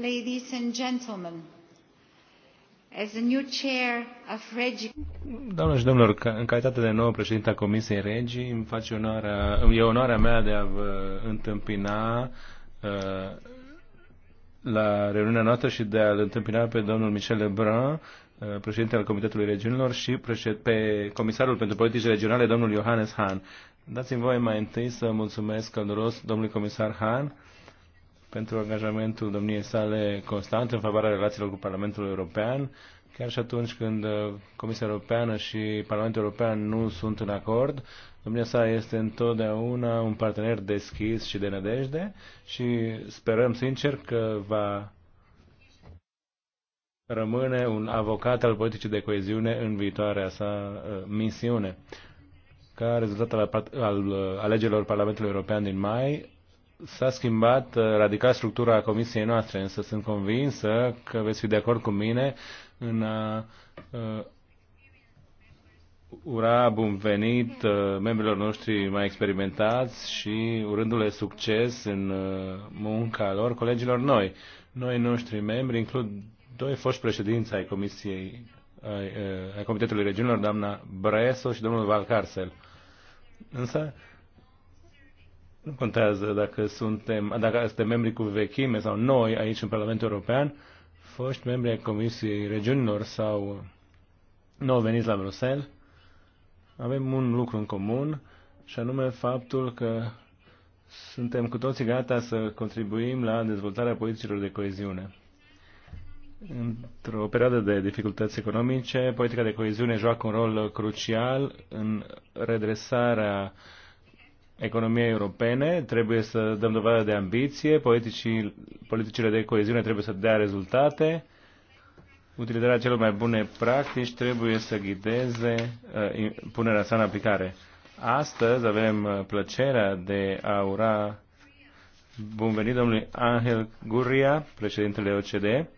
ladies and gentlemen. As a new chair of Regi... Doamnelor și domnilor, în calitate de nouă președinte a Comisiei Regi, îmi face onoarea, e onoarea mea de a vă întâmpina uh, la reuniunea noastră și de a-l întâmpina pe domnul Michel Lebrun, uh, președinte al Comitetului Regiunilor și pe Comisarul pentru Politici Regionale, domnul Johannes Hahn. Dați-mi voie mai întâi să mulțumesc călduros domnului comisar Hahn pentru angajamentul domniei sale constant în favoarea relațiilor cu Parlamentul European, chiar și atunci când uh, Comisia Europeană și Parlamentul European nu sunt în acord, domnia sa este întotdeauna un partener deschis și de nădejde și sperăm sincer că va rămâne un avocat al politicii de coeziune în viitoarea sa uh, misiune. Ca rezultat al, al uh, alegerilor Parlamentului European din mai, S-a schimbat uh, radical structura comisiei noastre, însă sunt convinsă că veți fi de acord cu mine în a uh, ura bun venit uh, membrilor noștri mai experimentați și urându-le succes în uh, munca lor colegilor noi. Noi noștri membri includ doi foști președinți ai Comisiei ai, uh, ai Comitetului Regiunilor, doamna Breso și domnul Valcarcel. Însă nu contează dacă suntem, dacă suntem membri cu vechime sau noi aici în Parlamentul European, foști membri ai Comisiei Regiunilor sau nou veniți la Bruxelles, avem un lucru în comun și anume faptul că suntem cu toții gata să contribuim la dezvoltarea politicilor de coeziune. Într-o perioadă de dificultăți economice, politica de coeziune joacă un rol crucial în redresarea uh, economiei europene, trebuie să dăm dovadă de ambiție, politicii, politicile de coeziune trebuie să dea rezultate, utilizarea celor mai bune practici trebuie să ghideze uh, punerea sa în aplicare. Astăzi avem uh, plăcerea de a ura bun venit domnului Angel Gurria, președintele OCDE,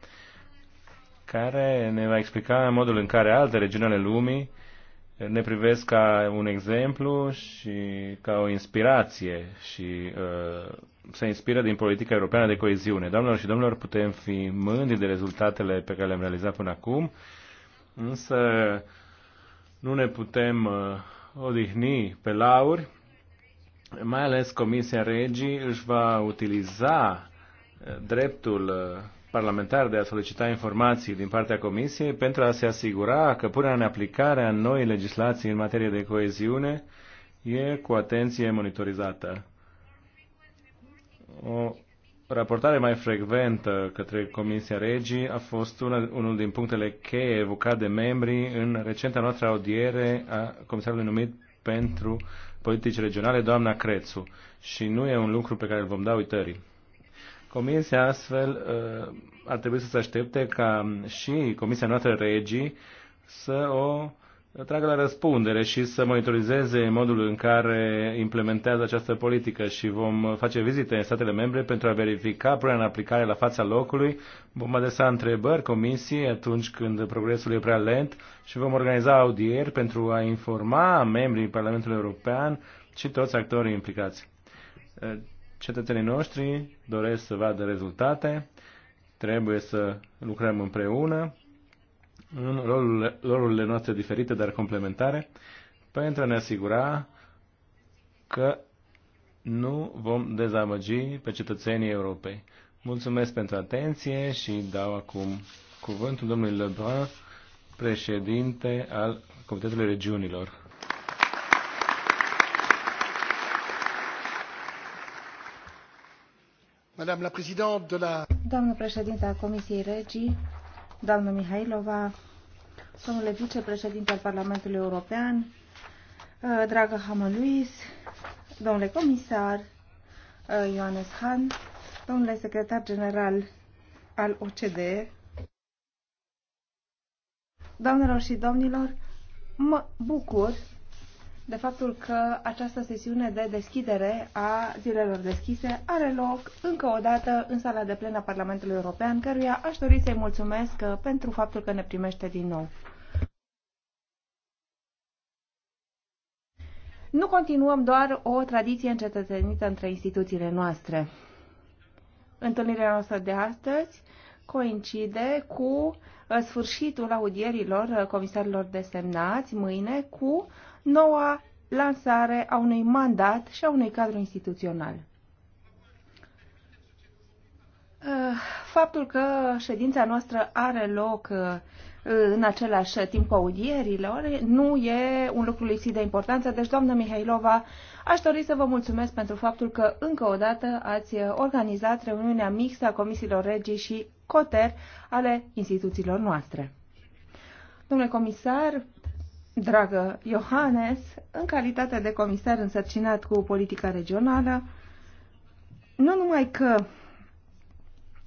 care ne va explica modul în care alte regiuni ale lumii ne privesc ca un exemplu și ca o inspirație și uh, se inspiră din politica europeană de coeziune. Doamnelor și domnilor, putem fi mândri de rezultatele pe care le-am realizat până acum, însă nu ne putem uh, odihni pe lauri, mai ales Comisia Regii își va utiliza uh, dreptul uh, parlamentar de a solicita informații din partea Comisiei pentru a se asigura că punerea în aplicare a noi legislații în materie de coeziune e cu atenție monitorizată. O raportare mai frecventă către Comisia Regii a fost una, unul din punctele cheie evocat de membrii în recenta noastră audiere a Comisarului numit pentru politici regionale, doamna Crețu. Și nu e un lucru pe care îl vom da uitării. Comisia astfel uh, ar trebui să se aștepte ca și Comisia noastră Regii să o tragă la răspundere și să monitorizeze modul în care implementează această politică și vom face vizite în statele membre pentru a verifica până în aplicare la fața locului. Vom adresa întrebări comisiei atunci când progresul e prea lent și vom organiza audieri pentru a informa membrii Parlamentului European și toți actorii implicați. Cetățenii noștri doresc să vadă rezultate, trebuie să lucrăm împreună în rolurile, rolurile noastre diferite, dar complementare, pentru a ne asigura că nu vom dezamăgi pe cetățenii Europei. Mulțumesc pentru atenție și dau acum cuvântul domnului Lebrun, președinte al Comitetului Regiunilor. Doamnă președinte a Comisiei Regii, doamnă Mihailova, domnule vicepreședinte al Parlamentului European, uh, dragă Hamă Luis, domnule comisar uh, Ioanes Han, domnule secretar general al OCDE, doamnelor și domnilor, mă bucur de faptul că această sesiune de deschidere a zilelor deschise are loc încă o dată în sala de plen a Parlamentului European, căruia aș dori să-i mulțumesc uh, pentru faptul că ne primește din nou. Nu continuăm doar o tradiție încetățenită între instituțiile noastre. Întâlnirea noastră de astăzi coincide cu uh, sfârșitul audierilor uh, comisarilor desemnați mâine cu noua lansare a unui mandat și a unui cadru instituțional. Eh, faptul că ședința noastră are loc eh, în același timp cu audierilor nu e un lucru lipsit de importanță. Deci, doamnă Mihailova, aș dori să vă mulțumesc pentru faptul că încă o dată ați organizat reuniunea mixtă a Comisiilor Regii și COTER ale instituțiilor noastre. Domnule comisar, dragă Iohannes, în calitate de comisar însărcinat cu politica regională, nu numai că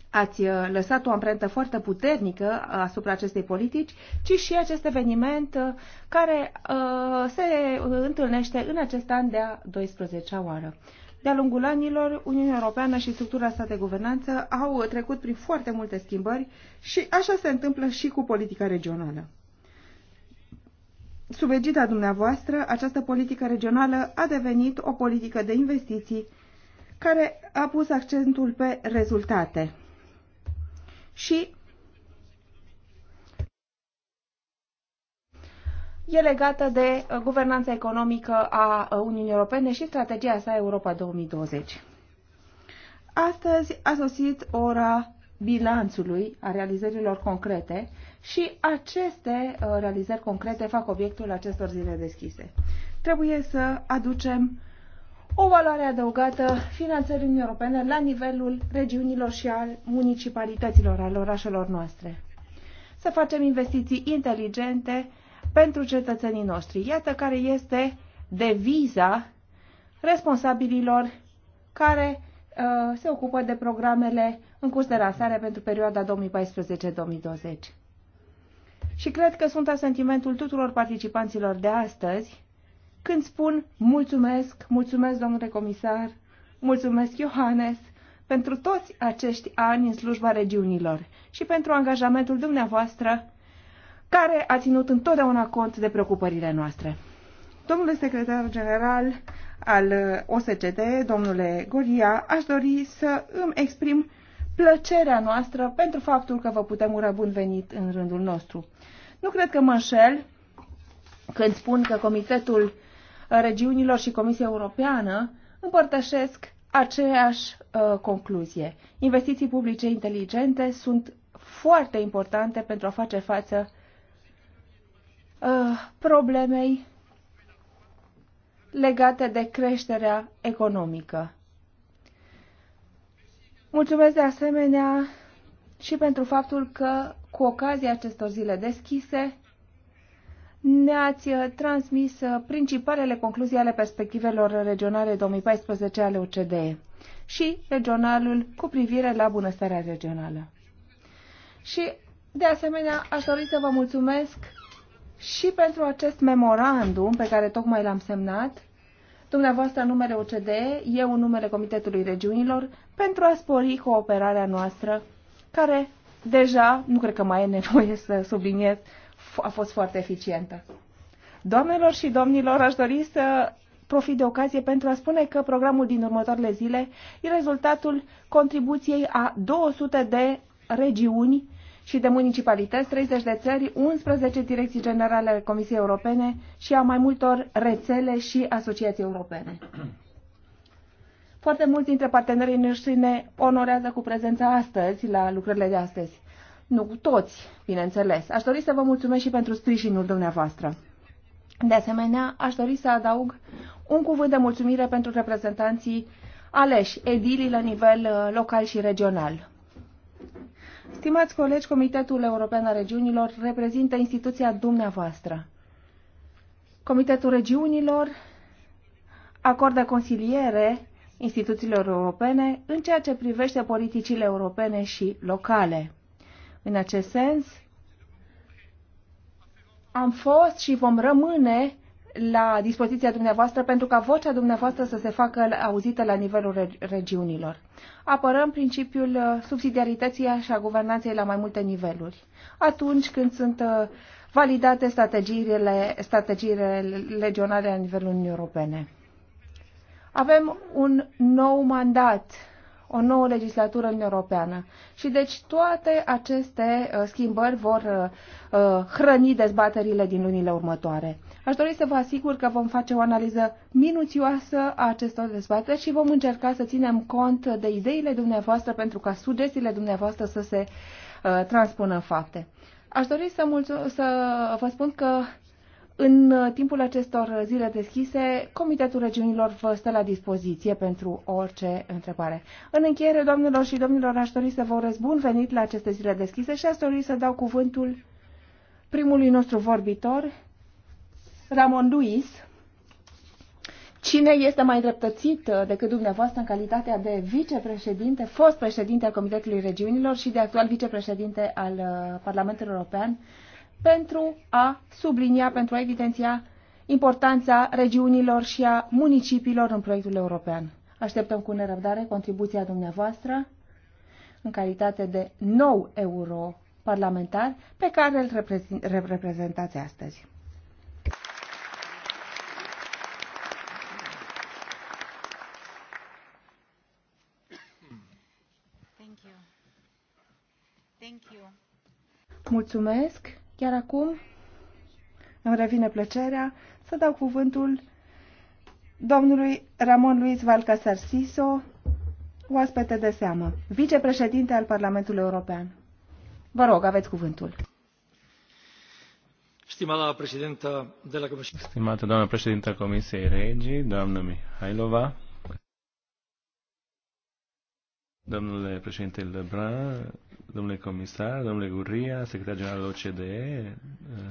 ați uh, lăsat o amprentă foarte puternică asupra acestei politici, ci și acest eveniment uh, care uh, se întâlnește în acest an de-a 12-a oară. De-a lungul anilor, Uniunea Europeană și structura sa de guvernanță au trecut prin foarte multe schimbări și așa se întâmplă și cu politica regională. Sub egida dumneavoastră, această politică regională a devenit o politică de investiții care a pus accentul pe rezultate. Și e legată de uh, guvernanța economică a uh, Uniunii Europene și strategia sa Europa 2020. Astăzi a sosit ora bilanțului a realizărilor concrete și aceste uh, realizări concrete fac obiectul acestor zile deschise. Trebuie să aducem o valoare adăugată finanțării Uniunii Europene la nivelul regiunilor și al municipalităților, al orașelor noastre. Să facem investiții inteligente pentru cetățenii noștri. Iată care este deviza responsabililor care uh, se ocupă de programele în curs de lansare pentru perioada 2014-2020. Și cred că sunt asentimentul tuturor participanților de astăzi când spun mulțumesc, mulțumesc domnule comisar, mulțumesc Iohannes, pentru toți acești ani în slujba regiunilor și pentru angajamentul dumneavoastră care a ținut întotdeauna cont de preocupările noastre. Domnule secretar general al uh, OSCT, domnule Goria, aș dori să îmi exprim plăcerea noastră pentru faptul că vă putem ura bun venit în rândul nostru. Nu cred că mă înșel când spun că Comitetul Regiunilor și Comisia Europeană împărtășesc aceeași uh, concluzie. Investiții publice inteligente sunt foarte importante pentru a face față uh, problemei legate de creșterea economică. Mulțumesc de asemenea și pentru faptul că cu ocazia acestor zile deschise, ne-ați uh, transmis uh, principalele concluzii ale perspectivelor regionale 2014 ale OCDE și regionalul cu privire la bunăstarea regională. Și, de asemenea, aș dori să vă mulțumesc și pentru acest memorandum pe care tocmai l-am semnat, dumneavoastră numele OCDE, eu în numele Comitetului Regiunilor, pentru a spori cooperarea noastră, care deja, nu cred că mai e nevoie să subliniez, a fost foarte eficientă. Doamnelor și domnilor, aș dori să profit de ocazie pentru a spune că programul din următoarele zile e rezultatul contribuției a 200 de regiuni și de municipalități, 30 de țări, 11 direcții generale ale Comisiei Europene și a mai multor rețele și asociații europene. Foarte mulți dintre partenerii noștri ne onorează cu prezența astăzi la lucrările de astăzi. Nu cu toți, bineînțeles. Aș dori să vă mulțumesc și pentru sprijinul dumneavoastră. De asemenea, aș dori să adaug un cuvânt de mulțumire pentru reprezentanții aleși, edilii la nivel uh, local și regional. Stimați colegi, Comitetul European al Regiunilor reprezintă instituția dumneavoastră. Comitetul Regiunilor acordă consiliere instituțiilor europene în ceea ce privește politicile europene și locale. În acest sens, am fost și vom rămâne la dispoziția dumneavoastră pentru ca vocea dumneavoastră să se facă auzită la nivelul regiunilor. Apărăm principiul uh, subsidiarității și a guvernanței la mai multe niveluri. Atunci când sunt uh, validate strategiile, strategiile legionare la nivelul Uniunii Europene. Avem un nou mandat, o nouă legislatură în Europeană. Și deci toate aceste uh, schimbări vor uh, uh, hrăni dezbaterile din lunile următoare. Aș dori să vă asigur că vom face o analiză minuțioasă a acestor dezbateri și vom încerca să ținem cont de ideile dumneavoastră pentru ca sugestiile dumneavoastră să se transpună în fapte. Aș dori să, mulțu- să vă spun că în uh, timpul acestor zile deschise, Comitetul Regiunilor vă stă la dispoziție pentru orice întrebare. În încheiere, doamnelor și domnilor, aș dori să vă urez bun venit la aceste zile deschise și aș dori să dau cuvântul primului nostru vorbitor, Ramon Luis. Cine este mai dreptățit uh, decât dumneavoastră în calitatea de vicepreședinte, fost președinte al Comitetului Regiunilor și de actual vicepreședinte al uh, Parlamentului European, pentru a sublinia, pentru a evidenția importanța regiunilor și a municipiilor în proiectul european. Așteptăm cu nerăbdare contribuția dumneavoastră în calitate de nou europarlamentar pe care îl reprezentați astăzi. Mulțumesc! Iar acum îmi revine plăcerea să dau cuvântul domnului Ramon Luis Valcasar Siso, oaspete de seamă, vicepreședinte al Parlamentului European. Vă rog, aveți cuvântul. Stimata președintă de la Comisie. Stimată doamnă președintă a Comisiei Regii, doamnă Mihailova, domnule președinte Lebrun, domnule comisar, domnule Guria, secretar general al OCDE,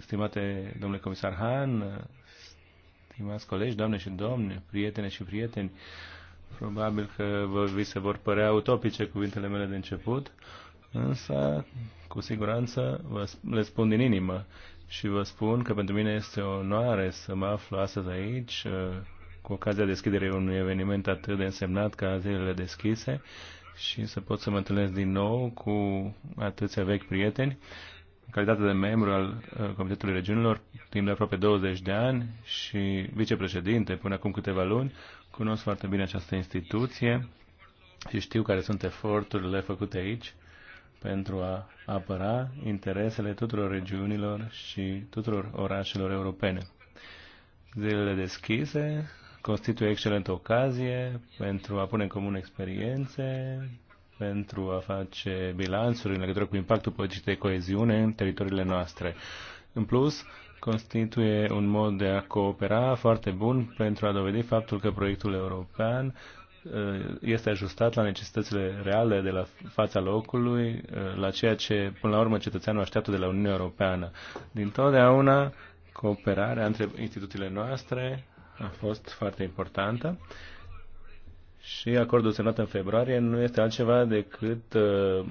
stimate domnule comisar Han, stimați colegi, doamne și domni, prietene și prieteni, probabil că vă, vi se vor părea utopice cuvintele mele de început, însă cu siguranță vă, le spun din inimă și vă spun că pentru mine este o onoare să mă aflu astăzi aici cu ocazia deschiderii unui eveniment atât de însemnat ca zilele deschise și să pot să mă întâlnesc din nou cu atâția vechi prieteni în calitate de membru al uh, Comitetului Regiunilor timp de aproape 20 de ani și vicepreședinte până acum câteva luni. Cunosc foarte bine această instituție și știu care sunt eforturile făcute aici pentru a apăra interesele tuturor regiunilor și tuturor orașelor europene. Zilele deschise constituie excelentă ocazie pentru a pune în comun experiențe, pentru a face bilanțuri în legătură cu impactul politicii de coeziune în teritoriile noastre. În plus, constituie un mod de a coopera foarte bun pentru a dovedi faptul că proiectul european uh, este ajustat la necesitățile reale de la fața locului, uh, la ceea ce, până la urmă, cetățeanul așteaptă de la Uniunea Europeană. Din totdeauna, cooperarea între instituțiile noastre a fost foarte importantă și acordul semnat în februarie nu este altceva decât uh,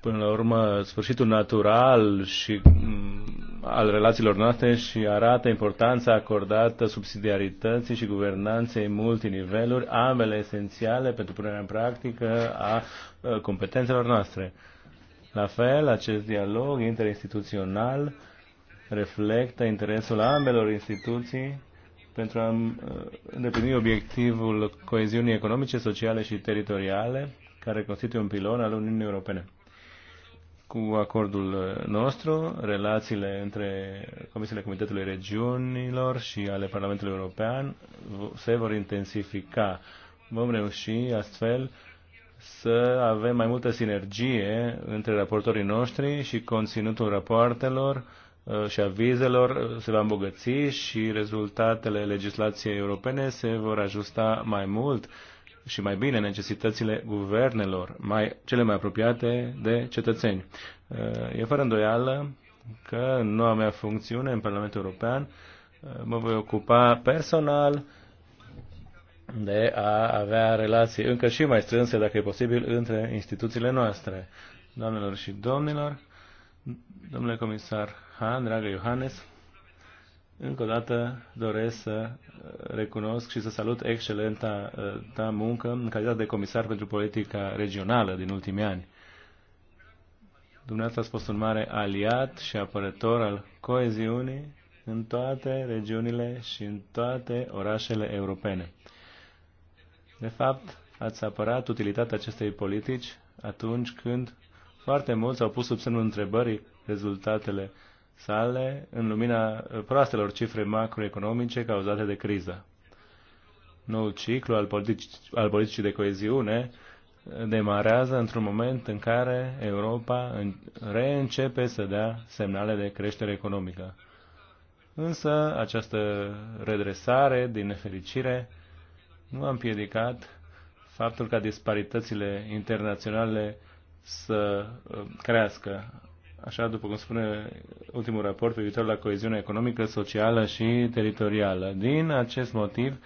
până la urmă sfârșitul natural și mm, al relațiilor noastre și arată importanța acordată subsidiarității și guvernanței multiniveluri, ambele esențiale pentru punerea în practică a uh, competențelor noastre. La fel, acest dialog interinstituțional reflectă interesul ambelor instituții pentru a uh, îndeplini obiectivul coeziunii economice, sociale și teritoriale, care constituie un pilon al Uniunii Europene. Cu acordul uh, nostru, relațiile între Comisiile Comitetului Regiunilor și ale Parlamentului European se vor intensifica. Vom reuși astfel să avem mai multă sinergie între raportorii noștri și conținutul rapoartelor Uh, și a vizelor uh, se va îmbogăți și rezultatele legislației europene se vor ajusta mai mult și mai bine necesitățile guvernelor, mai, cele mai apropiate de cetățeni. Uh, e fără îndoială că în noua mea funcțiune în Parlamentul European mă voi ocupa personal de a avea relații încă și mai strânse, dacă e posibil, între instituțiile noastre. Doamnelor și domnilor, Domnule comisar Han, dragă Iohannes, încă o dată doresc să uh, recunosc și să salut excelenta uh, ta muncă în calitate de comisar pentru politica regională din ultimii ani. Dumneavoastră a fost un mare aliat și apărător al coeziunii în toate regiunile și în toate orașele europene. De fapt, ați apărat utilitatea acestei politici atunci când foarte mulți au pus sub semnul întrebării rezultatele sale în lumina proastelor cifre macroeconomice cauzate de criză. Noul ciclu al, politici, al politicii de coeziune demarează într-un moment în care Europa reîncepe să dea semnale de creștere economică. Însă această redresare, din nefericire, nu a împiedicat faptul ca disparitățile internaționale să uh, crească. Așa, după cum spune ultimul raport privitor la coeziunea economică, socială și teritorială. Din acest motiv,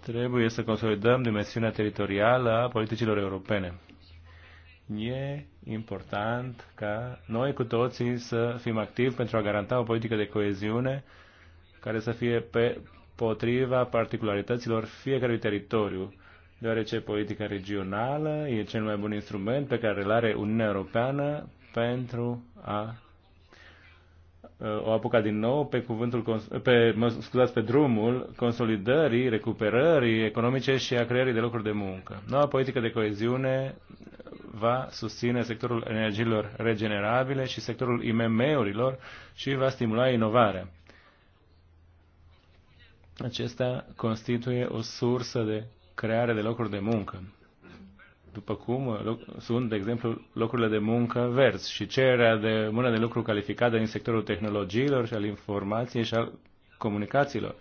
trebuie să consolidăm dimensiunea teritorială a politicilor europene. E important ca noi cu toții să fim activi pentru a garanta o politică de coeziune care să fie pe potriva particularităților fiecărui teritoriu deoarece politica regională e cel mai bun instrument pe care îl are Uniunea Europeană pentru a uh, o apuca din nou pe cuvântul, pe, mă scuzați, pe drumul consolidării, recuperării economice și a creării de locuri de muncă. Noua politică de coeziune va susține sectorul energiilor regenerabile și sectorul IMM-urilor și va stimula inovarea. Acesta constituie o sursă de creare de locuri de muncă. După cum uh, loc, sunt, de exemplu, locurile de muncă verzi și cererea de mână de lucru calificată din sectorul tehnologiilor și al informației și al comunicațiilor.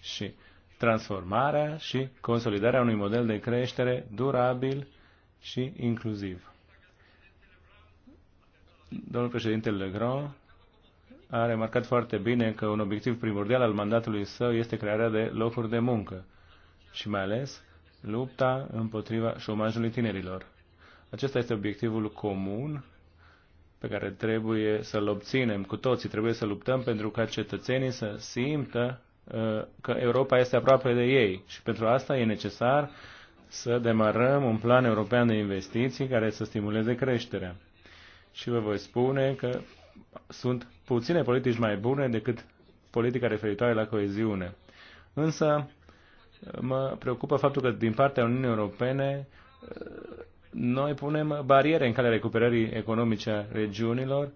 Și transformarea și consolidarea unui model de creștere durabil și inclusiv. Domnul președinte Legrand a remarcat foarte bine că un obiectiv primordial al mandatului său este crearea de locuri de muncă și mai ales lupta împotriva șomajului tinerilor. Acesta este obiectivul comun pe care trebuie să-l obținem cu toții. Trebuie să luptăm pentru ca cetățenii să simtă uh, că Europa este aproape de ei și pentru asta e necesar să demarăm un plan european de investiții care să stimuleze creșterea. Și vă voi spune că sunt puține politici mai bune decât politica referitoare la coeziune. Însă, mă preocupă faptul că din partea Uniunii Europene eh, noi punem bariere în calea recuperării economice a regiunilor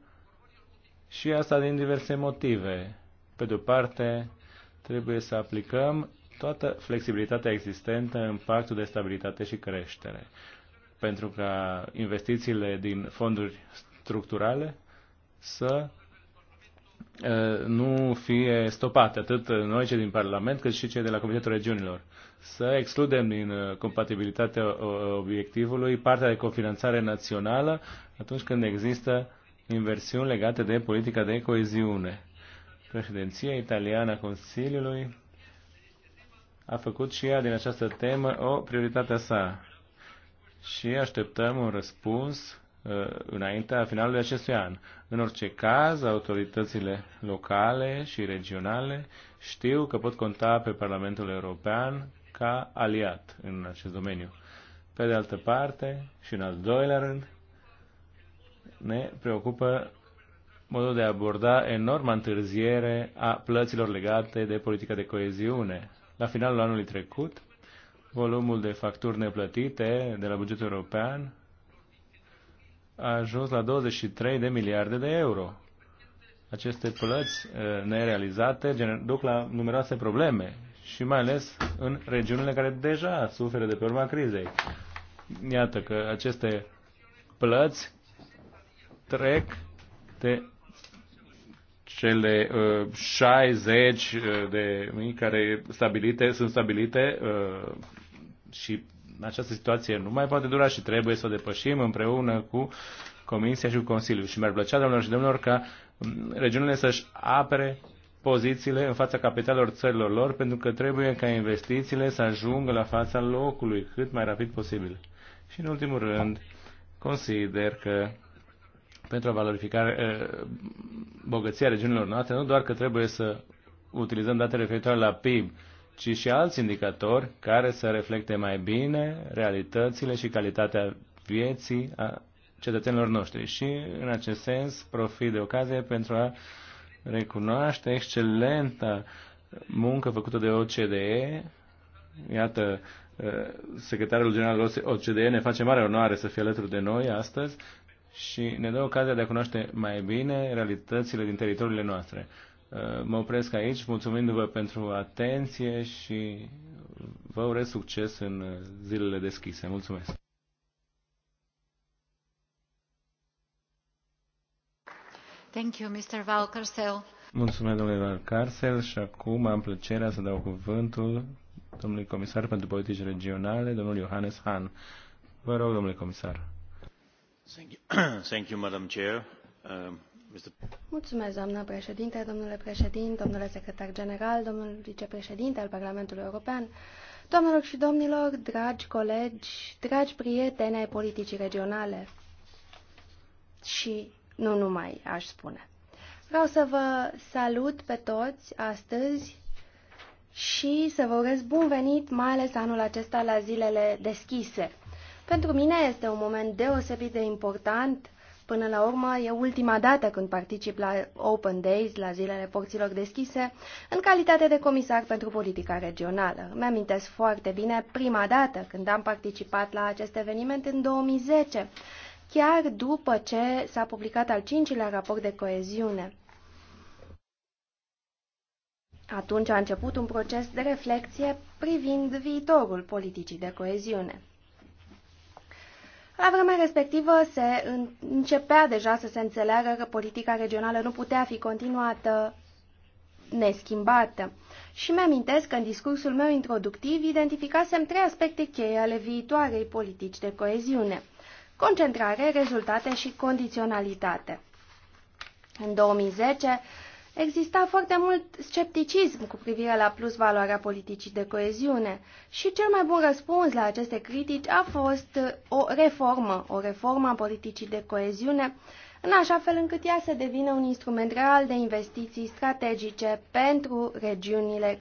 și asta din diverse motive. Pe de o parte, trebuie să aplicăm toată flexibilitatea existentă în pactul de stabilitate și creștere, pentru ca investițiile din fonduri structurale să nu fie stopate, atât noi cei din Parlament, cât și cei de la Comitetul Regiunilor. Să excludem din compatibilitatea obiectivului partea de cofinanțare națională atunci când există inversiuni legate de politica de coeziune. Președinția italiană a Consiliului a făcut și ea din această temă o prioritate a sa și așteptăm un răspuns înaintea finalului acestui an. În orice caz, autoritățile locale și regionale știu că pot conta pe Parlamentul European ca aliat în acest domeniu. Pe de altă parte, și în al doilea rând, ne preocupă modul de a aborda enorma întârziere a plăților legate de politica de coeziune. La finalul anului trecut, volumul de facturi neplătite de la bugetul european a ajuns la 23 de miliarde de euro. Aceste plăți uh, nerealizate duc la numeroase probleme și mai ales în regiunile care deja suferă de pe urma crizei. Iată că aceste plăți trec de cele uh, 60 uh, de mii care stabilite, sunt stabilite uh, și această situație nu mai poate dura și trebuie să o depășim împreună cu Comisia și cu Consiliul. Și mi-ar plăcea, domnilor și domnilor, ca mm, regiunile să-și apere pozițiile în fața capitalelor țărilor lor, pentru că trebuie ca investițiile să ajungă la fața locului cât mai rapid posibil. Și în ultimul rând, consider că pentru a valorifica eh, bogăția regiunilor noastre, nu doar că trebuie să utilizăm date referitoare la PIB, ci și alți indicatori care să reflecte mai bine realitățile și calitatea vieții a cetățenilor noștri. Și, în acest sens, profit de ocazie pentru a recunoaște excelenta muncă făcută de OCDE. Iată, uh, secretarul general OCDE ne face mare onoare să fie alături de noi astăzi și ne dă ocazia de a cunoaște mai bine realitățile din teritoriile noastre. Eh, mă opresc aici, mulțumindu-vă pentru atenție și vă urez succes în eh, zilele deschise. Mulțumesc! Thank you, Mr. Valcarcel. Mulțumesc, domnule Valcarcel, și acum am plăcerea să dau cuvântul domnului comisar pentru politici regionale, domnul Johannes Hahn. Vă rog, domnule comisar. Thank you, Thank you Madam Chair. Uh, Mulțumesc, doamnă președinte, domnule președinte, domnule secretar general, domnul vicepreședinte al Parlamentului European, doamnelor și domnilor, dragi colegi, dragi prieteni ai politicii regionale și nu numai, aș spune. Vreau să vă salut pe toți astăzi și să vă urez bun venit, mai ales anul acesta la zilele deschise. Pentru mine este un moment deosebit de important Până la urmă, e ultima dată când particip la Open Days, la zilele porților deschise, în calitate de comisar pentru politica regională. Mi-amintesc foarte bine prima dată când am participat la acest eveniment în 2010, chiar după ce s-a publicat al cincilea raport de coeziune. Atunci a început un proces de reflexie privind viitorul politicii de coeziune. La vremea respectivă se începea deja să se înțeleagă că politica regională nu putea fi continuată neschimbată. Și mi-amintesc că în discursul meu introductiv identificasem trei aspecte cheie ale viitoarei politici de coeziune. Concentrare, rezultate și condiționalitate. În 2010, Exista foarte mult scepticism cu privire la plus valoarea politicii de coeziune și cel mai bun răspuns la aceste critici a fost o reformă, o reformă a politicii de coeziune, în așa fel încât ea să devină un instrument real de investiții strategice pentru regiunile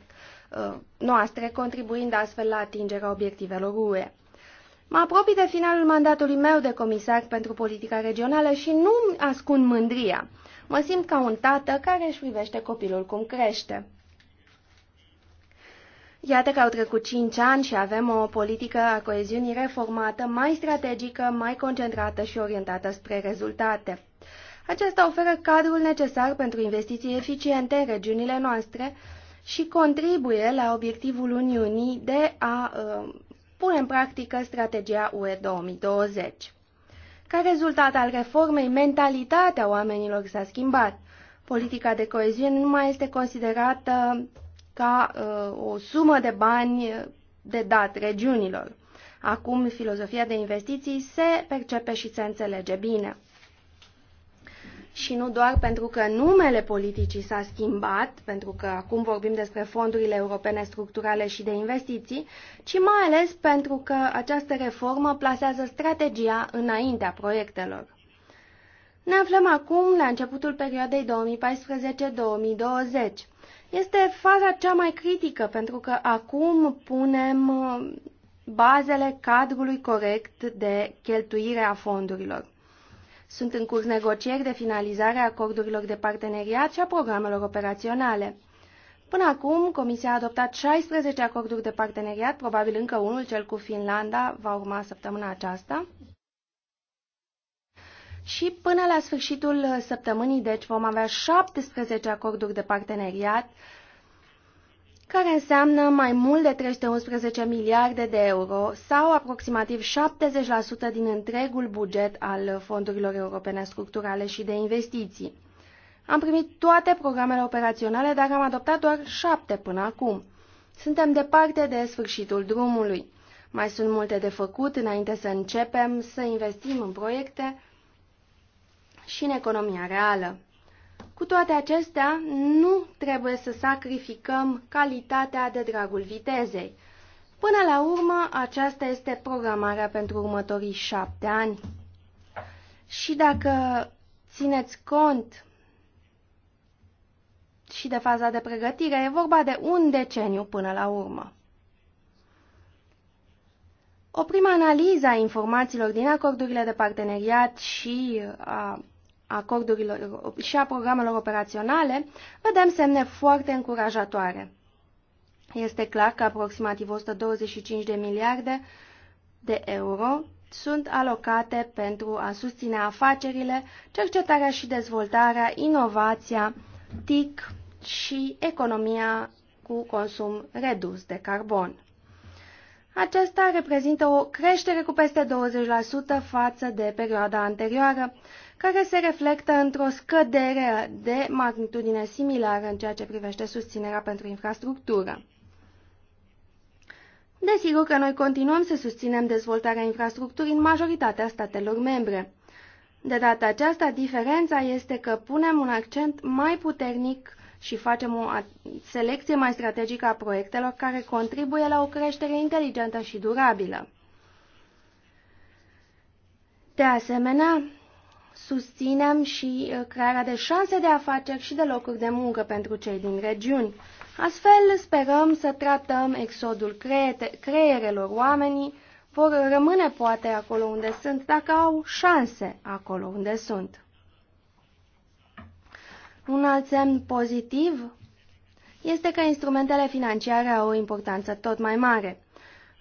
uh, noastre, contribuind astfel la atingerea obiectivelor UE. Mă apropii de finalul mandatului meu de comisar pentru politica regională și nu ascund mândria. Mă simt ca un tată care își privește copilul cum crește. Iată că au trecut 5 ani și avem o politică a coeziunii reformată, mai strategică, mai concentrată și orientată spre rezultate. Aceasta oferă cadrul necesar pentru investiții eficiente în regiunile noastre și contribuie la obiectivul Uniunii de a uh, pune în practică strategia UE 2020. Ca rezultat al reformei, mentalitatea oamenilor s-a schimbat. Politica de coeziune nu mai este considerată ca uh, o sumă de bani de dat regiunilor. Acum filozofia de investiții se percepe și se înțelege bine și nu doar pentru că numele politicii s-a schimbat, pentru că acum vorbim despre fondurile europene structurale și de investiții, ci mai ales pentru că această reformă plasează strategia înaintea proiectelor. Ne aflăm acum la începutul perioadei 2014-2020. Este faza cea mai critică pentru că acum punem uh, bazele cadrului corect de cheltuire a fondurilor. Sunt în curs negocieri de finalizare a acordurilor de parteneriat și a programelor operaționale. Până acum, Comisia a adoptat 16 acorduri de parteneriat, probabil încă unul, cel cu Finlanda, va urma săptămâna aceasta. Și până la sfârșitul săptămânii, deci, vom avea 17 acorduri de parteneriat care înseamnă mai mult de 311 miliarde de euro sau aproximativ 70% din întregul buget al fondurilor europene structurale și de investiții. Am primit toate programele operaționale, dar am adoptat doar șapte până acum. Suntem departe de sfârșitul drumului. Mai sunt multe de făcut înainte să începem să investim în proiecte și în economia reală. Cu toate acestea, nu trebuie să sacrificăm calitatea de dragul vitezei. Până la urmă, aceasta este programarea pentru următorii șapte ani. Și dacă țineți cont și de faza de pregătire, e vorba de un deceniu până la urmă. O prima analiză a informațiilor din acordurile de parteneriat și a acordurilor și a programelor operaționale, vedem semne foarte încurajatoare. Este clar că aproximativ 125 de miliarde de euro sunt alocate pentru a susține afacerile, cercetarea și dezvoltarea, inovația, TIC și economia cu consum redus de carbon. Acesta reprezintă o creștere cu peste 20% față de perioada anterioară care se reflectă într-o scădere de magnitudine similară în ceea ce privește susținerea pentru infrastructură. Desigur că noi continuăm să susținem dezvoltarea infrastructurii în majoritatea statelor membre. De data aceasta, diferența este că punem un accent mai puternic și facem o selecție mai strategică a proiectelor care contribuie la o creștere inteligentă și durabilă. De asemenea, susținem și uh, crearea de șanse de afaceri și de locuri de muncă pentru cei din regiuni. Astfel, sperăm să tratăm exodul creierelor oamenii, vor rămâne poate acolo unde sunt, dacă au șanse acolo unde sunt. Un alt semn pozitiv este că instrumentele financiare au o importanță tot mai mare.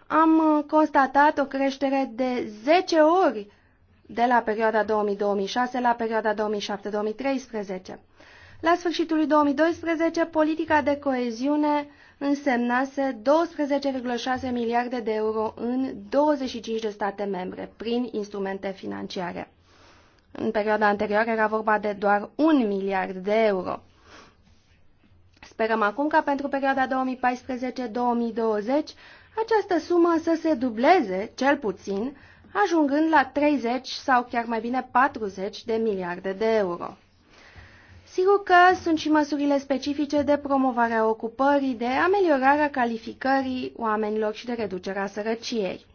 Am uh, constatat o creștere de 10 ori de la perioada 2006 la perioada 2007-2013. La sfârșitul lui 2012, politica de coeziune însemnase 12,6 miliarde de euro în 25 de state membre prin instrumente financiare. În perioada anterioară era vorba de doar 1 miliard de euro. Sperăm acum ca pentru perioada 2014-2020 această sumă să se dubleze, cel puțin, ajungând la 30 sau chiar mai bine 40 de miliarde de euro. Sigur că sunt și măsurile specifice de promovare a ocupării, de ameliorarea calificării oamenilor și de reducerea sărăciei.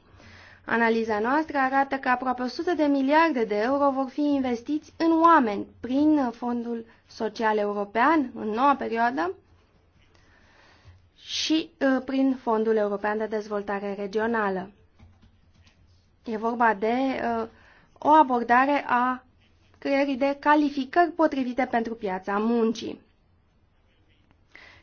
Analiza noastră arată că aproape 100 de miliarde de euro vor fi investiți în oameni prin Fondul Social European în noua perioadă și uh, prin Fondul European de Dezvoltare Regională. E vorba de uh, o abordare a creierii de calificări potrivite pentru piața muncii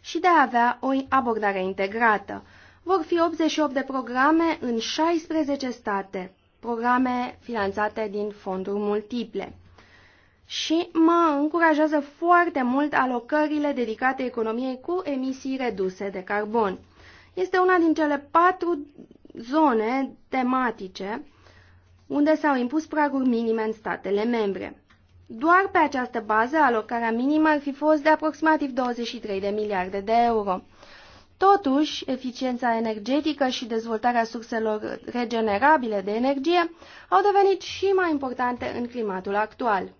și de a avea o abordare integrată. Vor fi 88 de programe în 16 state, programe finanțate din fonduri multiple. Și mă încurajează foarte mult alocările dedicate economiei cu emisii reduse de carbon. Este una din cele patru zone tematice unde s-au impus praguri minime în statele membre. Doar pe această bază, alocarea minimă ar fi fost de aproximativ 23 de miliarde de euro. Totuși, eficiența energetică și dezvoltarea surselor regenerabile de energie au devenit și mai importante în climatul actual.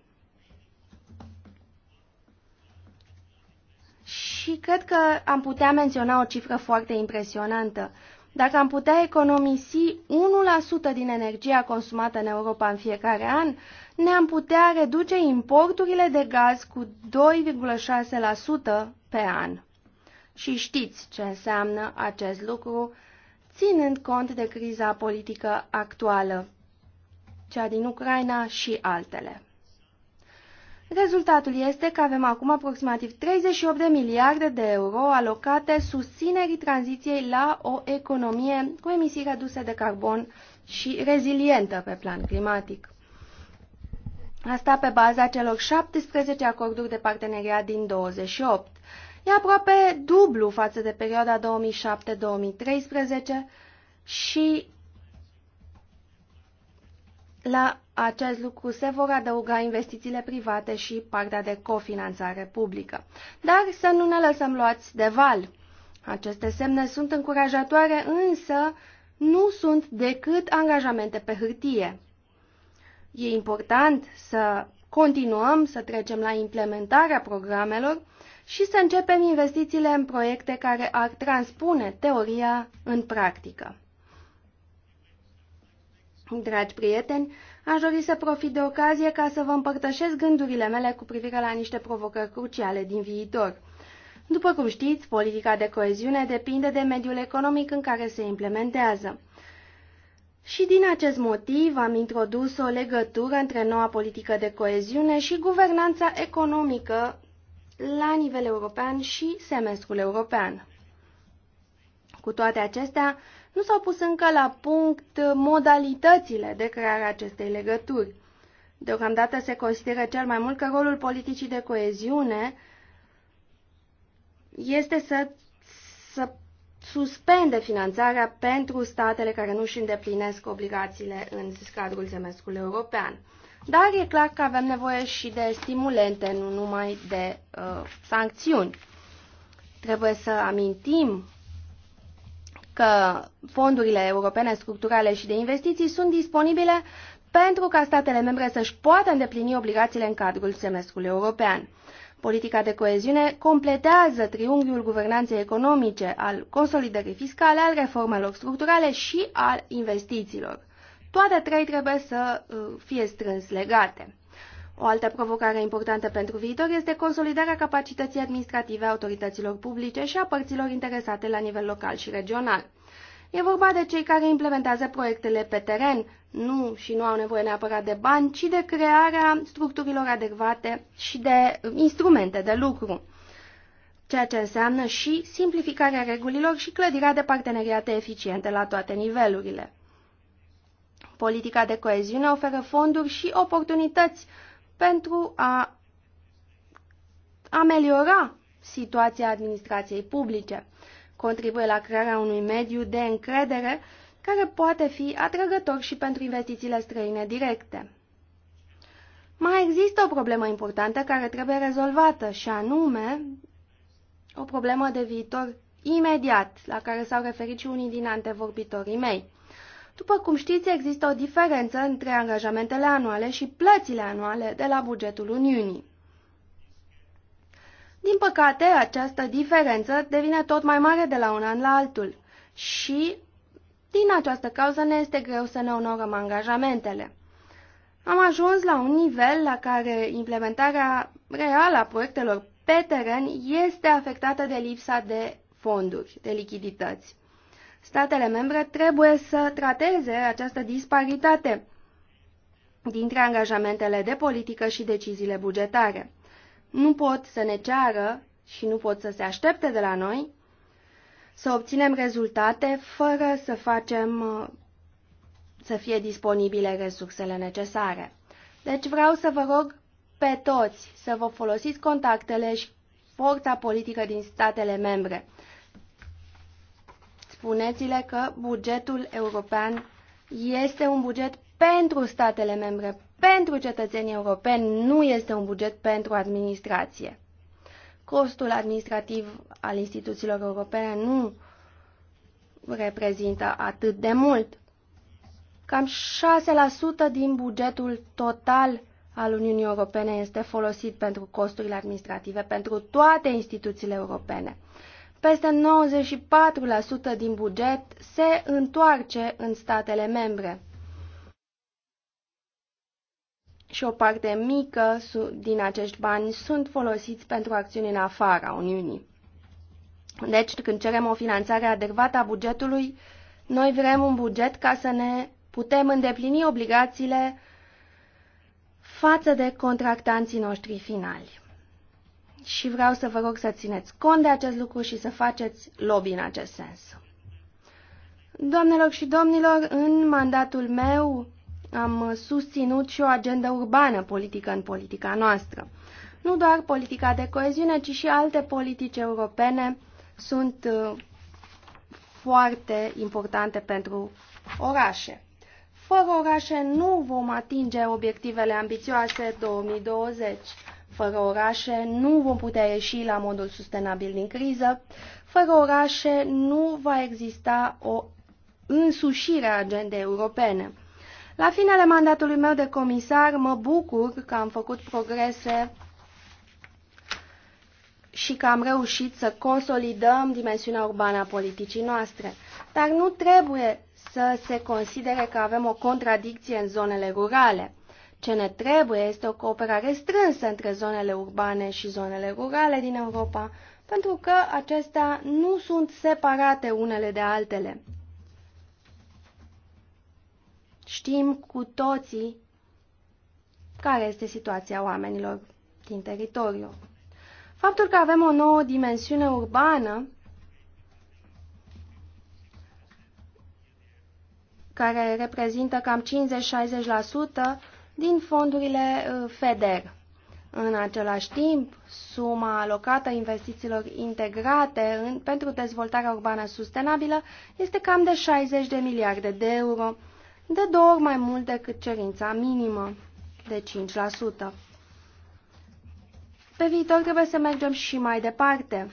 Și cred că am putea menționa o cifră foarte impresionantă. Dacă am putea economisi 1% din energia consumată în Europa în fiecare an, ne-am putea reduce importurile de gaz cu 2,6% pe an. Și știți ce înseamnă acest lucru, ținând cont de criza politică actuală, cea din Ucraina și altele. Rezultatul este că avem acum aproximativ 38 de miliarde de euro alocate susținerii tranziției la o economie cu emisii reduse de carbon și rezilientă pe plan climatic. Asta pe baza celor 17 acorduri de parteneriat din 28. E aproape dublu față de perioada 2007-2013 și la acest lucru se vor adăuga investițiile private și partea de cofinanțare publică. Dar să nu ne lăsăm luați de val. Aceste semne sunt încurajatoare, însă nu sunt decât angajamente pe hârtie. E important să continuăm să trecem la implementarea programelor și să începem investițiile în proiecte care ar transpune teoria în practică. Dragi prieteni, aș dori să profit de ocazie ca să vă împărtășesc gândurile mele cu privire la niște provocări cruciale din viitor. După cum știți, politica de coeziune depinde de mediul economic în care se implementează. Și din acest motiv am introdus o legătură între noua politică de coeziune și guvernanța economică la nivel european și semestrul european. Cu toate acestea, nu s-au pus încă la punct modalitățile de creare a acestei legături. Deocamdată se consideră cel mai mult că rolul politicii de coeziune este să, să suspende finanțarea pentru statele care nu își îndeplinesc obligațiile în cadrul semestrului european. Dar e clar că avem nevoie și de stimulente, nu numai de uh, sancțiuni. Trebuie să amintim că fondurile europene structurale și de investiții sunt disponibile pentru ca statele membre să-și poată îndeplini obligațiile în cadrul semestrului european. Politica de coeziune completează triunghiul guvernanței economice al consolidării fiscale, al reformelor structurale și al investițiilor. Toate trei trebuie să uh, fie strâns legate. O altă provocare importantă pentru viitor este consolidarea capacității administrative a autorităților publice și a părților interesate la nivel local și regional. E vorba de cei care implementează proiectele pe teren, nu și nu au nevoie neapărat de bani, ci de crearea structurilor adecvate și de um, instrumente de lucru, ceea ce înseamnă și simplificarea regulilor și clădirea de parteneriate eficiente la toate nivelurile. Politica de coeziune oferă fonduri și oportunități pentru a ameliora situația administrației publice. Contribuie la crearea unui mediu de încredere care poate fi atrăgător și pentru investițiile străine directe. Mai există o problemă importantă care trebuie rezolvată și anume o problemă de viitor imediat, la care s-au referit și unii din antevorbitorii mei. După cum știți, există o diferență între angajamentele anuale și plățile anuale de la bugetul Uniunii. Din păcate, această diferență devine tot mai mare de la un an la altul și, din această cauză, ne este greu să ne onorăm angajamentele. Am ajuns la un nivel la care implementarea reală a proiectelor pe teren este afectată de lipsa de fonduri, de lichidități. Statele membre trebuie să trateze această disparitate dintre angajamentele de politică și deciziile bugetare. Nu pot să ne ceară și nu pot să se aștepte de la noi să obținem rezultate fără să facem să fie disponibile resursele necesare. Deci vreau să vă rog pe toți să vă folosiți contactele și forța politică din statele membre spuneți-le că bugetul european este un buget pentru statele membre, pentru cetățenii europeni, nu este un buget pentru administrație. Costul administrativ al instituțiilor europene nu reprezintă atât de mult. Cam 6% din bugetul total al Uniunii Europene este folosit pentru costurile administrative, pentru toate instituțiile europene. Peste 94% din buget se întoarce în statele membre. Și o parte mică din acești bani sunt folosiți pentru acțiuni în afara Uniunii. Deci, când cerem o finanțare adecvată a bugetului, noi vrem un buget ca să ne putem îndeplini obligațiile față de contractanții noștri finali și vreau să vă rog să țineți cont de acest lucru și să faceți lobby în acest sens. Doamnelor și domnilor, în mandatul meu am susținut și o agendă urbană politică în politica noastră. Nu doar politica de coeziune, ci și alte politici europene sunt uh, foarte importante pentru orașe. Fără orașe nu vom atinge obiectivele ambițioase 2020 fără orașe nu vom putea ieși la modul sustenabil din criză, fără orașe nu va exista o însușire a agendei europene. La finele mandatului meu de comisar mă bucur că am făcut progrese și că am reușit să consolidăm dimensiunea urbană a politicii noastre. Dar nu trebuie să se considere că avem o contradicție în zonele rurale. Ce ne trebuie este o cooperare strânsă între zonele urbane și zonele rurale din Europa, pentru că acestea nu sunt separate unele de altele. Știm cu toții care este situația oamenilor din teritoriu. Faptul că avem o nouă dimensiune urbană care reprezintă cam 50-60% din fondurile uh, FEDER. În același timp, suma alocată investițiilor integrate în, pentru dezvoltarea urbană sustenabilă este cam de 60 de miliarde de euro, de două ori mai mult decât cerința minimă de 5%. Pe viitor trebuie să mergem și mai departe.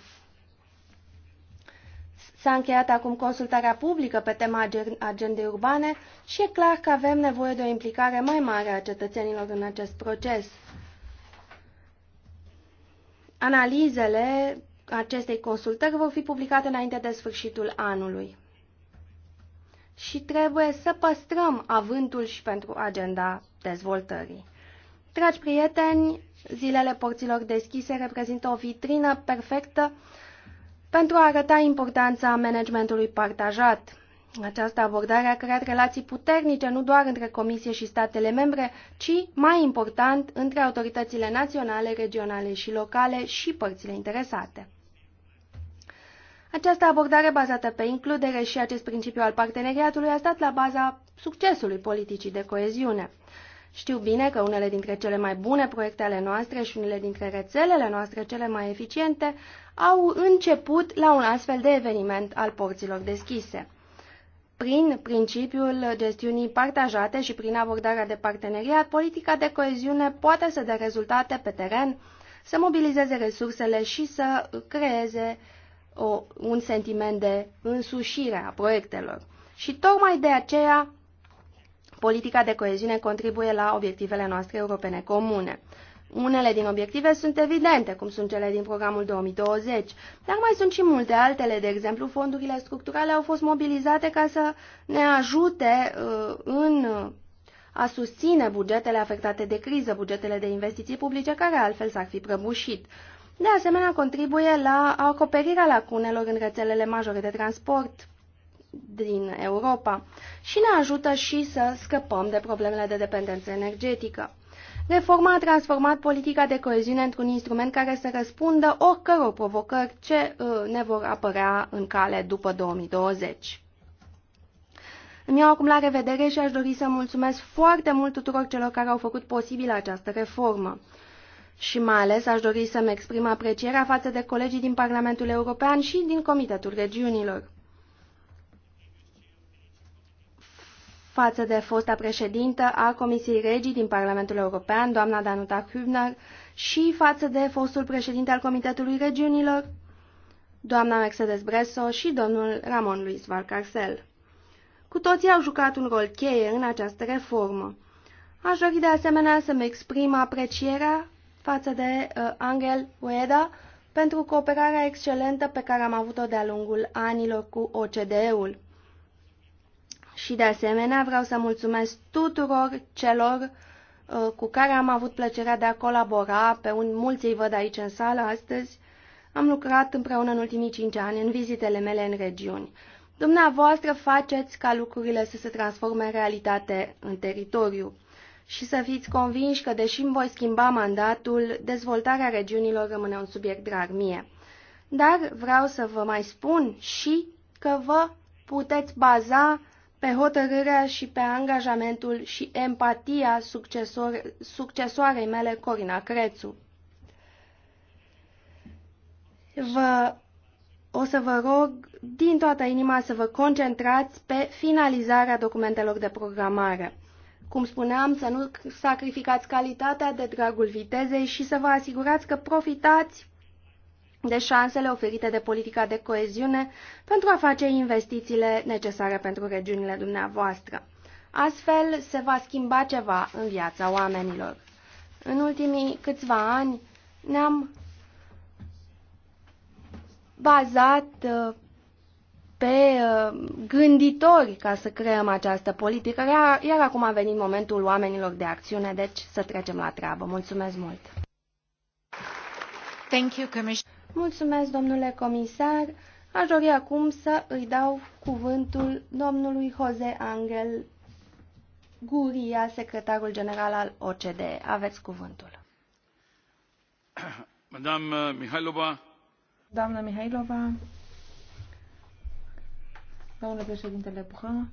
S-a încheiat acum consultarea publică pe tema agendei urbane și e clar că avem nevoie de o implicare mai mare a cetățenilor în acest proces. Analizele acestei consultări vor fi publicate înainte de sfârșitul anului. Și trebuie să păstrăm avântul și pentru agenda dezvoltării. Dragi prieteni, zilele porților deschise reprezintă o vitrină perfectă pentru a arăta importanța managementului partajat. Această abordare a creat relații puternice nu doar între Comisie și statele membre, ci, mai important, între autoritățile naționale, regionale și locale și părțile interesate. Această abordare bazată pe includere și acest principiu al parteneriatului a stat la baza succesului politicii de coeziune. Știu bine că unele dintre cele mai bune proiecte ale noastre și unele dintre rețelele noastre cele mai eficiente au început la un astfel de eveniment al porților deschise. Prin principiul gestiunii partajate și prin abordarea de parteneriat, politica de coeziune poate să dea rezultate pe teren, să mobilizeze resursele și să creeze o, un sentiment de însușire a proiectelor. Și tocmai de aceea Politica de coeziune contribuie la obiectivele noastre europene comune. Unele din obiective sunt evidente, cum sunt cele din programul 2020, dar mai sunt și multe altele. De exemplu, fondurile structurale au fost mobilizate ca să ne ajute uh, în a susține bugetele afectate de criză, bugetele de investiții publice, care altfel s-ar fi prăbușit. De asemenea, contribuie la acoperirea lacunelor în rețelele majore de transport, din Europa și ne ajută și să scăpăm de problemele de dependență energetică. Reforma a transformat politica de coeziune într-un instrument care să răspundă oricăror provocări ce uh, ne vor apărea în cale după 2020. Îmi iau acum la revedere și aș dori să mulțumesc foarte mult tuturor celor care au făcut posibil această reformă. Și mai ales aș dori să-mi exprim aprecierea față de colegii din Parlamentul European și din Comitetul Regiunilor. față de fosta președintă a Comisiei Regii din Parlamentul European, doamna Danuta Hübner, și față de fostul președinte al Comitetului Regiunilor, doamna Mercedes Bresso și domnul Ramon Luis Valcarcel. Cu toții au jucat un rol cheie în această reformă. Aș dori de asemenea să-mi exprim aprecierea față de uh, Angel Ueda pentru cooperarea excelentă pe care am avut-o de-a lungul anilor cu OCDE-ul. Și de asemenea vreau să mulțumesc tuturor celor uh, cu care am avut plăcerea de a colabora, pe un mulți îi văd aici în sală astăzi. Am lucrat împreună în ultimii cinci ani în vizitele mele în regiuni. Dumneavoastră faceți ca lucrurile să se transforme în realitate în teritoriu și să fiți convinși că, deși îmi voi schimba mandatul, dezvoltarea regiunilor rămâne un subiect drag mie. Dar vreau să vă mai spun și că vă puteți baza pe hotărârea și pe angajamentul și empatia succesor, succesoarei mele, Corina Crețu. Vă, o să vă rog din toată inima să vă concentrați pe finalizarea documentelor de programare. Cum spuneam, să nu sacrificați calitatea de dragul vitezei și să vă asigurați că profitați de șansele oferite de politica de coeziune pentru a face investițiile necesare pentru regiunile dumneavoastră. Astfel se va schimba ceva în viața oamenilor. În ultimii câțiva ani ne-am bazat uh, pe uh, gânditori ca să creăm această politică, iar, acum a venit momentul oamenilor de acțiune, deci să trecem la treabă. Mulțumesc mult! Thank you, Commissioner. Mulțumesc, domnule comisar. Aș dori acum să îi dau cuvântul domnului Jose Angel Guria, secretarul general al OCDE. Aveți cuvântul. Madame uh, Mihailova. Doamna Mihailova, domnule președinte Lebrun,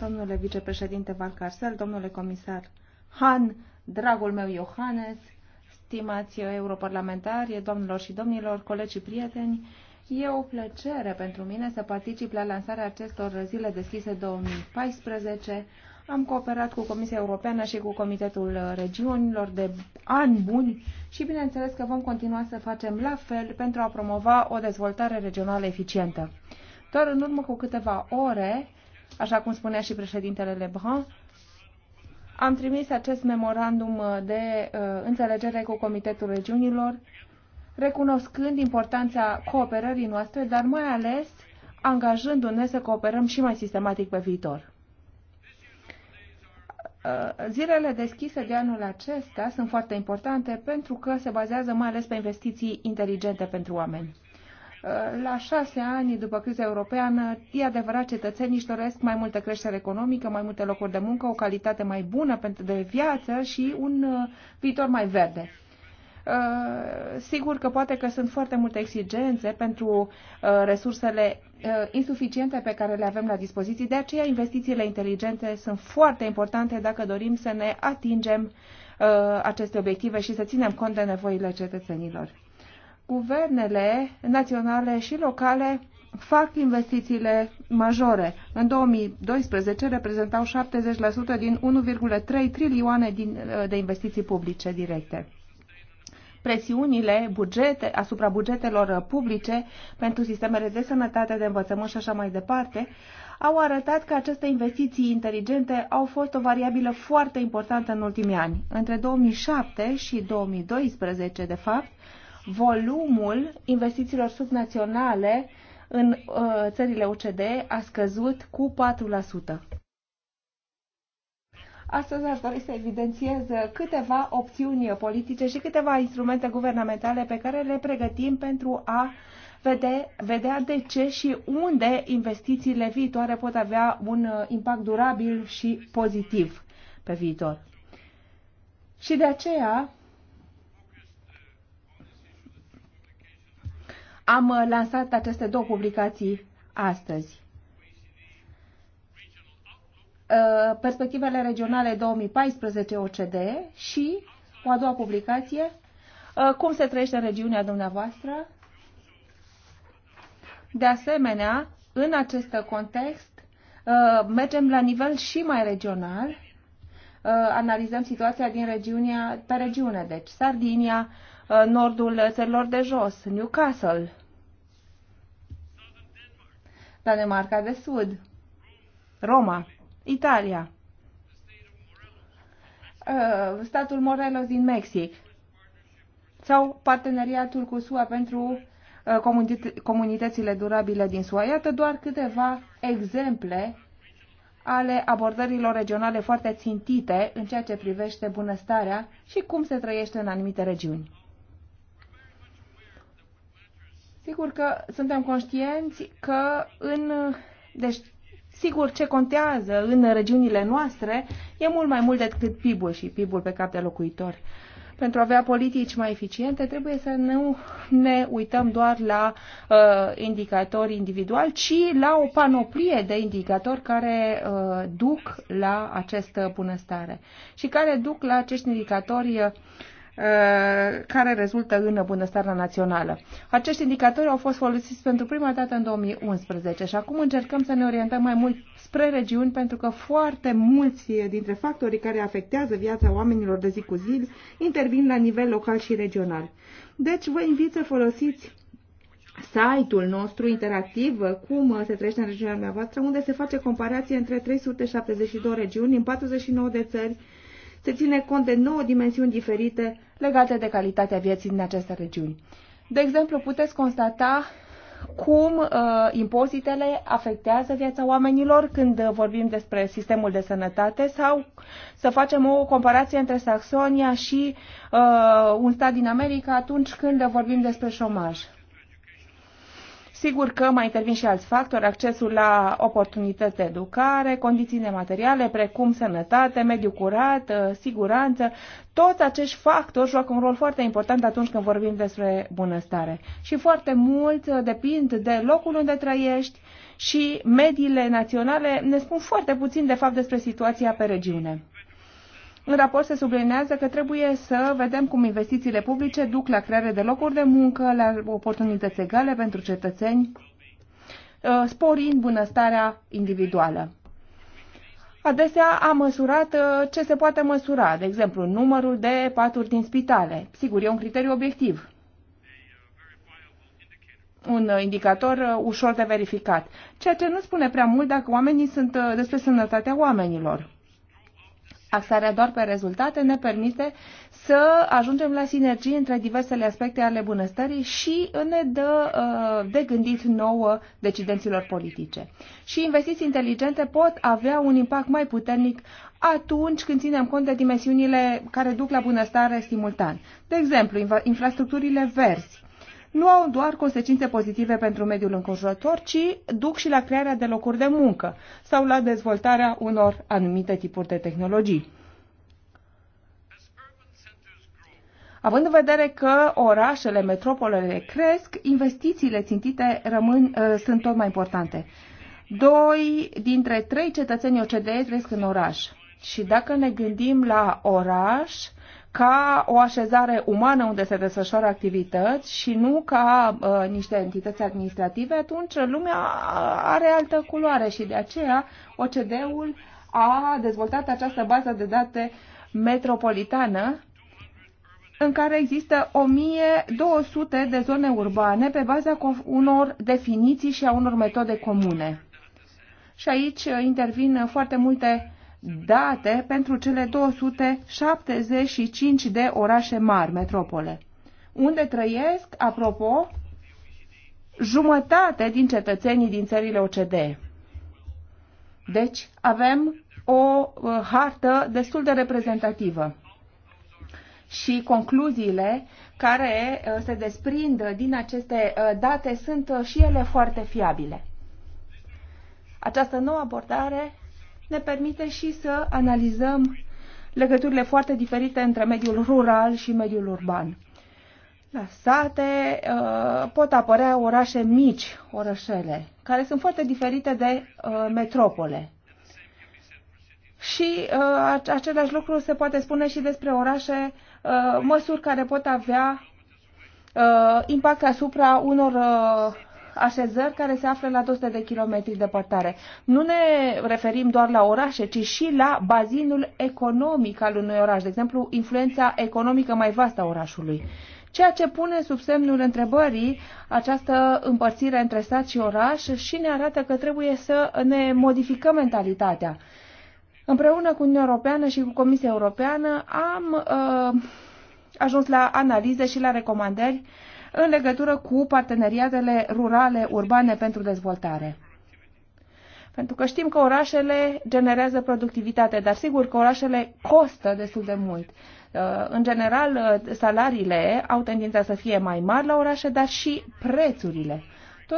domnule vicepreședinte Valcarcel, domnule comisar Han, dragul meu Iohannes, stimați europarlamentari, domnilor și domnilor, colegi și prieteni, e o plăcere pentru mine să particip la lansarea acestor zile deschise 2014. Am cooperat cu Comisia Europeană și cu Comitetul Regiunilor de ani buni și bineînțeles că vom continua să facem la fel pentru a promova o dezvoltare regională eficientă. Doar în urmă cu câteva ore, așa cum spunea și președintele Lebrun, am trimis acest memorandum uh, de uh, înțelegere cu Comitetul Regiunilor, recunoscând importanța cooperării noastre, dar mai ales angajându-ne să cooperăm și mai sistematic pe viitor. Uh, zilele deschise de anul acesta sunt foarte importante pentru că se bazează mai ales pe investiții inteligente pentru oameni. Uh, la șase ani după criza europeană, e adevărat, cetățenii își doresc mai multă creștere economică, mai multe locuri de muncă, o calitate mai bună pentru de viață și un uh, viitor mai verde uh, sigur că poate că sunt foarte multe exigențe pentru resursele insuficiente pe care le avem la dispoziție. De aceea, investițiile inteligente sunt foarte importante dacă dorim să ne atingem aceste obiective și să ținem cont de nevoile cetățenilor guvernele naționale și locale fac investițiile majore. În 2012 reprezentau 70% din 1,3 trilioane din, uh, de investiții publice directe. Presiunile bugete, asupra bugetelor publice pentru sistemele de sănătate, de învățământ și așa mai departe au arătat că aceste investiții inteligente au fost o variabilă foarte importantă în ultimii ani. Între 2007 și 2012, de fapt, volumul investițiilor subnaționale în uh, țările OCD a scăzut cu 4%. Astăzi aș dori să evidențiez câteva opțiuni politice și câteva instrumente guvernamentale pe care le pregătim pentru a vedea de ce și unde investițiile viitoare pot avea un uh, impact durabil și pozitiv pe viitor. Și de aceea am uh, lansat aceste două publicații astăzi. Uh, Perspectivele regionale 2014 OCD și o a doua publicație, uh, cum se trăiește în regiunea dumneavoastră. De asemenea, în acest context, mergem la nivel și mai regional, analizăm situația din regiunea, pe regiune, deci Sardinia, nordul țărilor de jos, Newcastle, Danemarca de Sud, Roma, Italia, uh, statul Morelos din Mexic sau parteneriatul cu SUA pentru uh, comunitățile durabile din SUA. Iată doar câteva exemple ale abordărilor regionale foarte țintite în ceea ce privește bunăstarea și cum se trăiește în anumite regiuni. Sigur că suntem conștienți că în... Deci, sigur, ce contează în regiunile noastre e mult mai mult decât PIB-ul și PIB-ul pe cap de locuitor. Pentru a avea politici mai eficiente, trebuie să nu ne uităm doar la uh, indicatori individuali, ci la o panoplie de indicatori care uh, duc la această bunăstare și care duc la acești indicatori uh, Uh, care rezultă în bunăstarea națională. Acești indicatori au fost folosiți pentru prima dată în 2011 și acum încercăm să ne orientăm mai mult spre regiuni pentru că foarte mulți dintre factorii care afectează viața oamenilor de zi cu zi intervin la nivel local și regional. Deci vă invit să folosiți site-ul nostru interactiv, cum se trăiește în regiunea mea voastră, unde se face comparație între 372 regiuni în 49 de țări se ține cont de nouă dimensiuni diferite legate de calitatea vieții din aceste regiuni. De exemplu, puteți constata cum uh, impozitele afectează viața oamenilor când vorbim despre sistemul de sănătate sau să facem o comparație între Saxonia și uh, un stat din America atunci când vorbim despre șomaj. Sigur că mai intervin și alți factori, accesul la oportunități de educare, condiții materiale, precum sănătate, mediu curat, uh, siguranță. Toți acești factori joacă un rol foarte important atunci când vorbim despre bunăstare. Și foarte mult uh, depind de locul unde trăiești și mediile naționale ne spun foarte puțin de fapt despre situația pe regiune. În raport se sublinează că trebuie să vedem cum investițiile publice duc la creare de locuri de muncă, la oportunități egale pentru cetățeni, uh, sporind bunăstarea individuală. Adesea a măsurat uh, ce se poate măsura, de exemplu, numărul de paturi din spitale. Sigur, e un criteriu obiectiv, un uh, indicator ușor de verificat, ceea ce nu spune prea mult dacă oamenii sunt despre sănătatea oamenilor. Axarea doar pe rezultate ne permite să ajungem la sinergii între diversele aspecte ale bunăstării și ne dă uh, de gândit nouă decidenților politice. Și investiții inteligente pot avea un impact mai puternic atunci când ținem cont de dimensiunile care duc la bunăstare simultan. De exemplu, infrastructurile verzi, nu au doar consecințe pozitive pentru mediul înconjurător, ci duc și la crearea de locuri de muncă sau la dezvoltarea unor anumite tipuri de tehnologii. Având în vedere că orașele, metropolele cresc, investițiile țintite rămân, ă, sunt tot mai importante. Doi dintre trei cetățeni OCDE trăiesc în oraș. Și dacă ne gândim la oraș, ca o așezare umană unde se desfășoară activități și nu ca uh, niște entități administrative, atunci lumea uh, are altă culoare și de aceea OCD-ul a dezvoltat această bază de date metropolitană în care există 1200 de zone urbane pe baza unor definiții și a unor metode comune. Și aici uh, intervin foarte multe date pentru cele 275 de orașe mari, metropole. Unde trăiesc, apropo, jumătate din cetățenii din țările OCD. Deci avem o uh, hartă destul de reprezentativă. Și concluziile care uh, se desprind din aceste uh, date sunt și ele foarte fiabile. Această nouă abordare ne permite și să analizăm legăturile foarte diferite între mediul rural și mediul urban. La sate uh, pot apărea orașe mici, orășele, care sunt foarte diferite de uh, metropole. Și uh, același lucru se poate spune și despre orașe, măsuri care pot avea impact asupra unor așezări care se află la 200 de kilometri departare. Nu ne referim doar la orașe, ci și la bazinul economic al unui oraș, de exemplu, influența economică mai vastă a orașului. Ceea ce pune sub semnul întrebării această împărțire între stat și oraș și ne arată că trebuie să ne modificăm mentalitatea. Împreună cu Uniunea Europeană și cu Comisia Europeană am uh, ajuns la analize și la recomandări uh, în legătură cu parteneriatele rurale urbane pentru dezvoltare. Pentru că știm că orașele generează productivitate, dar sigur că orașele costă destul de mult. Uh, în general, uh, salariile au tendința să fie mai mari la orașe, dar și prețurile.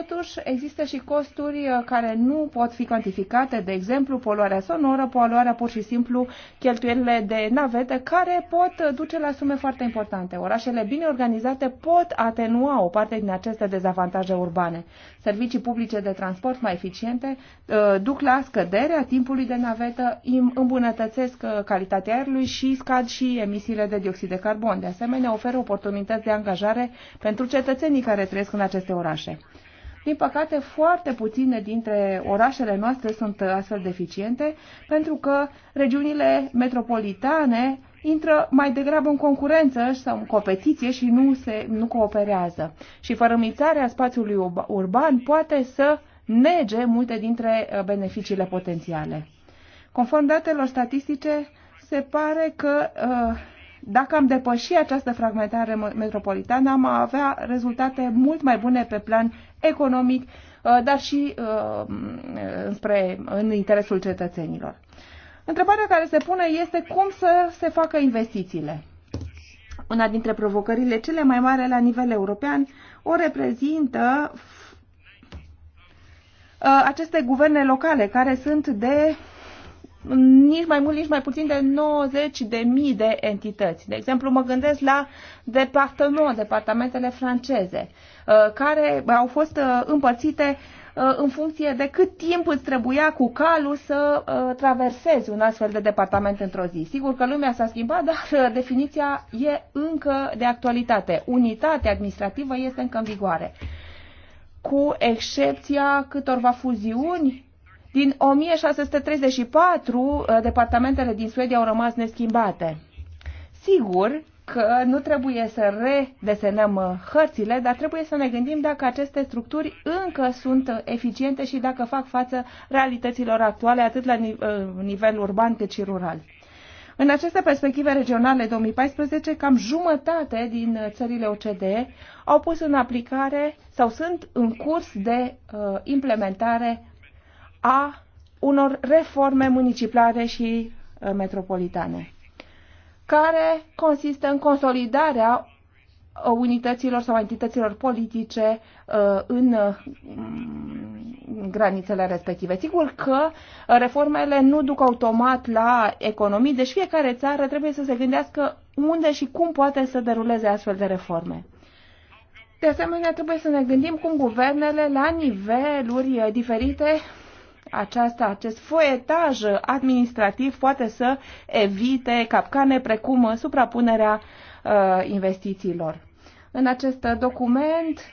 Totuși, există și costuri uh, care nu pot fi cantificate, de exemplu, poluarea sonoră, poluarea pur și simplu, cheltuielile de navete, care pot duce la sume foarte importante. Orașele bine organizate pot atenua o parte din aceste dezavantaje urbane. Servicii publice de transport mai eficiente uh, duc la scăderea timpului de navetă, îmbunătățesc uh, calitatea aerului și scad și emisiile de dioxid de carbon. De asemenea, oferă oportunități de angajare pentru cetățenii care trăiesc în aceste orașe. Din păcate, foarte puține dintre orașele noastre sunt astfel deficiente, pentru că regiunile metropolitane intră mai degrabă în concurență sau în competiție și nu, se, nu cooperează. Și fărâmițarea spațiului urban poate să nege multe dintre uh, beneficiile potențiale. Conform datelor statistice, se pare că uh, dacă am depăși această fragmentare metropolitană, am avea rezultate mult mai bune pe plan economic, uh, dar și înspre, uh, mm, în interesul cetățenilor. Întrebarea care se pune este cum să se facă investițiile. Una dintre provocările cele mai mari la nivel european o reprezintă uh, aceste guverne locale care sunt de nici mai mult, nici mai puțin de 90 de mii de entități. De exemplu, mă gândesc la departement, departamentele franceze, uh, care au fost uh, împărțite uh, în funcție de cât timp îți trebuia cu calul să traversezi un astfel de departament într-o zi. Sigur că lumea s-a schimbat, dar definiția e încă de actualitate. Unitatea administrativă este încă în vigoare. Cu excepția câtorva fuziuni din 1634, uh, departamentele din Suedia au rămas neschimbate. Sigur că nu trebuie să redesenăm uh, hărțile, dar trebuie să ne gândim dacă aceste structuri încă sunt uh, eficiente și dacă fac față realităților actuale, atât la nivel urban cât și rural. În aceste perspective regionale 2014, cam jumătate din țările OCDE au pus în aplicare sau sunt în curs de implementare a unor reforme municipale și uh, metropolitane, care consistă în consolidarea uh, unităților sau entităților politice uh, în mm, granițele respective. Sigur că reformele nu duc automat la economii, deci fiecare țară trebuie să se gândească unde și cum poate să deruleze astfel de reforme. De asemenea, trebuie să ne gândim cum guvernele la niveluri diferite aceasta, acest foietaj administrativ poate să evite capcane precum suprapunerea uh, investițiilor. În acest document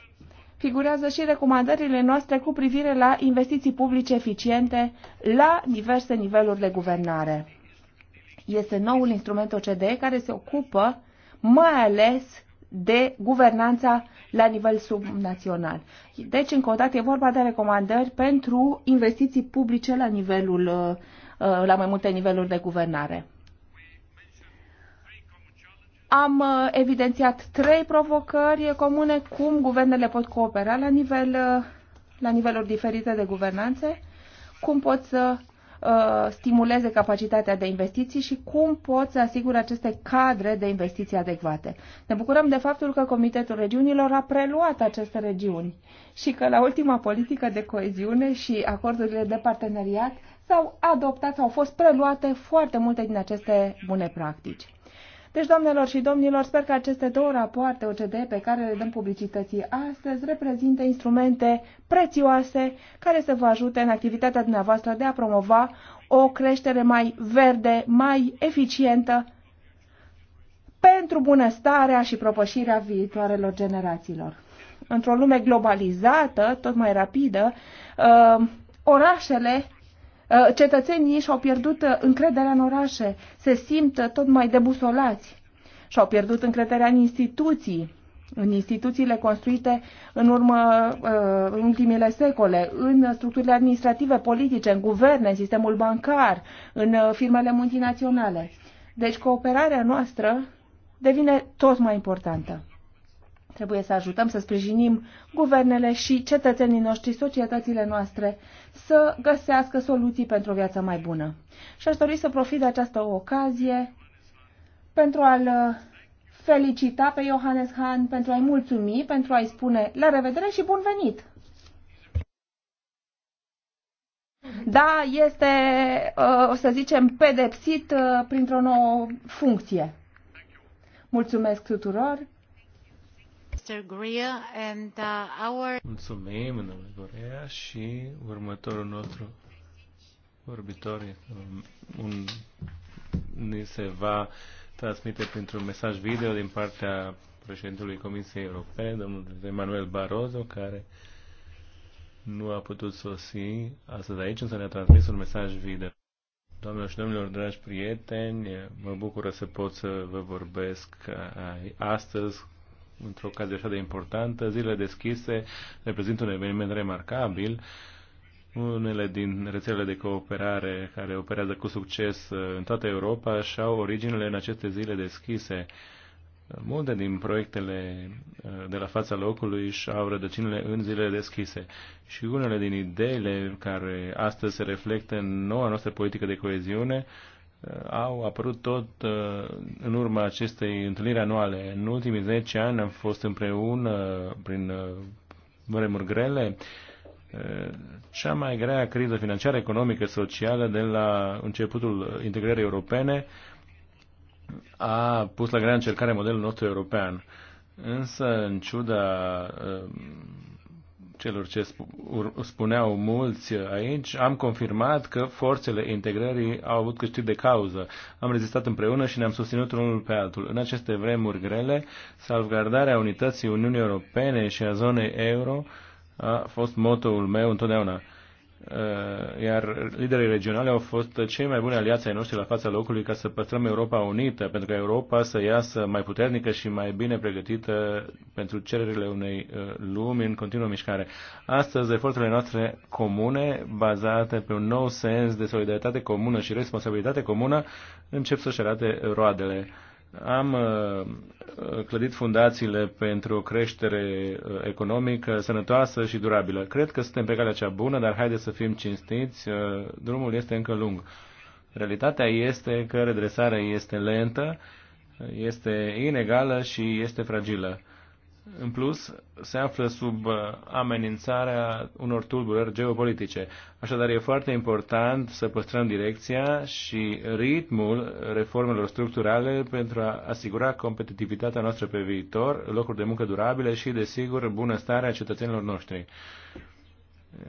figurează și recomandările noastre cu privire la investiții publice eficiente la diverse niveluri de guvernare. Este noul instrument OCDE care se ocupă mai ales de guvernanța la nivel subnațional. Deci, încă o dată, e vorba de recomandări pentru investiții publice la, nivelul, uh, uh, la mai multe niveluri de guvernare. Am uh, evidențiat trei provocări comune, cum guvernele pot coopera la, nivel, la niveluri diferite de guvernanțe, cum pot să Uh, stimuleze capacitatea de investiții și cum pot să asigure aceste cadre de investiții adecvate. Ne bucurăm de faptul că Comitetul Regiunilor a preluat aceste regiuni și că la ultima politică de coeziune și acordurile de parteneriat s-au adoptat, au fost preluate foarte multe din aceste bune practici. Deci, doamnelor și domnilor, sper că aceste două rapoarte OCD pe care le dăm publicității astăzi reprezintă instrumente prețioase care să vă ajute în activitatea dumneavoastră de a promova o creștere mai verde, mai eficientă pentru bunăstarea și propășirea viitoarelor generațiilor. Într-o lume globalizată, tot mai rapidă, uh, orașele Uh, cetățenii și-au pierdut uh, încrederea în orașe, se simt uh, tot mai debusolați și-au pierdut încrederea în instituții, în instituțiile construite în urmă, în ultimile secole, în structurile administrative, politice, în guverne, în sistemul bancar, în firmele multinaționale. Deci cooperarea noastră devine tot mai importantă. Trebuie să ajutăm să sprijinim guvernele și cetățenii noștri, societățile noastre, să găsească soluții pentru o viață mai bună. Și aș dori să profit de această ocazie pentru a-l uh, felicita pe Johannes Hahn, pentru a-i mulțumi, pentru a-i spune la revedere și bun venit! Da, este, uh, o să zicem, pedepsit uh, printr-o nouă funcție. Mulțumesc tuturor! Mr. Greer and uh, our... Mulțumim, domnule Gorea, și următorul nostru vorbitor um, un, ne se va transmite printr-un mesaj video din partea președintelui Comisiei Europene, domnul Emanuel Barroso, care nu a putut sosi astăzi aici, însă ne-a transmis un mesaj video. Doamnelor și domnilor, dragi prieteni, mă bucură să pot să vă vorbesc uh, astăzi într-o ocazie așa de importantă. Zilele deschise reprezintă un eveniment remarcabil. Unele din rețelele de cooperare care operează cu succes uh, în toată Europa și-au originele în aceste zile deschise. Multe din proiectele uh, de la fața locului și au rădăcinile în zilele deschise. Și unele din ideile care astăzi se reflectă în noua noastră politică de coeziune Uh, au apărut tot uh, în urma acestei întâlniri anuale. În ultimii 10 ani am fost împreună prin uh, vremuri grele. Cea mai grea criză financiară, economică, socială de la începutul integrării europene a pus la grea încercare modelul nostru european. Însă, în ciuda celor ce spuneau mulți aici, am confirmat că forțele integrării au avut câștig de cauză. Am rezistat împreună și ne-am susținut unul pe altul. În aceste vremuri grele, salvgardarea unității Uniunii Europene și a zonei euro a fost motoul meu întotdeauna. Eh, iar liderii regionale au fost cei mai buni aliați ai noștri la fața locului ca să păstrăm Europa unită, pentru că Europa să iasă mai puternică și mai bine pregătită pentru cererile unei eh, lumi în continuă mișcare. Astăzi, eforturile noastre comune, bazate pe un nou sens de solidaritate comună și responsabilitate comună, încep să-și arate roadele. Am uh, uh, clădit fundațiile pentru o creștere uh, economică sănătoasă și durabilă. Cred că suntem pe calea cea bună, dar haideți să fim cinstiți, drumul este încă lung. Realitatea este că redresarea este lentă, este inegală și este fragilă. În plus, se află sub uh, amenințarea unor tulburări geopolitice. Așadar, e foarte important să păstrăm direcția și ritmul reformelor structurale pentru a asigura competitivitatea noastră pe viitor, locuri de muncă durabile și, desigur, bunăstarea cetățenilor noștri.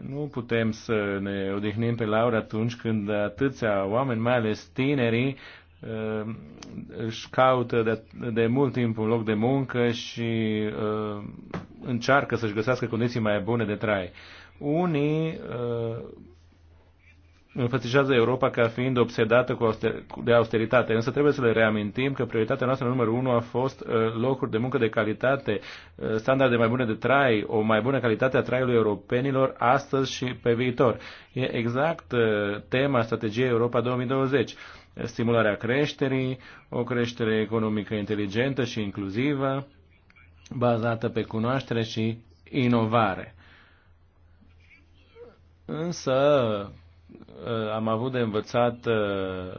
Nu putem să ne odihnim pe laur atunci când atâția oameni, mai ales tinerii, Uh, își caută de, de mult timp un loc de muncă și uh, încearcă să-și găsească condiții mai bune de trai. Unii uh, înfățișează Europa ca fiind obsedată cu auster, de austeritate, însă trebuie să le reamintim că prioritatea noastră numărul unu a fost uh, locuri de muncă de calitate, uh, standarde mai bune de trai, o mai bună calitate a traiului europenilor astăzi și pe viitor. E exact uh, tema strategiei Europa 2020 stimularea creșterii, o creștere economică inteligentă și inclusivă, bazată pe cunoaștere și inovare. Însă uh, am avut de învățat uh,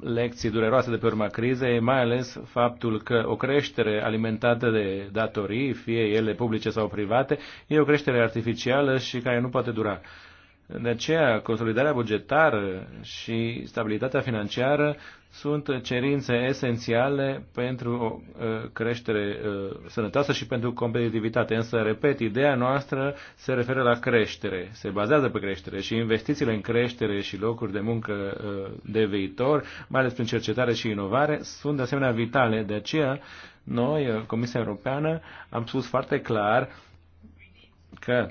lecții dureroase de pe urma crizei, mai ales faptul că o creștere alimentată de datorii, fie ele publice sau private, e o creștere artificială și care nu poate dura. Uh, de aceea, consolidarea bugetară și stabilitatea financiară sunt cerințe esențiale pentru o creștere sănătoasă și pentru competitivitate. Însă, repet, ideea noastră se referă la creștere, se bazează pe creștere și investițiile în creștere și locuri de muncă de viitor, mai ales prin cercetare și inovare, sunt de asemenea vitale. De aceea, noi, Comisia Europeană, am spus foarte clar că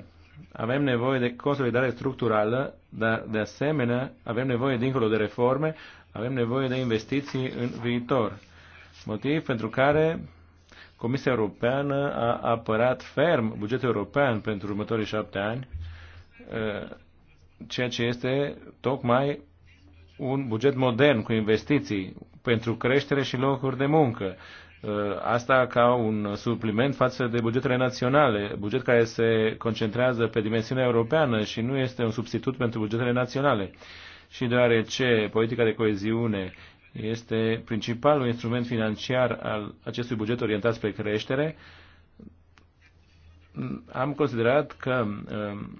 avem nevoie de consolidare structurală, dar de asemenea avem nevoie, dincolo de reforme, avem nevoie de investiții în viitor. Motiv pentru care Comisia Europeană a apărat ferm bugetul european pentru următorii șapte ani, eh, ceea ce este tocmai un buget modern cu investiții pentru creștere și locuri de muncă. Uh, asta ca un supliment față de bugetele naționale, buget care se concentrează pe dimensiunea europeană și nu este un substitut pentru bugetele naționale. Și deoarece politica de coeziune este principalul instrument financiar al acestui buget orientat spre creștere, am considerat că um,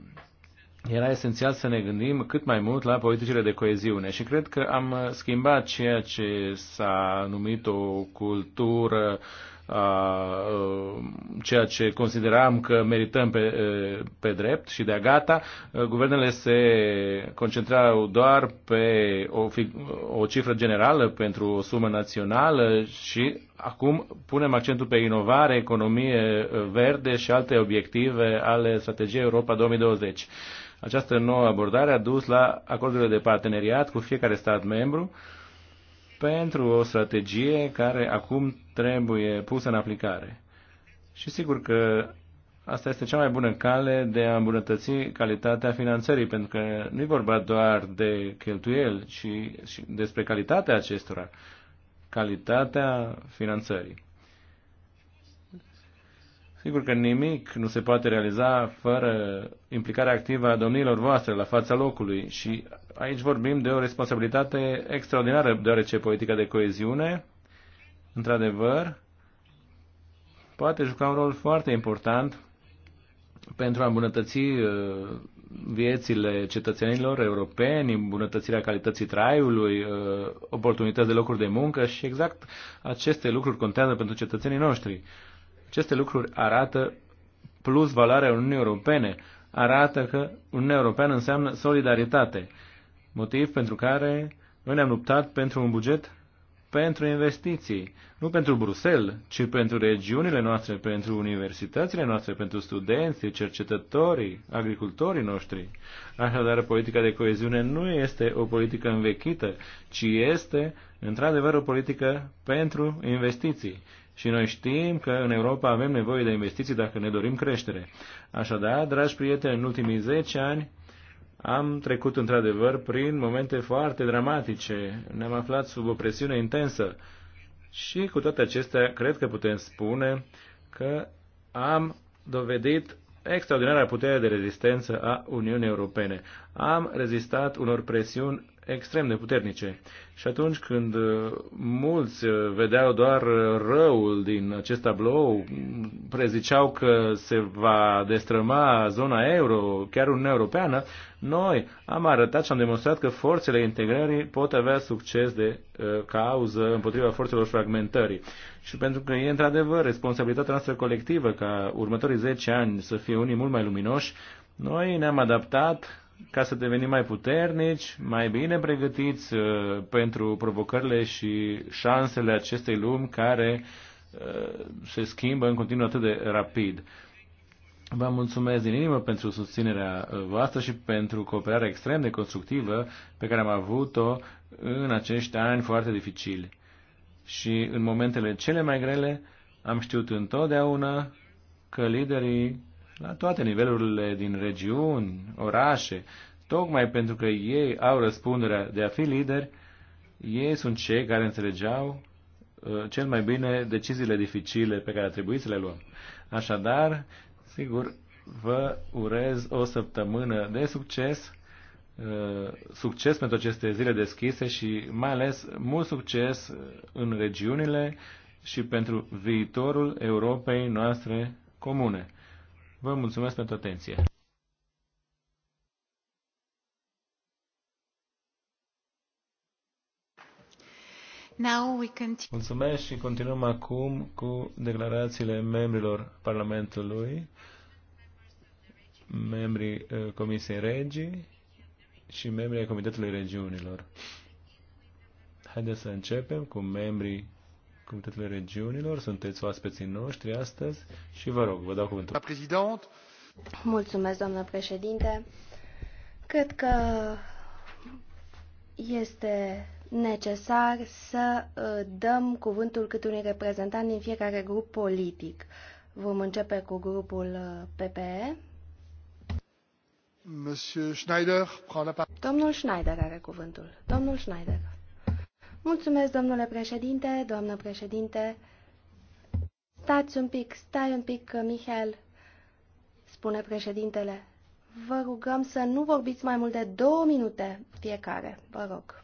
era esențial să ne gândim cât mai mult la politicile de coeziune și cred că am uh, schimbat ceea ce s-a numit o cultură a uh, ceea ce consideram că merităm pe, uh, pe drept și de-a gata, guvernele se concentrau doar pe o, o cifră generală pentru o sumă națională și acum punem accentul pe inovare, economie verde și alte obiective ale strategiei Europa 2020. Această nouă abordare a dus la acordurile de parteneriat cu fiecare stat membru pentru o strategie care acum trebuie pusă în aplicare. Și sigur că asta este cea mai bună cale de a îmbunătăți calitatea finanțării, pentru că nu e vorba doar de cheltuieli, ci și despre calitatea acestora, calitatea finanțării. Sigur că nimic nu se poate realiza fără implicarea activă a domnilor voastre la fața locului și aici vorbim de o responsabilitate extraordinară, deoarece politica de coeziune, într-adevăr, poate juca un rol foarte important pentru a îmbunătăți uh, viețile cetățenilor europeni, îmbunătățirea calității traiului, uh, oportunități de locuri de muncă și exact aceste lucruri contează pentru cetățenii noștri. Aceste lucruri arată plus valoarea Uniunii Europene, arată că Uniunea Europeană înseamnă solidaritate, motiv pentru care noi ne-am luptat pentru un buget pentru investiții, nu pentru Bruxelles, ci pentru regiunile noastre, pentru universitățile noastre, pentru studenții, cercetătorii, agricultorii noștri. Așadar, politica de coeziune nu este o politică învechită, ci este, într-adevăr, o politică pentru investiții. Și noi știm că în Europa avem nevoie de investiții dacă ne dorim creștere. Așadar, dragi prieteni, în ultimii 10 ani am trecut într-adevăr prin momente foarte dramatice. Ne-am aflat sub o presiune intensă. Și cu toate acestea, cred că putem spune că am dovedit extraordinara putere de rezistență a Uniunii Europene. Am rezistat unor presiuni extrem de puternice. Și atunci când uh, mulți uh, vedeau doar uh, răul din acest tablou, preziceau că se va destrăma zona euro, chiar Uniunea Europeană, noi am arătat și am demonstrat că forțele integrării pot avea succes de uh, cauză împotriva forțelor fragmentării. Și pentru că e într-adevăr responsabilitatea noastră colectivă ca următorii 10 ani să fie unii mult mai luminoși, noi ne-am adaptat ca să devenim mai puternici, mai bine pregătiți uh, pentru provocările și șansele acestei lumi care uh, se schimbă în continuu atât de rapid. Vă mulțumesc din inimă pentru susținerea uh, voastră și pentru cooperarea extrem de constructivă pe care am avut-o în acești ani foarte dificili. Și în momentele cele mai grele am știut întotdeauna că liderii la toate nivelurile din regiuni, orașe, tocmai pentru că ei au răspunderea de a fi lideri, ei sunt cei care înțelegeau uh, cel mai bine deciziile dificile pe care a trebuit să le luăm. Așadar, sigur, vă urez o săptămână de succes, uh, succes pentru aceste zile deschise și mai ales mult succes în regiunile și pentru viitorul Europei noastre comune. Vă mulțumesc pentru atenție. Now we continue. Mulțumesc și continuăm acum cu declarațiile membrilor Parlamentului, membrii uh, Comisiei Regii și membrii Comitetului Regiunilor. Haideți să începem cu membrii Comitetului Regiunilor. Sunteți oaspeții noștri astăzi și vă rog, vă dau cuvântul. Mulțumesc, doamnă președinte. Cred că este necesar să uh, dăm cuvântul cât unui reprezentant din fiecare grup politic. Vom începe cu grupul uh, PPE. Monsieur Schneider, prend la Domnul Schneider are cuvântul. Domnul Schneider. Mulțumesc, domnule președinte, doamnă președinte. Stați un pic, stai un pic, Mihail, spune președintele. Vă rugăm să nu vorbiți mai mult de două minute fiecare, vă rog.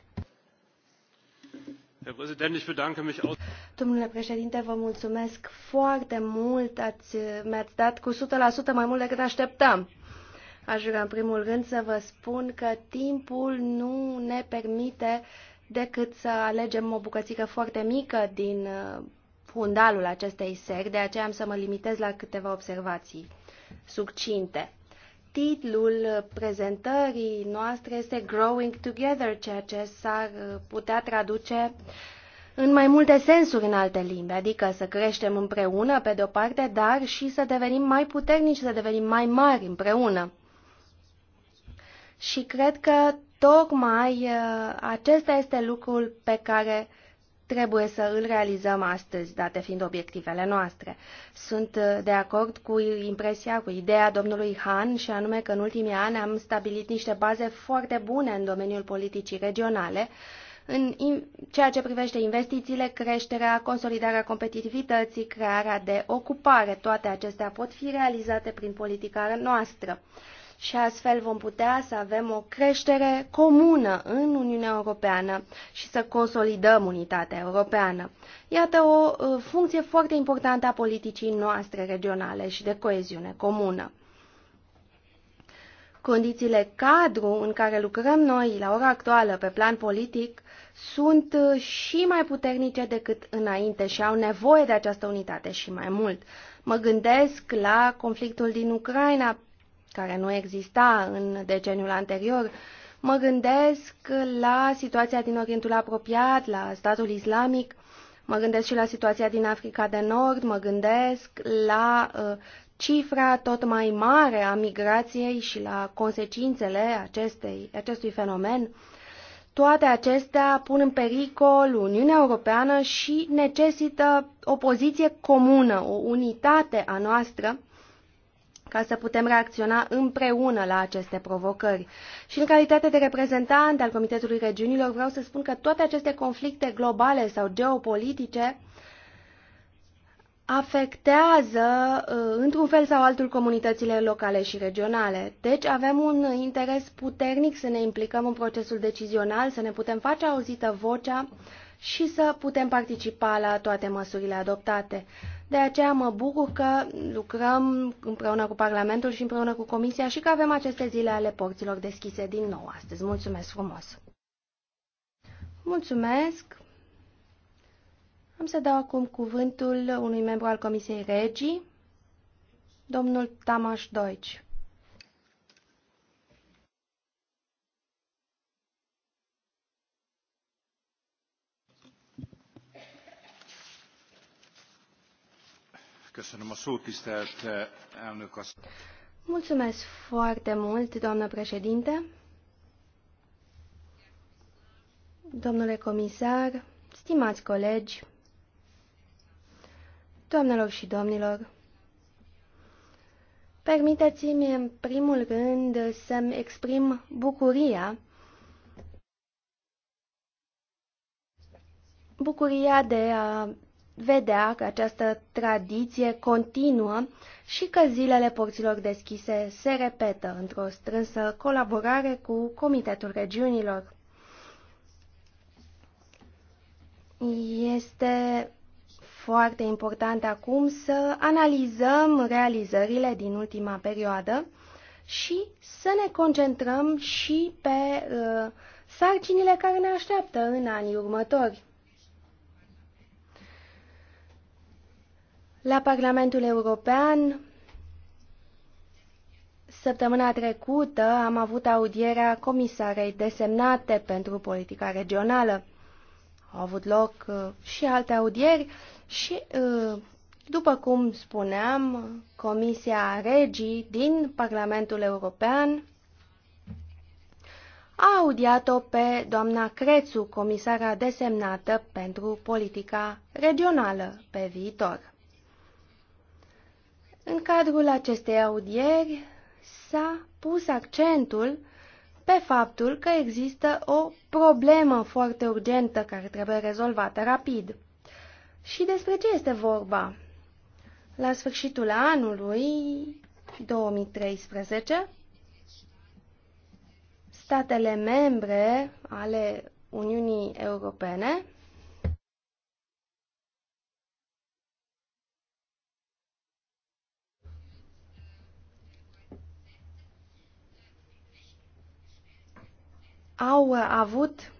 Domnule președinte, vă mulțumesc foarte mult, ați, mi-ați dat cu 100% mai mult decât așteptam. Aș vrea în primul rând să vă spun că timpul nu ne permite uh, decât să alegem o bucățică foarte mică din uh, fundalul acestei seri, de aceea am să mă limitez la câteva observații succinte. Titlul prezentării noastre este Growing Together, ceea ce s-ar uh, putea traduce în mai multe sensuri în alte limbi, adică să creștem împreună pe de-o parte, dar și să devenim mai puternici, să devenim mai mari împreună. Și cred că tocmai uh, acesta este lucrul pe care trebuie să îl realizăm astăzi, date fiind obiectivele noastre. Sunt uh, de acord cu impresia, cu ideea domnului Han și anume că în ultimii ani am stabilit niște baze foarte bune în domeniul politicii regionale, în ceea ce privește investițiile, creșterea, consolidarea competitivității, crearea de ocupare, toate acestea pot fi realizate prin politica noastră și astfel vom putea să avem o creștere comună în Uniunea Europeană și să consolidăm unitatea europeană. Iată o uh, funcție foarte importantă a politicii noastre regionale și de coeziune comună. Condițiile cadru în care lucrăm noi la ora actuală pe plan politic sunt uh, și mai puternice decât înainte și au nevoie de această unitate și mai mult. Mă gândesc la conflictul din Ucraina care nu exista în deceniul anterior, mă gândesc la situația din Orientul Apropiat, la statul islamic, mă gândesc și la situația din Africa de Nord, mă gândesc la uh, cifra tot mai mare a migrației și la consecințele acestei, acestui fenomen. Toate acestea pun în pericol Uniunea Europeană și necesită o poziție comună, o unitate a noastră ca să putem reacționa împreună la aceste provocări. Și în calitate de reprezentant al Comitetului Regiunilor vreau să spun că toate aceste conflicte globale sau geopolitice afectează uh, într-un fel sau altul comunitățile locale și regionale. Deci avem un interes puternic să ne implicăm în procesul decizional, să ne putem face auzită vocea și să putem participa la toate măsurile adoptate. De aceea mă bucur că lucrăm împreună cu Parlamentul și împreună cu Comisia și că avem aceste zile ale porților deschise din nou astăzi. Mulțumesc frumos! Mulțumesc! Am să dau acum cuvântul unui membru al Comisiei Regii, domnul Tamas Deutsch. Köszönöm a szót, tisztelt eh, elnök asszony. Mulțumesc foarte mult, doamnă președinte. Domnule comisar, stimați colegi, doamnelor și domnilor, permiteți-mi în primul rând să-mi exprim bucuria bucuria de a vedea că această tradiție continuă și că zilele porților deschise se repetă într-o strânsă colaborare cu Comitetul Regiunilor. Este foarte important acum să analizăm realizările din ultima perioadă și să ne concentrăm și pe uh, sarcinile care ne așteaptă în anii următori. La Parlamentul European, săptămâna trecută, am avut audierea comisarei desemnate pentru politica regională. Au avut loc uh, și alte audieri și, uh, după cum spuneam, Comisia Regii din Parlamentul European a audiat-o pe doamna Crețu, comisara desemnată pentru politica regională pe viitor. În cadrul acestei audieri s-a pus accentul pe faptul că există o problemă foarte urgentă care trebuie rezolvată rapid. Și despre ce este vorba? La sfârșitul anului 2013, statele membre ale Uniunii Europene au avut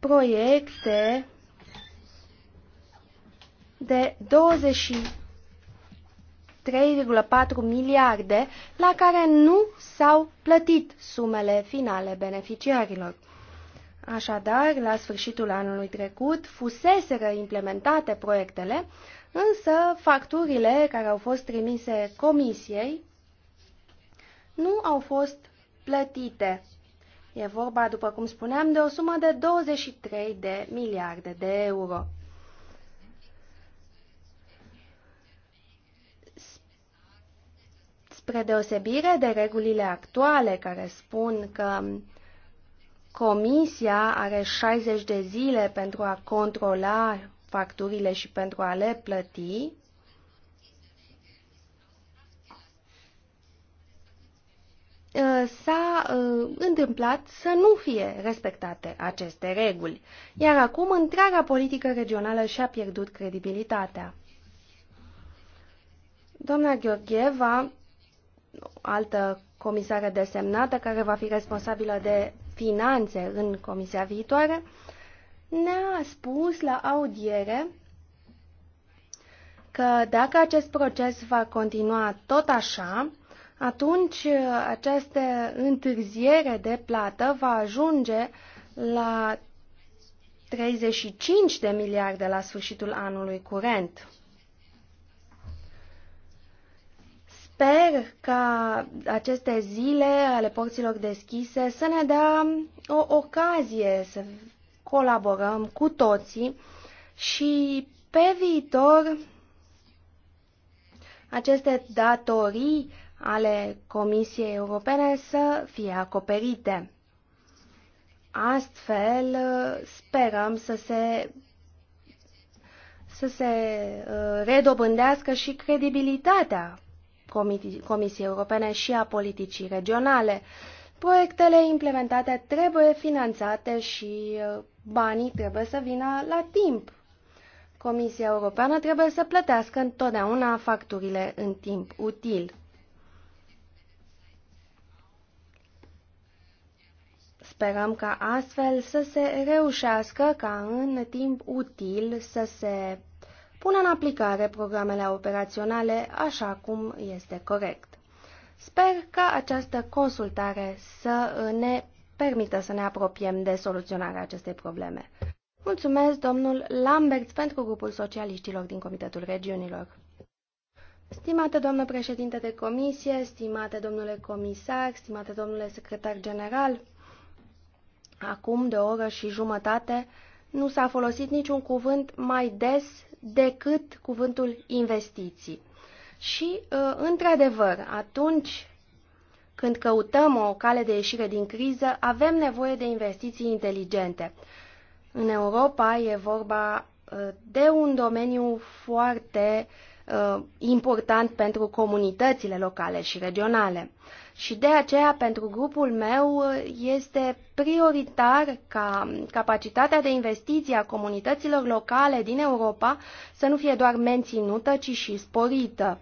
proiecte de 23,4 miliarde la care nu s-au plătit sumele finale beneficiarilor. Așadar, la sfârșitul anului trecut, fuseseră implementate proiectele, însă facturile care au fost trimise comisiei nu au fost plătite. E vorba, după cum spuneam, de o sumă de 23 de miliarde de euro. Spre deosebire de regulile actuale care spun că Comisia are 60 de zile pentru a controla facturile și pentru a le plăti, Uh, s-a uh, întâmplat să nu fie respectate aceste reguli, iar acum întreaga politică regională și-a pierdut credibilitatea. Doamna Gheorgheva, altă comisară desemnată care va fi responsabilă de finanțe în comisia viitoare, ne-a spus la audiere că dacă acest proces va continua tot așa, atunci această întârziere de plată va ajunge la 35 de miliarde la sfârșitul anului curent. Sper ca aceste zile ale porților deschise să ne dea o ocazie să colaborăm cu toții și pe viitor aceste datorii ale Comisiei Europene să fie acoperite. Astfel, sperăm să se, să se uh, redobândească și credibilitatea Comisiei Europene și a politicii regionale. Proiectele implementate trebuie finanțate și uh, banii trebuie să vină la timp. Comisia Europeană trebuie să plătească întotdeauna facturile în timp util. Sperăm ca astfel să se reușească ca în timp util să se pună în aplicare programele operaționale așa cum este corect. Sper ca această consultare să ne permită să ne apropiem de soluționarea acestei probleme. Mulțumesc, domnul Lambert, pentru grupul socialiștilor din Comitetul Regiunilor. Stimate domnule președinte de comisie, stimate domnule comisar, stimate domnule secretar general, Acum de o oră și jumătate nu s-a folosit niciun cuvânt mai des decât cuvântul investiții. Și, uh, într-adevăr, atunci când căutăm o cale de ieșire din criză, avem nevoie de investiții inteligente. În Europa e vorba uh, de un domeniu foarte uh, Uh, important pentru comunitățile locale și regionale. Și de aceea, pentru grupul meu, uh, este prioritar ca capacitatea de investiție a comunităților locale din Europa să nu fie doar menținută, ci și sporită.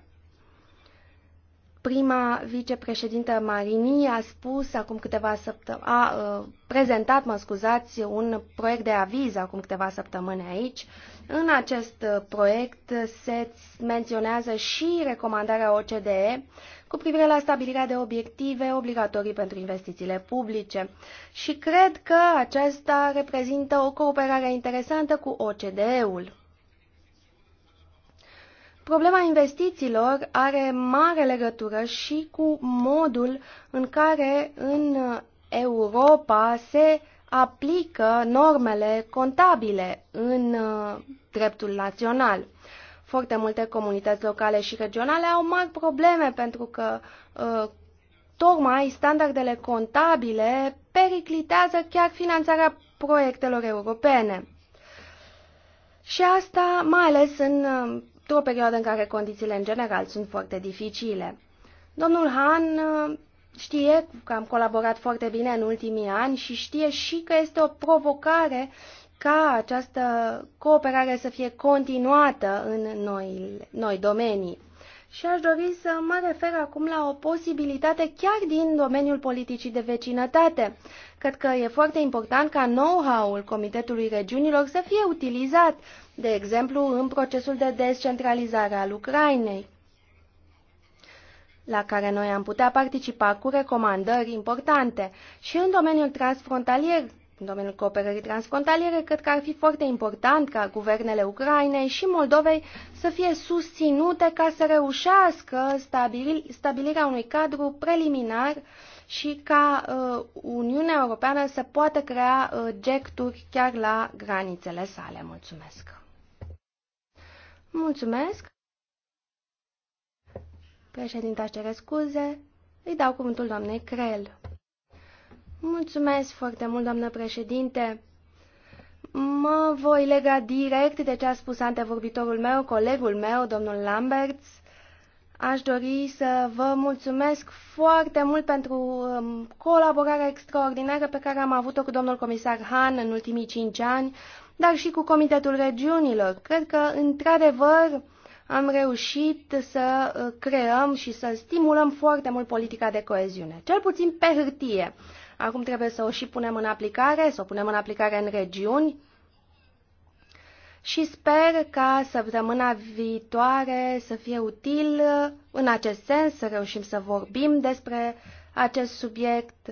Prima vicepreședintă Marini a spus acum câteva săptămâni, a, a uh, prezentat, mă scuzați, un proiect de aviz acum câteva săptămâni aici, în acest uh, proiect se menționează și recomandarea OCDE cu privire la stabilirea de obiective obligatorii pentru investițiile publice și cred că aceasta reprezintă o cooperare interesantă cu OCDE-ul. Problema investițiilor are mare legătură și cu modul în care în uh, Europa se aplică normele contabile în uh, dreptul național. Foarte multe comunități locale și regionale au mari probleme pentru că uh, tocmai standardele contabile periclitează chiar finanțarea proiectelor europene. Și asta mai ales în uh, o perioadă în care condițiile în general sunt foarte dificile. Domnul Han știe că am colaborat foarte bine în ultimii ani și știe și că este o provocare ca această cooperare să fie continuată în noi, noi domenii. Și aș dori să mă refer acum la o posibilitate chiar din domeniul politicii de vecinătate. Cred că e foarte important ca know-how-ul Comitetului Regiunilor să fie utilizat, de exemplu, în procesul de descentralizare al Ucrainei la care noi am putea participa cu recomandări importante și în domeniul transfrontalier, în domeniul cooperării transfrontaliere, cred că ar fi foarte important ca guvernele Ucrainei și Moldovei să fie susținute ca să reușească stabili, stabilirea unui cadru preliminar și ca uh, Uniunea Europeană să poată crea uh, gecturi chiar la granițele sale. Mulțumesc! Mulțumesc! Președinta cere scuze. Îi dau cuvântul doamnei Creel. Mulțumesc foarte mult, doamnă președinte. Mă voi lega direct de ce a spus antevorbitorul meu, colegul meu, domnul Lamberts. Aș dori să vă mulțumesc foarte mult pentru um, colaborarea extraordinară pe care am avut-o cu domnul comisar Han în ultimii cinci ani, dar și cu Comitetul Regiunilor. Cred că, într-adevăr, am reușit să uh, creăm și să stimulăm foarte mult politica de coeziune, cel puțin pe hârtie. Acum trebuie să o și punem în aplicare, să o punem în aplicare în regiuni și sper ca săptămâna viitoare să fie util în acest sens, să reușim să vorbim despre acest subiect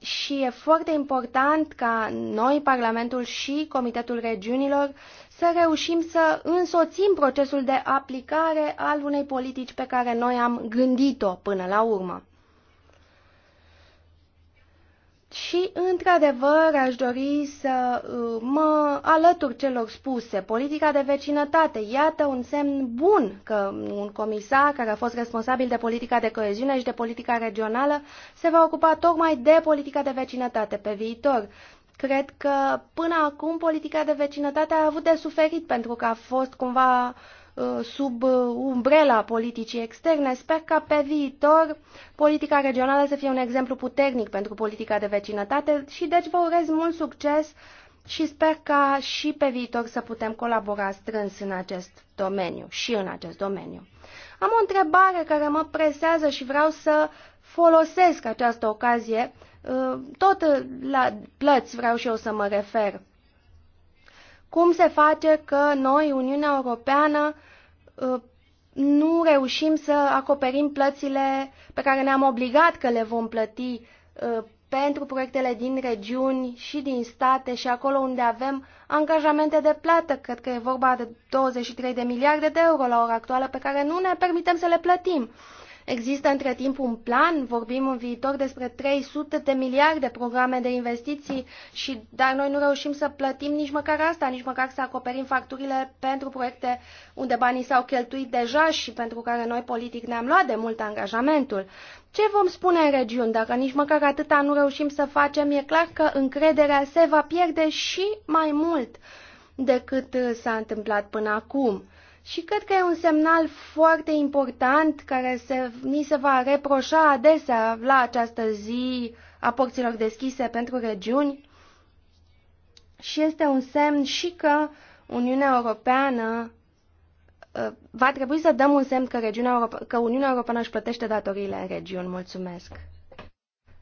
și e foarte important ca noi, Parlamentul și Comitetul Regiunilor, să reușim să însoțim procesul de aplicare al unei politici pe care noi am gândit-o până la urmă. Și, într-adevăr, aș dori să uh, mă alătur celor spuse. Politica de vecinătate, iată un semn bun că un comisar care a fost responsabil de politica de coeziune și de politica regională se va ocupa tocmai de politica de vecinătate pe viitor. Cred că până acum politica de vecinătate a avut de suferit pentru că a fost cumva uh, sub uh, umbrela politicii externe. Sper ca pe viitor politica regională să fie un exemplu puternic pentru politica de vecinătate și deci vă urez mult succes și sper ca și pe viitor să putem colabora strâns în acest domeniu și în acest domeniu. Am o întrebare care mă presează și vreau să folosesc această ocazie Uh, tot uh, la plăți vreau și eu să mă refer. Cum se face că noi, Uniunea Europeană, uh, nu reușim să acoperim plățile pe care ne-am obligat că le vom plăti pentru proiectele din regiuni și din state și acolo unde avem angajamente de plată, cred că e vorba de 23 de miliarde de euro la ora actuală, pe care nu ne permitem să le plătim. Există între timp un plan, vorbim în viitor despre 300 de miliarde programe de investiții, și, dar noi nu reușim să plătim nici măcar asta, nici măcar să acoperim facturile pentru proiecte unde banii s-au cheltuit deja și pentru care noi politic ne-am luat de mult angajamentul. Ce vom spune în regiuni dacă nici măcar atâta nu reușim să facem? E clar că încrederea se va pierde și mai mult decât s-a întâmplat până acum. Și cred că e un semnal foarte important care se, ni se va reproșa adesea la această zi a porților deschise pentru regiuni și este un semn și că Uniunea Europeană ă, va trebui să dăm un semn că, regiunea Europe- că Uniunea Europeană își plătește datoriile în regiuni. Mulțumesc.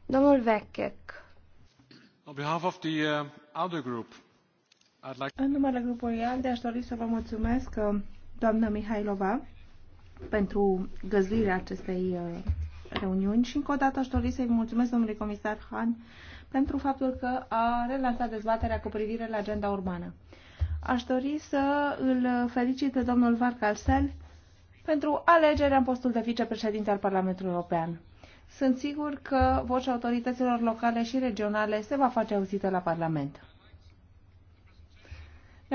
Domnul Verkek. On behalf of the uh, other group, I'd like... În numele grupului ALDE aș dori să vă mulțumesc doamnă Mihailova pentru găzduirea acestei uh, reuniuni și încă o dată aș dori să-i mulțumesc domnului comisar Han pentru faptul că a relansat dezbaterea cu privire la agenda urbană. Aș dori să îl felicit pe domnul Varcalsel pentru alegerea în postul de vicepreședinte al Parlamentului European. Sunt sigur că vocea autorităților locale și regionale se va face auzită la Parlament.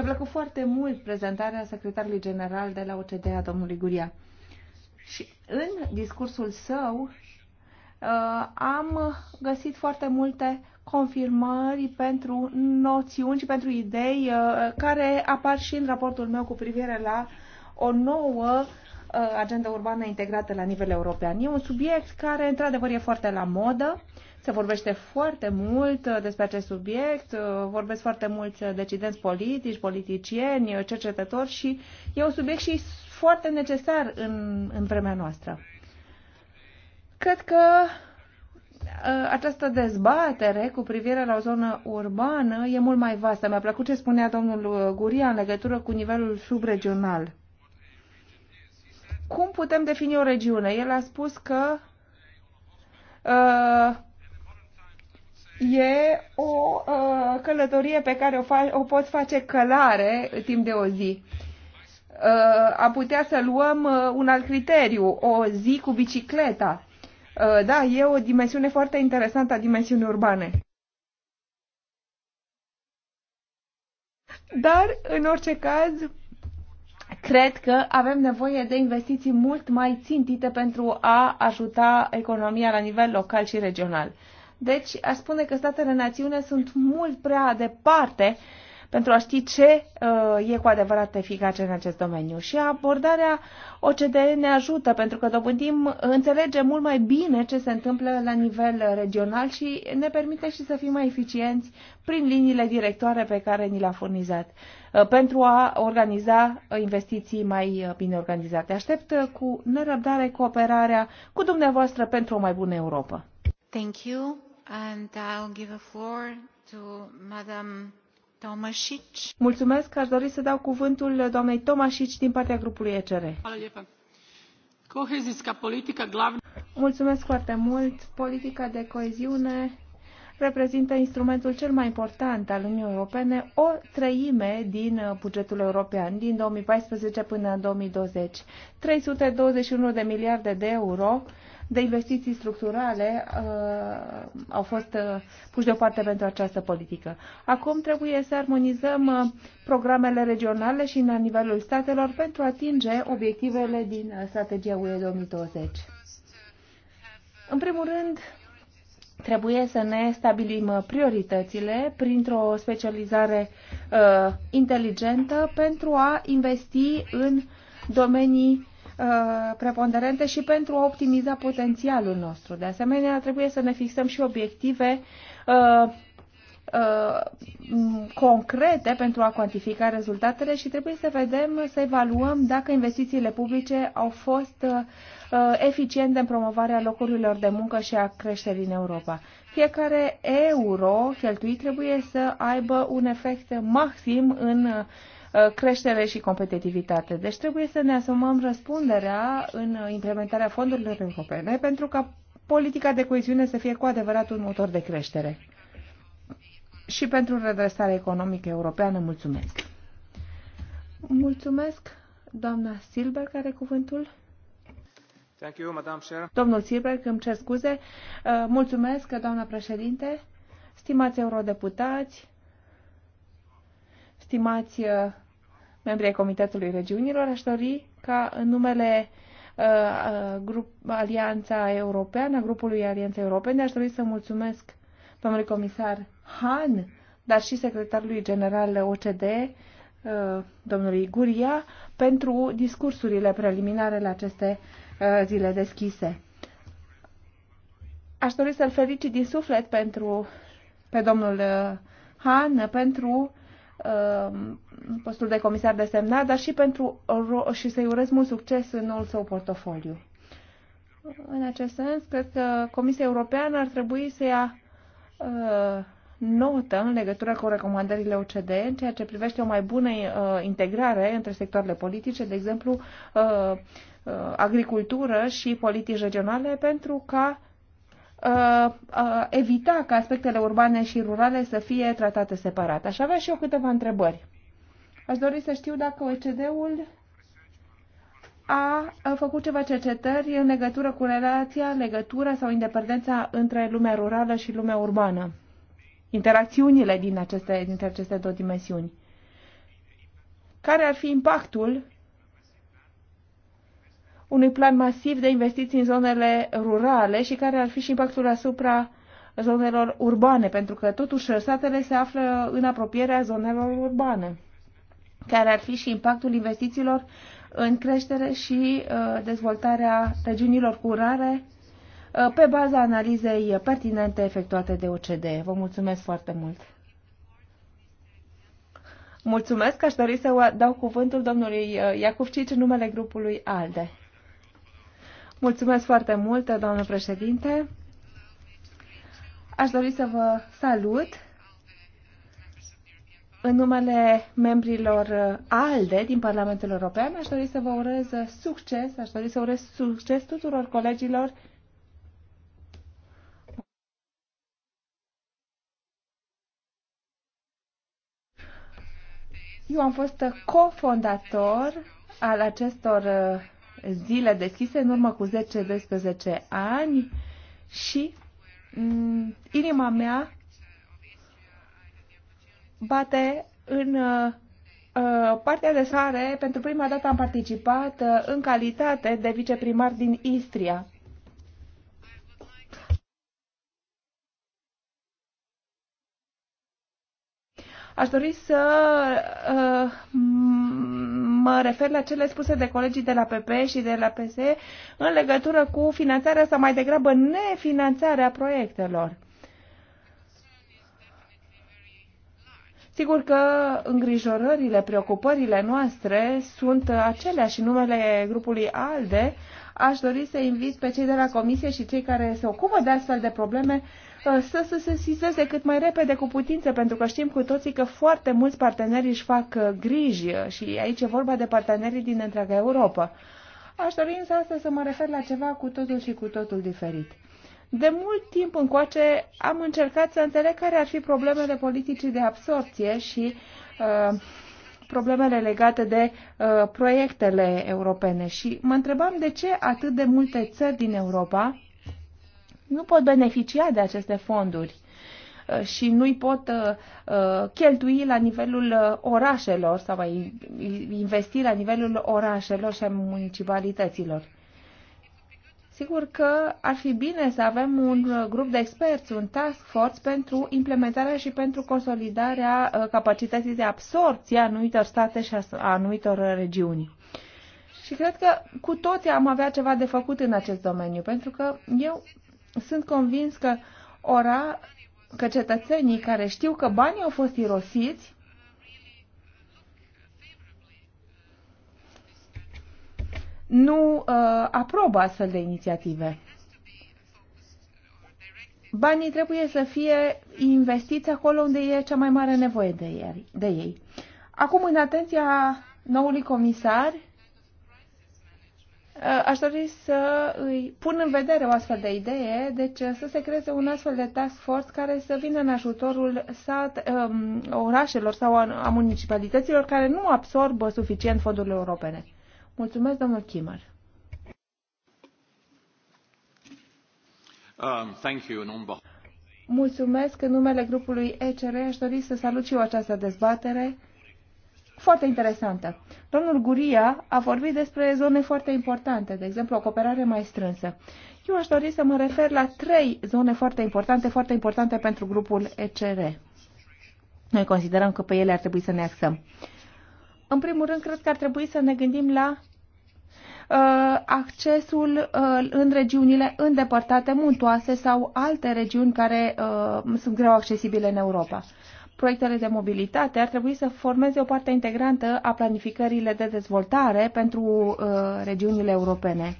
Mi-a plăcut foarte mult prezentarea secretarului general de la OCDE a domnului Guria. Și în discursul său uh, am găsit foarte multe confirmări pentru noțiuni și pentru idei uh, care apar și în raportul meu cu privire la o nouă uh, agenda urbană integrată la nivel european. E un subiect care, într-adevăr, e foarte la modă se vorbește foarte mult uh, despre acest subiect, uh, vorbesc foarte mulți uh, decidenți politici, politicieni, cercetători și e un subiect și foarte necesar în, în vremea noastră. Cred că această dezbatere cu privire la o zonă urbană e mult mai vastă. Mi-a plăcut ce spunea domnul Guria în legătură cu nivelul subregional. Cum putem defini o regiune? El a spus că uh, E o uh, călătorie pe care o, fa- o poți face călare timp de o zi. Uh, a putea să luăm uh, un alt criteriu, o zi cu bicicleta. Uh, da, e o dimensiune foarte interesantă a dimensiunii urbane. Dar, în orice caz, cred că avem nevoie de investiții mult mai țintite pentru a ajuta economia la nivel local și regional. Deci, aș spune că statele națiune sunt mult prea departe pentru a ști ce uh, e cu adevărat eficace în acest domeniu. Și abordarea OCDE ne ajută pentru că dobândim, înțelegem mult mai bine ce se întâmplă la nivel regional și ne permite și să fim mai eficienți prin liniile directoare pe care ni le-a furnizat uh, pentru a organiza investiții mai uh, bine organizate. Aștept uh, cu nerăbdare cooperarea cu dumneavoastră pentru o mai bună Europa. Thank you. And I'll give a floor to Madam Tomasic. Mulțumesc, aș dori să dau cuvântul doamnei Tomasic din partea grupului ECR. Mulțumesc foarte mult. Politica de coeziune reprezintă instrumentul cel mai important al Uniunii Europene, o treime din bugetul european din 2014 până în 2020. 321 de miliarde de euro de investiții structurale uh, au fost uh, puși deoparte pentru această politică. Acum trebuie să armonizăm uh, programele regionale și la nivelul statelor pentru a atinge obiectivele din uh, strategia UE 2020. În primul rând, trebuie să ne stabilim uh, prioritățile printr-o specializare uh, inteligentă pentru a investi în domenii Uh, preponderente și pentru a optimiza potențialul nostru. De asemenea, trebuie să ne fixăm și obiective uh, uh, concrete pentru a cuantifica rezultatele și trebuie să vedem, să evaluăm dacă investițiile publice au fost eficiente în promovarea locurilor de muncă și a creșterii în Europa. Fiecare euro cheltuit trebuie să aibă un efect maxim în Uh, creștere și competitivitate. Deci trebuie să ne asumăm răspunderea în implementarea fondurilor europene pentru ca politica de coeziune să fie cu adevărat un motor de creștere. Și pentru redresarea economică europeană, mulțumesc. Mulțumesc, doamna Silber, care cuvântul? Thank you, Madam Chair. Domnul Silber, îmi cer scuze. Uh, mulțumesc, doamna președinte, stimați eurodeputați, stimați uh, membrii Comitetului Regiunilor, aș dori ca în numele uh, uh grup, Alianța Europeană, a grupului Alianța Europene, aș dori să mulțumesc domnului comisar Han, dar și secretarului general OCD, uh, domnului Guria, pentru discursurile preliminare la aceste uh, zile deschise. Aș dori să-l felicit din suflet pentru, pe domnul Han pentru postul de comisar desemnat, dar și, pentru, și să-i urez mult succes în noul său portofoliu. În acest sens, cred că Comisia Europeană ar trebui să ia uh, notă în legătură cu recomandările OCD în ceea ce privește o mai bună uh, integrare între sectoarele politice, de exemplu, uh, uh, agricultură și politici regionale, pentru ca uh, uh, evita ca aspectele urbane și rurale să fie tratate separat. Aș avea și eu câteva întrebări. Aș dori să știu dacă OECD-ul a făcut ceva cercetări în legătură cu relația, legătura sau independența între lumea rurală și lumea urbană. Interacțiunile din aceste, dintre aceste două dimensiuni. Care ar fi impactul unui plan masiv de investiții în zonele rurale și care ar fi și impactul asupra zonelor urbane, pentru că totuși satele se află în apropierea zonelor urbane care ar fi și impactul investițiilor în creștere și uh, dezvoltarea regiunilor curare uh, pe baza analizei pertinente efectuate de OCDE. Vă mulțumesc foarte mult! Mulțumesc, aș dori să dau cuvântul domnului uh, Iacov Cici în numele grupului ALDE. Mulțumesc foarte mult, doamnă președinte. Aș dori să vă salut în numele membrilor uh, ALDE din Parlamentul European aș dori să vă urez uh, succes, aș dori să urez succes tuturor colegilor Eu am fost uh, cofondator al acestor zile deschise în urmă cu 10-12 ani și mm, inima mea bate în uh, uh, partea de sare, pentru prima dată am participat uh, în calitate de viceprimar din Istria. Aș dori să uh, mă refer la cele spuse de colegii de la PP și de la PS în legătură cu finanțarea sau mai degrabă nefinanțarea proiectelor. Sigur că îngrijorările, preocupările noastre sunt aceleași. și numele grupului ALDE aș dori să invit pe cei de la Comisie și cei care se ocupă de astfel de probleme uh, să se sesizeze cât mai repede cu putință, pentru că știm cu toții că foarte mulți parteneri își fac uh, griji uh, și aici e vorba de partenerii din întreaga Europa. Aș dori însă astăzi să mă refer la ceva cu totul și cu totul diferit. De mult timp încoace am încercat să înțeleg care ar fi problemele politicii de absorție și uh, problemele legate de uh, proiectele europene și mă întrebam de ce atât de multe țări din Europa nu pot beneficia de aceste fonduri uh, și nu-i pot uh, uh cheltui la nivelul uh, orașelor sau investi la nivelul orașelor și a municipalităților. Sigur că ar fi bine să avem un grup de experți, un task force pentru implementarea și pentru consolidarea uh, capacității de absorție a anumitor state și a anumitor regiuni. Și cred că cu toții am avea ceva de făcut în acest domeniu, pentru că eu sunt convins că ora că cetățenii care știu că banii au fost irosiți nu uh, aprobă astfel de inițiative. Banii trebuie să fie investiți acolo unde e cea mai mare nevoie de, ei. Acum, în atenția noului comisar, uh, aș dori să îi pun în vedere o astfel de idee, deci uh, să se creeze un astfel de task force care să vină în ajutorul sat, um, orașelor sau a municipalităților care nu absorbă suficient fondurile europene. Mulțumesc, domnul Kimmer. Um, thank you, Mulțumesc în numele grupului ECR. Aș dori să salut și eu această dezbatere foarte interesantă. Domnul Guria a vorbit despre zone foarte importante, de exemplu o cooperare mai strânsă. Eu aș dori să mă refer la trei zone foarte importante, foarte importante pentru grupul ECR. Noi considerăm că pe ele ar trebui să ne axăm. Uh, în primul rând, cred că ar trebui să ne gândim la uh, accesul uh, în regiunile îndepărtate, muntoase sau alte regiuni care uh, sunt greu accesibile în Europa. Proiectele de mobilitate ar trebui să formeze o parte integrantă a planificările de dezvoltare pentru uh, regiunile europene.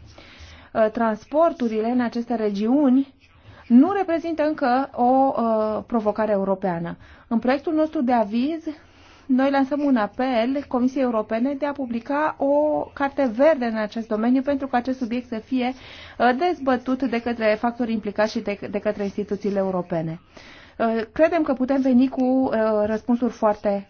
Uh, transporturile în aceste regiuni nu reprezintă încă o uh, provocare europeană. În proiectul nostru de aviz noi lansăm un apel Comisiei Europene de a publica o carte verde în acest domeniu pentru ca acest subiect să fie uh, dezbătut de către factori implicați și de, de către instituțiile europene uh, credem că putem veni cu uh, răspunsuri foarte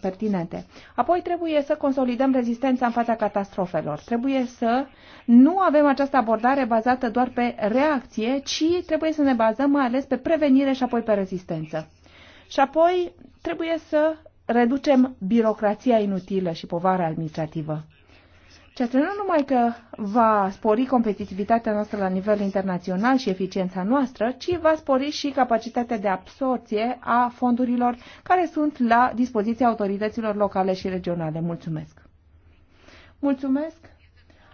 pertinente. Apoi trebuie să consolidăm rezistența în fața catastrofelor. Trebuie să nu avem această abordare bazată doar pe reacție, ci trebuie să ne bazăm mai ales pe prevenire și apoi pe rezistență. Și apoi trebuie să reducem birocrația inutilă și povara administrativă. Ceea ce nu numai că va spori competitivitatea noastră la nivel internațional și eficiența noastră, ci va spori și capacitatea de absorție a fondurilor care sunt la dispoziția autorităților locale și regionale. Mulțumesc! Mulțumesc!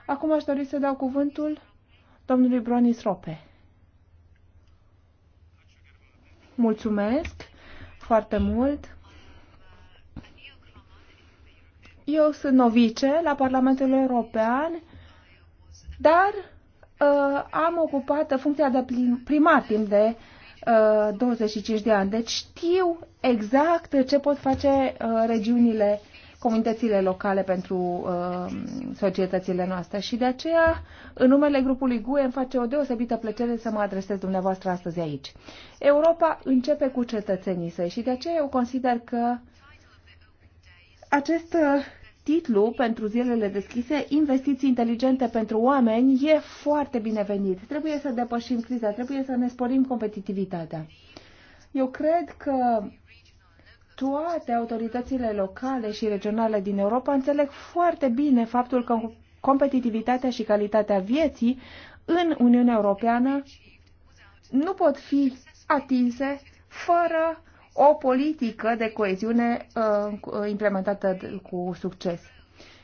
Acum aș dori să dau cuvântul domnului Bronis Rope. Mulțumesc foarte mult! eu sunt novice la Parlamentul European, dar uh, am ocupat funcția de primar timp de uh, 25 de ani. Deci știu exact ce pot face uh, regiunile, comunitățile locale pentru uh, societățile noastre. Și de aceea, în numele grupului GUE, îmi face o deosebită plăcere să mă adresez dumneavoastră astăzi aici. Europa începe cu cetățenii săi și de aceea eu consider că acest uh, titlu pentru zilele deschise, Investiții inteligente pentru oameni, e foarte binevenit. Trebuie să depășim criza, trebuie să ne sporim competitivitatea. Eu cred că toate autoritățile locale și regionale din Europa înțeleg foarte bine faptul că competitivitatea și calitatea vieții în Uniunea Europeană nu pot fi atinse fără o politică de coeziune uh, implementată cu succes.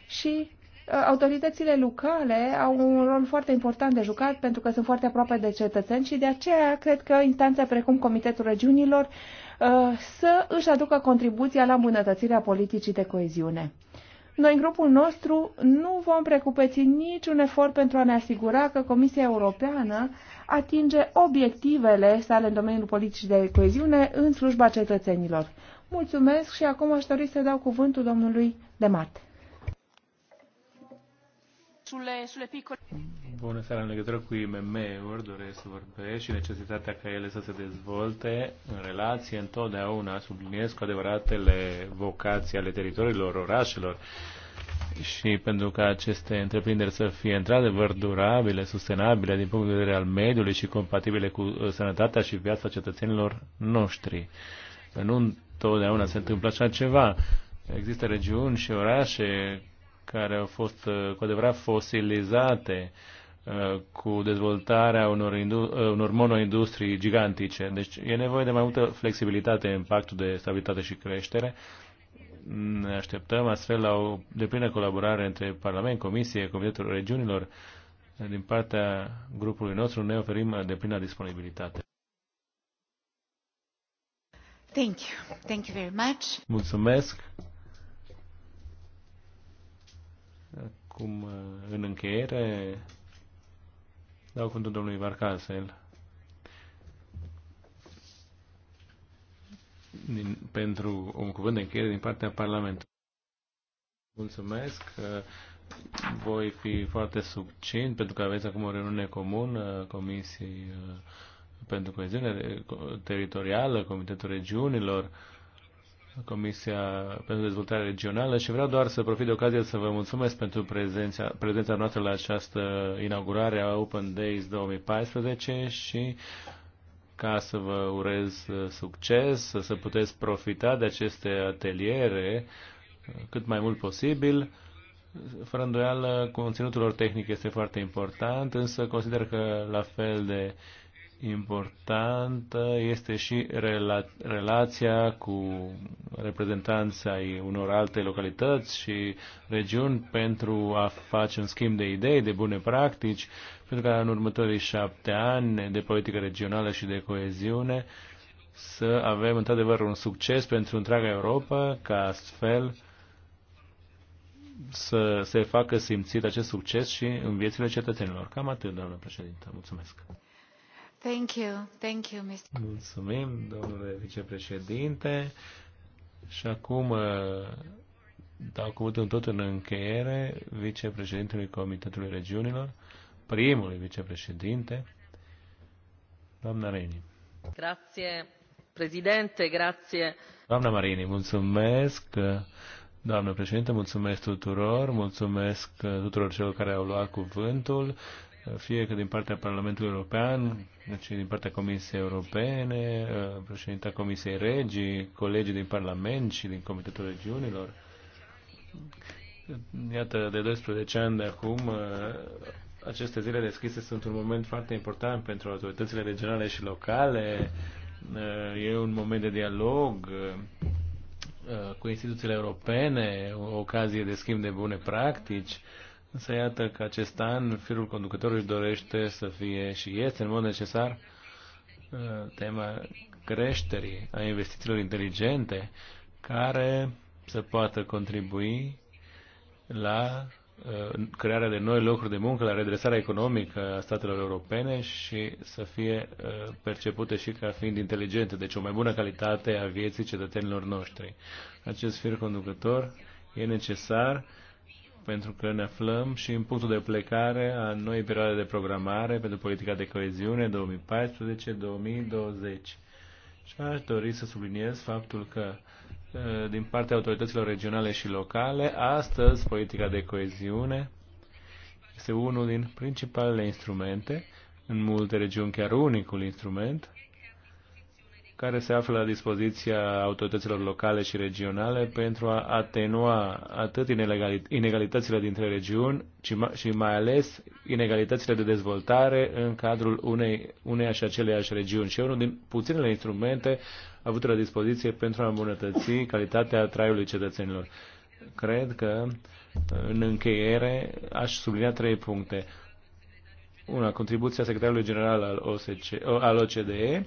Și uh, autoritățile locale au un rol foarte important de jucat pentru că sunt foarte aproape de cetățeni și de aceea cred că instanțe precum Comitetul Regiunilor uh, să își aducă contribuția la îmbunătățirea politicii de coeziune. Noi, în grupul nostru, nu vom precupeți niciun efort pentru a ne asigura că Comisia Europeană atinge obiectivele sale în domeniul politicii de coeziune în slujba cetățenilor. Mulțumesc și acum aș dori să dau cuvântul domnului Demat. Bună seara, în legătură cu IMM-uri doresc să vorbesc și necesitatea ca ele să se dezvolte în relație întotdeauna, subliniez cu adevăratele vocații ale teritoriilor, orașelor, și pentru ca aceste întreprinderi să fie într-adevăr durabile, sustenabile din punct de vedere al mediului și compatibile cu uh, sănătatea și viața cetățenilor noștri. Nu întotdeauna se întâmplă așa ceva. Există regiuni și orașe care au fost uh, cu adevărat fosilizate uh, cu dezvoltarea unor, unor monoindustrii gigantice. Deci e nevoie de mai multă flexibilitate în pactul de stabilitate și creștere ne așteptăm astfel la o deplină colaborare între Parlament, Comisie, Comitetul Regiunilor. Din partea grupului nostru ne oferim deplină disponibilitate. Thank you. Thank you very much. Mulțumesc. Acum, în încheiere, dau cuvântul domnului Varcasel. din, pentru un cuvânt de încheiere din partea Parlamentului. Mulțumesc. Voi fi foarte subțin pentru că aveți acum o reuniune comună Comisiei uh, pentru Coeziune Teritorială, Comitetul Regiunilor, Comisia pentru Dezvoltare Regională și vreau doar să profit de ocazia să vă mulțumesc pentru prezența, prezența noastră la această inaugurare a Open Days 2014 și ca să vă urez uh, succes, să puteți profita de aceste ateliere uh, cât mai mult posibil. Fără îndoială, conținutul lor tehnic este foarte important, însă consider că la fel de importantă este și rela relația cu reprezentanța ai unor alte localități și regiuni pentru a face un schimb de idei, de bune practici, pentru ca în următorii șapte ani de politică regională și de coeziune să avem într-adevăr un succes pentru întreaga Europa, ca astfel să se facă simțit acest succes și în viețile cetățenilor. Cam atât, doamnă președintă. Mulțumesc. Thank you, thank you, Mr. Mulțumim, domnule vicepreședinte. Și acum uh, dau cuvântul tot în încheiere vicepreședintelui Comitetului Regiunilor, primului vicepreședinte, doamna Reni. Grazie, președinte, grazie. Doamna Marini, mulțumesc. Uh, doamna președinte, mulțumesc tuturor, mulțumesc uh, tuturor celor care au luat cuvântul fie că din partea Parlamentului European, deci din partea Comisiei Europene, uh, președinta Comisiei Regii, colegii din Parlament și din Comitetul Regiunilor. Iată, de 12 ani de acum, uh, aceste zile deschise sunt un moment foarte important pentru autoritățile regionale și locale. Uh, e un moment de dialog cu instituțiile europene, o ocazie de schimb de bune practici Însă iată că acest an firul conducător își dorește să fie și este în mod necesar uh, tema creșterii a investițiilor inteligente care să poată contribui la uh, crearea de noi locuri de muncă, la redresarea economică a statelor europene și să fie uh, percepute și ca fiind inteligente, deci o mai bună calitate a vieții cetățenilor noștri. Acest fir conducător e necesar pentru că ne aflăm și în punctul de plecare a noii perioade de programare pentru politica de coeziune 2014-2020. Și aș dori să subliniez faptul că uh, din partea autorităților regionale și locale, astăzi politica de coeziune este unul din principalele instrumente, în multe regiuni chiar unicul instrument, care se află la dispoziția autorităților locale și regionale pentru a atenua atât inegalitățile dintre regiuni, și mai ales inegalitățile de dezvoltare în cadrul unei, unei și aceleiași regiuni. Și unul din puținele instrumente avute la dispoziție pentru a îmbunătăți calitatea traiului cetățenilor. Cred că, în încheiere, aș sublinia trei puncte. Una, contribuția secretarului general al, OSCE, al OCDE,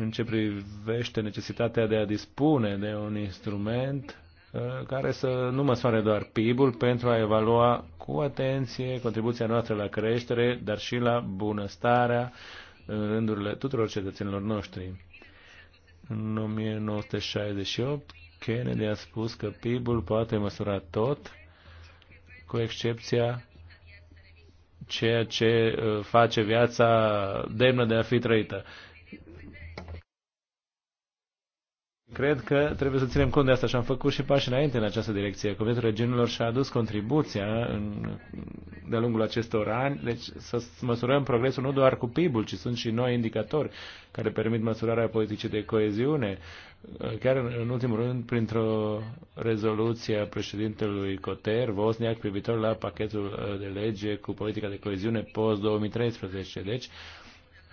în ce privește necesitatea de a dispune de un instrument uh, care să nu măsoare doar PIB-ul pentru a evalua cu atenție contribuția noastră la creștere, dar și la bunăstarea în rândurile tuturor cetățenilor noștri. În 1968, Kennedy a spus că PIB-ul poate măsura tot, cu excepția ceea ce uh, face viața demnă de a fi trăită. Cred că trebuie să ținem cont de asta și am făcut și pași înainte în această direcție. Comitetul Regiunilor și-a adus contribuția în, de-a lungul acestor ani, deci să măsurăm progresul nu doar cu PIB-ul, ci sunt și noi indicatori care permit măsurarea politicii de coeziune. Chiar în ultimul rând, printr-o rezoluție a președintelui Coter, Vosniac, privitor la pachetul uh, de lege cu politica de coeziune post-2013. Deci,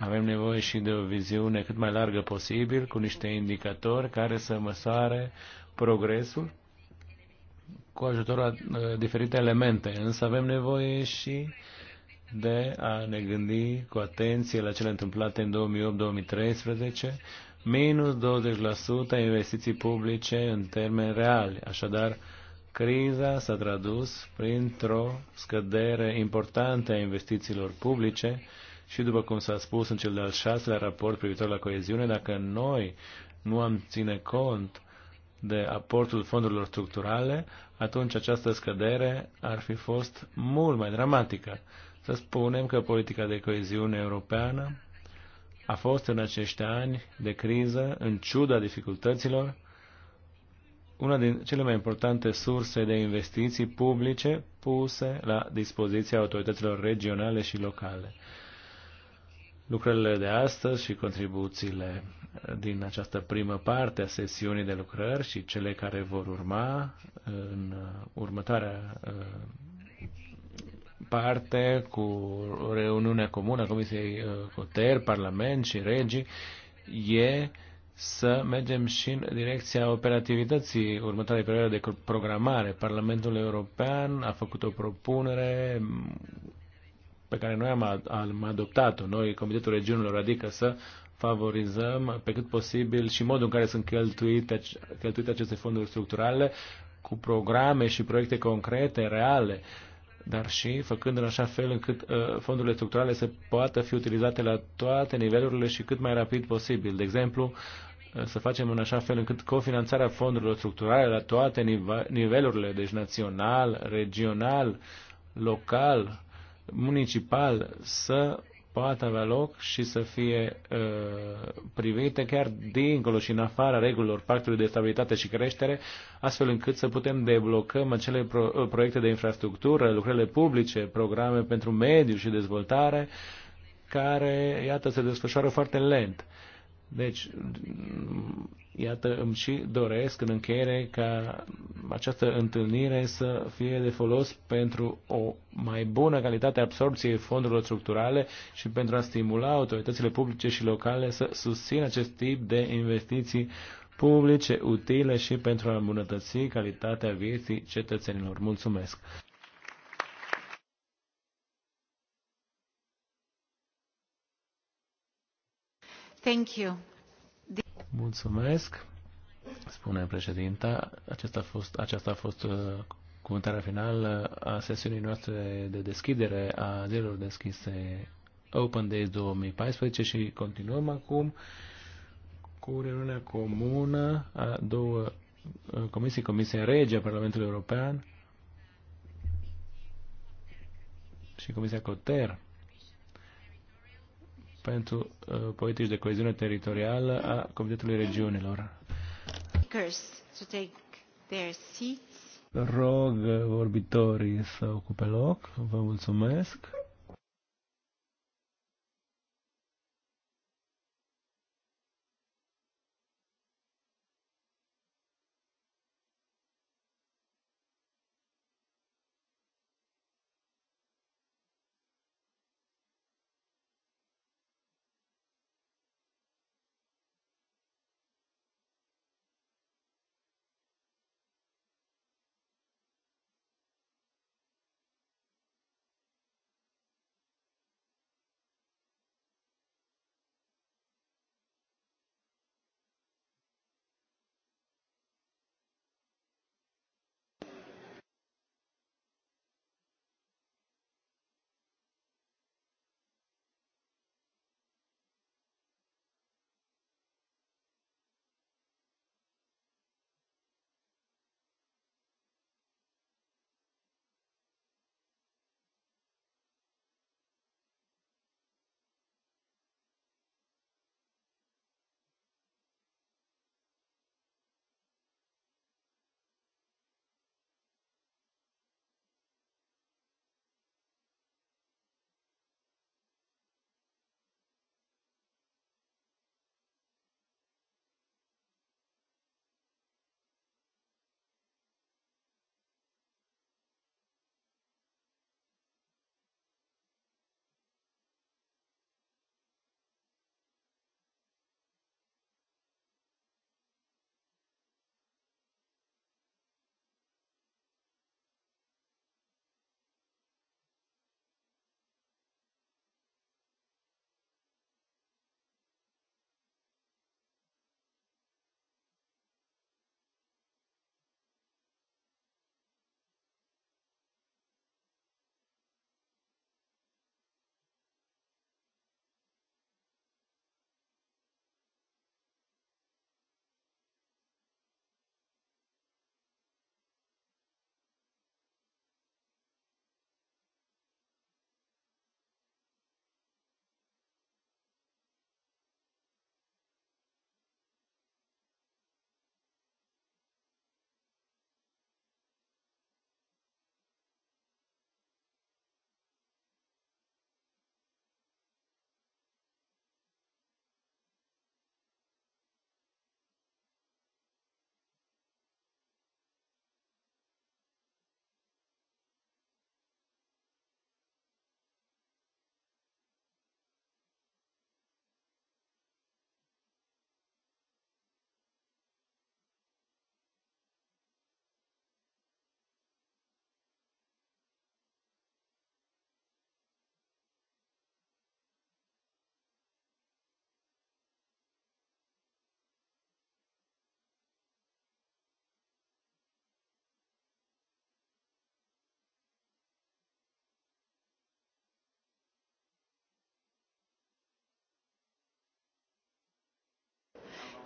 avem nevoie și de o viziune cât mai largă posibil, cu niște indicatori care să măsoare progresul cu ajutorul a uh, diferite elemente. Însă avem nevoie și de a ne gândi cu atenție la cele întâmplate în 2008-2013, minus 20% investiții publice în termeni reali. Așadar, criza s-a tradus printr-o scădere importantă a investițiilor publice, și după cum s-a spus în cel de-al șaselea raport privitor la coeziune, dacă noi nu am ține cont de aportul fondurilor structurale, atunci această scădere ar fi fost mult mai dramatică. Să spunem că politica de coeziune europeană a fost în acești ani de criză, în ciuda dificultăților, una din cele mai importante surse de investiții publice puse la dispoziția autorităților regionale și locale lucrările de astăzi și contribuțiile din această primă parte a sesiunii de lucrări și cele care vor urma în următoarea uh, parte cu reuniunea comună a Comisiei uh, Coter, Parlament și Regii e să mergem și în direcția operativității următoarei perioade de programare. Parlamentul European a făcut o propunere pe care noi am, am adoptat-o, noi, Comitetul Regiunilor, adică să favorizăm pe cât posibil și modul în care sunt cheltuite, cheltuite aceste fonduri structurale cu programe și proiecte concrete, reale, dar și făcând în așa fel încât uh, fondurile structurale să poată fi utilizate la toate nivelurile și cât mai rapid posibil. De exemplu, uh, să facem în așa fel încât cofinanțarea fondurilor structurale la toate nivelurile, deci național, regional, local, municipal să poată avea loc și să fie uh, privite chiar dincolo și în afara regulilor Pactului de Stabilitate și Creștere, astfel încât să putem deblocăm acele pro- uh, proiecte de infrastructură, lucrările publice, programe pentru mediu și dezvoltare, care, iată, se desfășoară foarte lent. Deci, Iată, îmi și doresc în încheiere ca această întâlnire să fie de folos pentru o mai bună calitate a absorpției fondurilor structurale și pentru a stimula autoritățile publice și locale să susțină acest tip de investiții publice utile și pentru a îmbunătăți calitatea vieții cetățenilor. Mulțumesc! Thank you. Mulțumesc, spune președinta. Aceasta a fost, aceasta a fost uh, cuvântarea finală a sesiunii noastre de deschidere a zilelor deschise Open Days 2014 și continuăm acum cu reuniunea comună a două uh, comisii, Comisia Regia Parlamentului European și Comisia Coter pentru uh, politici de coeziune teritorială a Comitetului Regiunilor. Rog uh, vorbitorii să ocupe loc. Vă mulțumesc.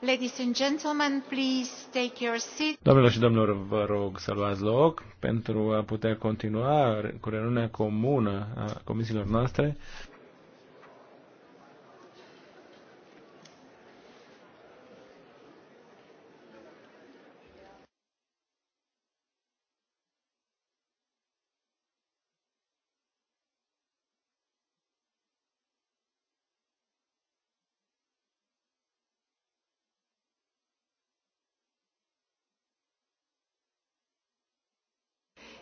Ladies and gentlemen, please take your seat. Doamnelor și domnilor, vă rog să luați loc pentru a putea continua cu reuniunea comună a comisiilor noastre.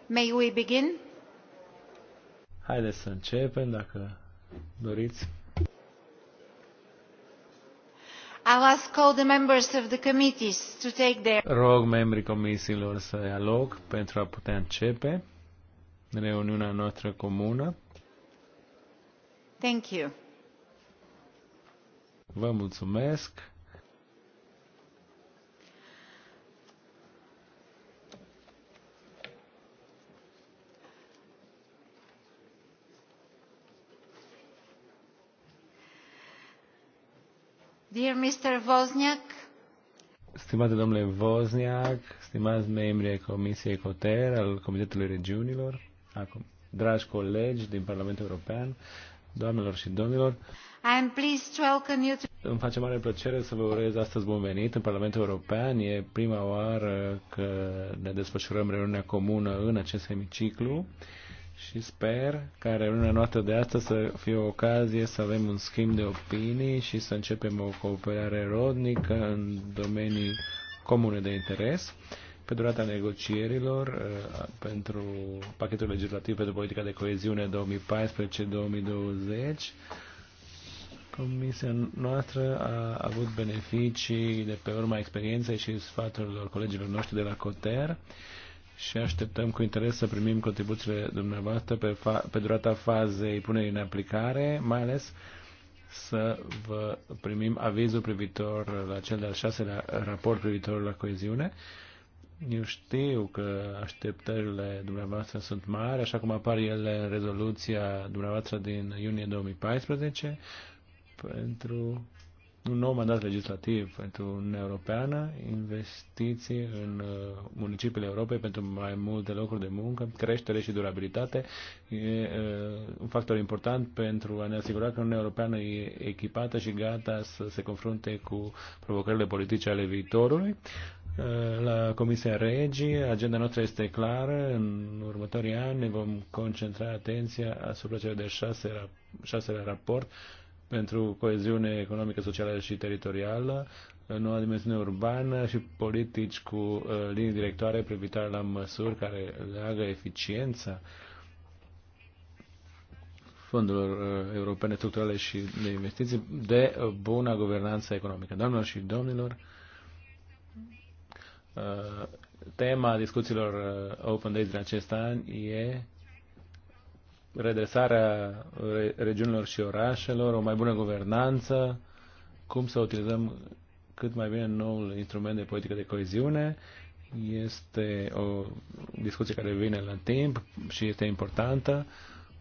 May we begin? Haideți să începem, dacă doriți. I'll ask all the members of the committees to take their... Rog membrii comisiilor să ia loc pentru a putea începe reuniunea noastră comună. Thank you. Vă mulțumesc. Dear Mr. Wozniak. Stimate domnule Wozniak, stimați membri ai Comisiei Coter, al Comitetului Regiunilor, acum, dragi colegi din Parlamentul European, doamnelor și domnilor, I'm pleased to welcome you to... îmi face mare plăcere să vă urez astăzi bun venit în Parlamentul European. E prima oară că ne desfășurăm reuniunea comună în acest semiciclu și sper ca reuniunea noastră de astăzi să fie o ocazie să avem un schimb de opinii și să începem o cooperare rodnică în domenii comune de interes pe durata negocierilor uh, pentru pachetul legislativ pentru politica de coeziune 2014-2020. Comisia noastră a avut beneficii de pe urma experienței și sfaturilor colegilor noștri de la COTER și așteptăm cu interes să primim contribuțiile dumneavoastră pe, fa- pe durata fazei punerii în aplicare, mai ales să vă primim avizul privitor la cel de-al șaselea raport privitor la coeziune. Eu știu că așteptările dumneavoastră sunt mari, așa cum apar ele în rezoluția dumneavoastră din iunie 2014 pentru un nou mandat legislativ pentru Uniunea Europeană, investiții în uh, municipiile Europei pentru mai multe locuri de muncă, creștere și durabilitate. E uh, un factor important pentru a ne asigura că Uniunea Europeană e echipată și gata să se confrunte cu provocările politice ale viitorului. Uh, la Comisia Regii, agenda noastră este clară. În următorii ani ne vom concentra atenția asupra celor de șase, șase raport pentru coeziune economică, socială și teritorială, noua dimensiune urbană și politici cu uh, linii directoare privitoare la măsuri care leagă eficiența fondurilor uh, europene structurale și de investiții de uh, buna guvernanță economică. Doamnelor și domnilor, uh, tema discuțiilor uh, Open Days din acest an e redresarea regiunilor și orașelor, o mai bună guvernanță, cum să utilizăm cât mai bine noul instrument de politică de coeziune. Este o discuție care vine la timp și este importantă.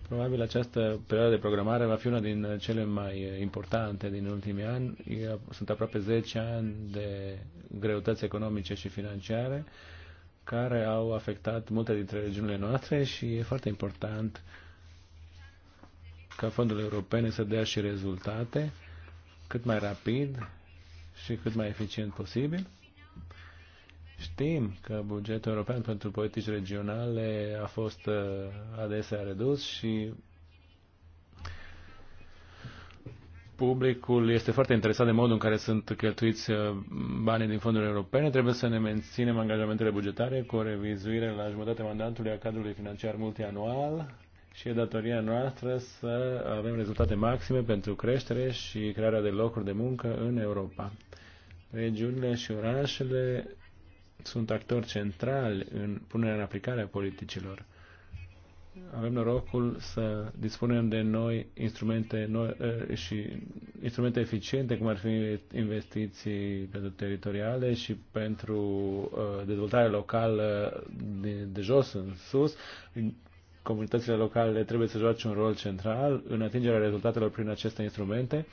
Probabil această perioadă de programare va fi una din cele mai importante din ultimii ani. Sunt aproape 10 ani de greutăți economice și financiare care au afectat multe dintre regiunile noastre și e foarte important uh, ca fondurile europene să dea și rezultate cât mai rapid și cât mai eficient posibil. Știm că bugetul european pentru politici regionale a fost uh, adesea redus și publicul este foarte interesat de modul în care sunt cheltuiți uh, banii din fonduri europene. Trebuie să ne menținem angajamentele bugetare cu o revizuire la jumătatea mandatului a cadrului financiar multianual și e datoria noastră să avem rezultate maxime pentru creștere și crearea de locuri de muncă în Europa. Regiunile și orașele sunt actori centrali în punerea în aplicare a politicilor. Avem norocul să dispunem de noi instrumente noi, ă, și instrumente eficiente, cum ar fi investiții pentru teritoriale și pentru ă, dezvoltare locală de, de jos în sus, comunitățile locale trebuie să joace un rol central în atingerea rezultatelor prin aceste instrumente.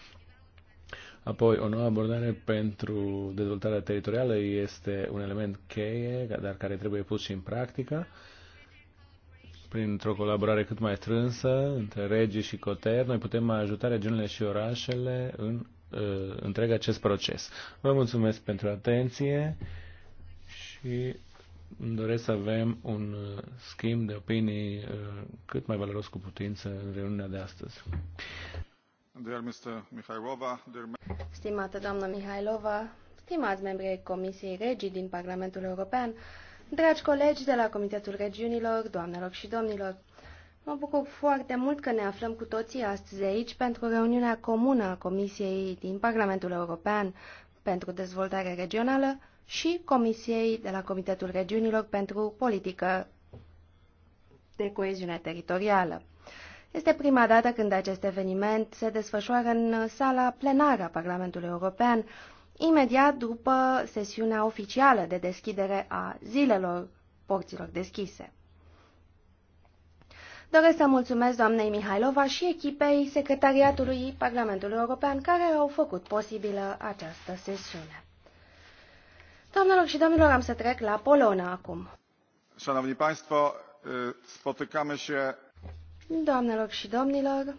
Apoi, o nouă abordare pentru dezvoltarea teritorială este un element cheie, dar care trebuie pus și în practică, printr-o colaborare cât mai strânsă între regii și coter, noi putem ajuta regiunile și orașele în uh, întreg acest proces. Vă mulțumesc pentru atenție și îmi doresc să avem un uh, schimb de opinii uh, cât mai valoros cu putință în reuniunea de astăzi. Stimată doamnă Mihailova, stimați membri ai Comisiei Regii din Parlamentul European, dragi colegi de la Comitetul Regiunilor, doamnelor și domnilor, mă bucur foarte mult că ne aflăm cu toții astăzi aici pentru reuniunea comună a Comisiei din Parlamentul European pentru Dezvoltare Regională și Comisiei de la Comitetul Regiunilor pentru Politică de Coeziune Teritorială. Este prima dată când acest eveniment se desfășoară în sala plenară a Parlamentului European, imediat după sesiunea oficială de deschidere a zilelor porților deschise. Doresc să mulțumesc doamnei Mihailova și echipei Secretariatului Parlamentului European care au făcut posibilă această sesiune. Doamnelor și domnilor, am să trec la Polona acum. Szanowni Państwo, spotykamy się... Doamnelor și domnilor,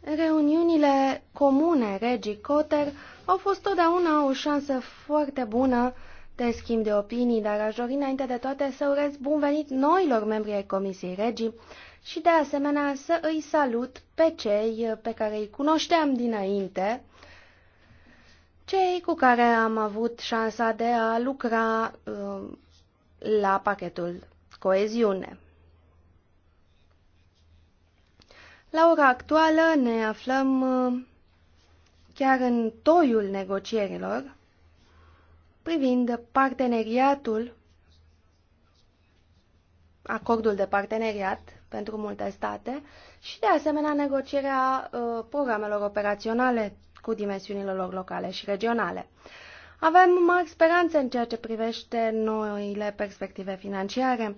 reuniunile comune Regii Coter au fost totdeauna o șansă foarte bună de schimb de opinii, dar aș dori înainte de toate să urez bun venit noilor membri ai Comisiei Regii și de asemenea să îi salut pe cei pe care îi cunoșteam dinainte, cei cu care am avut șansa de a lucra uh, la pachetul coeziune. La ora actuală ne aflăm uh, chiar în toiul negocierilor privind parteneriatul, acordul de parteneriat pentru multe state și de asemenea negocierea uh, programelor operaționale cu dimensiunile lor locale și regionale. Avem mari speranțe în ceea ce privește noile perspective financiare.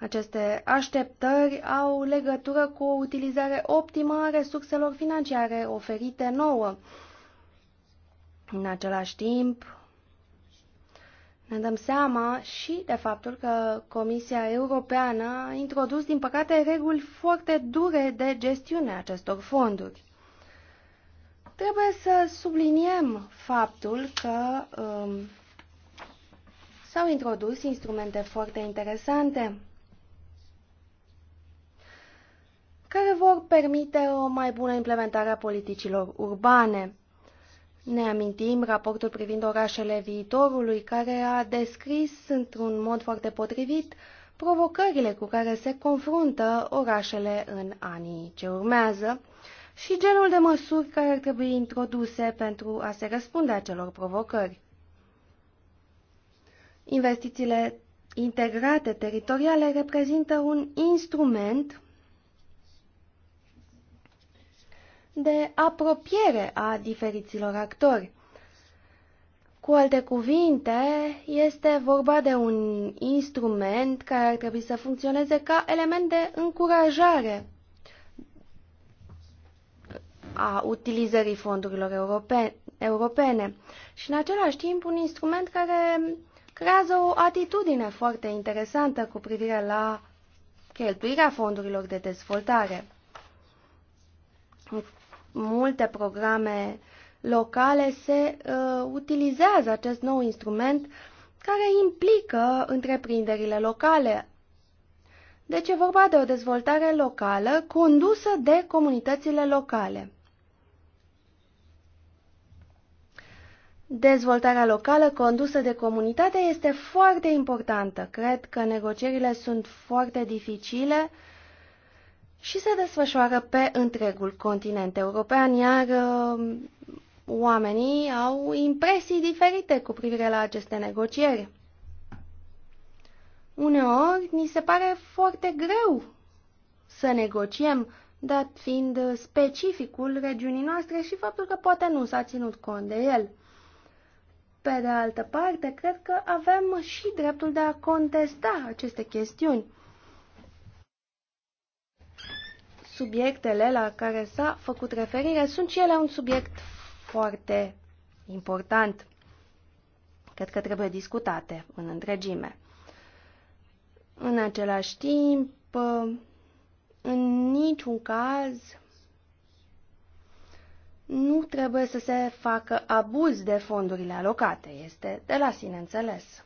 Aceste așteptări au legătură cu o utilizare optimă a resurselor financiare oferite nouă. În același timp, ne dăm seama și de faptul că Comisia Europeană a introdus, din păcate, reguli foarte dure de gestiune a acestor fonduri. Trebuie să subliniem faptul că um, s-au introdus instrumente foarte interesante care vor permite o mai bună implementare a politicilor urbane. Ne amintim raportul privind orașele viitorului, care a descris într-un mod foarte potrivit provocările cu care se confruntă orașele în anii ce urmează și genul de măsuri care ar trebui introduse pentru a se răspunde acelor provocări. Investițiile integrate teritoriale reprezintă un instrument de apropiere a diferiților actori. Cu alte cuvinte, este vorba de un instrument care ar trebui să funcționeze ca element de încurajare a utilizării fondurilor europene, europene și în același timp un instrument care creează o atitudine foarte interesantă cu privire la cheltuirea fondurilor de dezvoltare. Multe programe locale se uh, utilizează acest nou instrument care implică întreprinderile locale. Deci e vorba de o dezvoltare locală condusă de comunitățile locale. Dezvoltarea locală condusă de comunitate este foarte importantă. Cred că negocierile sunt foarte dificile și se desfășoară pe întregul continent european, iar um, oamenii au impresii diferite cu privire la aceste negocieri. Uneori ni se pare foarte greu să negociem, dat fiind specificul regiunii noastre și faptul că poate nu s-a ținut cont de el. Pe de altă parte, cred că avem și dreptul de a contesta aceste chestiuni. Subiectele la care s-a făcut referire sunt și ele un subiect foarte important. Cred că trebuie discutate în întregime. În același timp, în niciun caz, nu trebuie să se facă abuz de fondurile alocate. Este de la sine înțeles.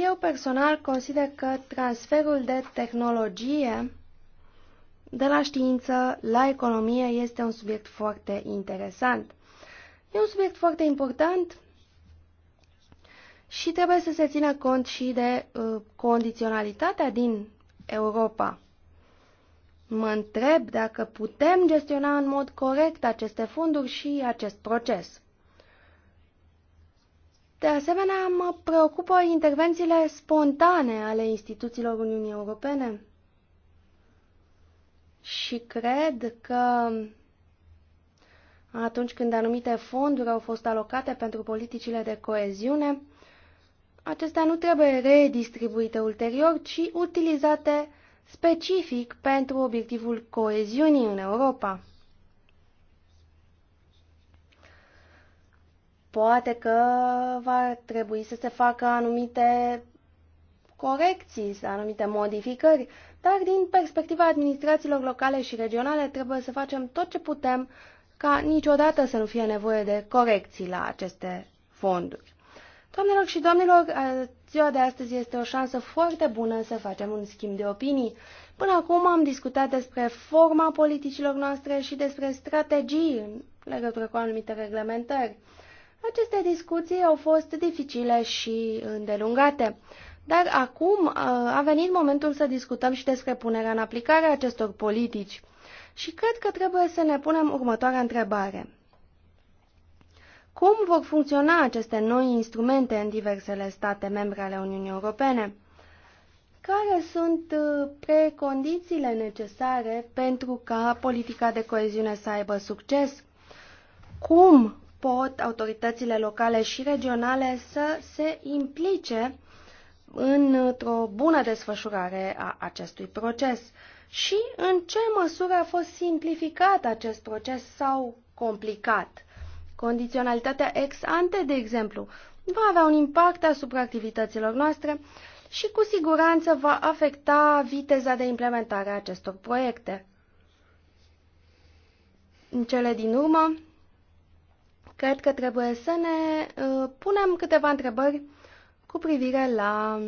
Eu personal consider că transferul de tehnologie de la știință la economie este un subiect foarte interesant. E un subiect foarte important și trebuie să se țină cont și de uh, condiționalitatea din Europa. Mă întreb dacă putem gestiona în mod corect aceste fonduri și acest proces. De asemenea, mă preocupă intervențiile spontane ale instituțiilor Uniunii Europene și cred că atunci când anumite fonduri au fost alocate pentru politicile de coeziune, acestea nu trebuie redistribuite ulterior, ci utilizate specific pentru obiectivul coeziunii în Europa. Poate că va trebui să se facă anumite corecții, anumite modificări, dar din perspectiva administrațiilor locale și regionale trebuie să facem tot ce putem ca niciodată să nu fie nevoie de corecții la aceste fonduri. Doamnelor și domnilor, ziua de astăzi este o șansă foarte bună să facem un schimb de opinii. Până acum am discutat despre forma politicilor noastre și despre strategii în legătură cu anumite reglementări. Aceste discuții au fost dificile și îndelungate, dar acum a venit momentul să discutăm și despre punerea în aplicare a acestor politici. Și cred că trebuie să ne punem următoarea întrebare. Cum vor funcționa aceste noi instrumente în diversele state membre ale Uniunii Europene? Care sunt uh, precondițiile necesare pentru ca politica de coeziune să aibă succes? Cum pot autoritățile locale și regionale să se implice într-o bună desfășurare a acestui proces? Și în ce măsură a fost simplificat acest proces sau complicat? Condiționalitatea ex ante, de exemplu, va avea un impact asupra activităților noastre și cu siguranță va afecta viteza de implementare a acestor proiecte. În cele din urmă, cred că trebuie să ne uh, punem câteva întrebări cu privire la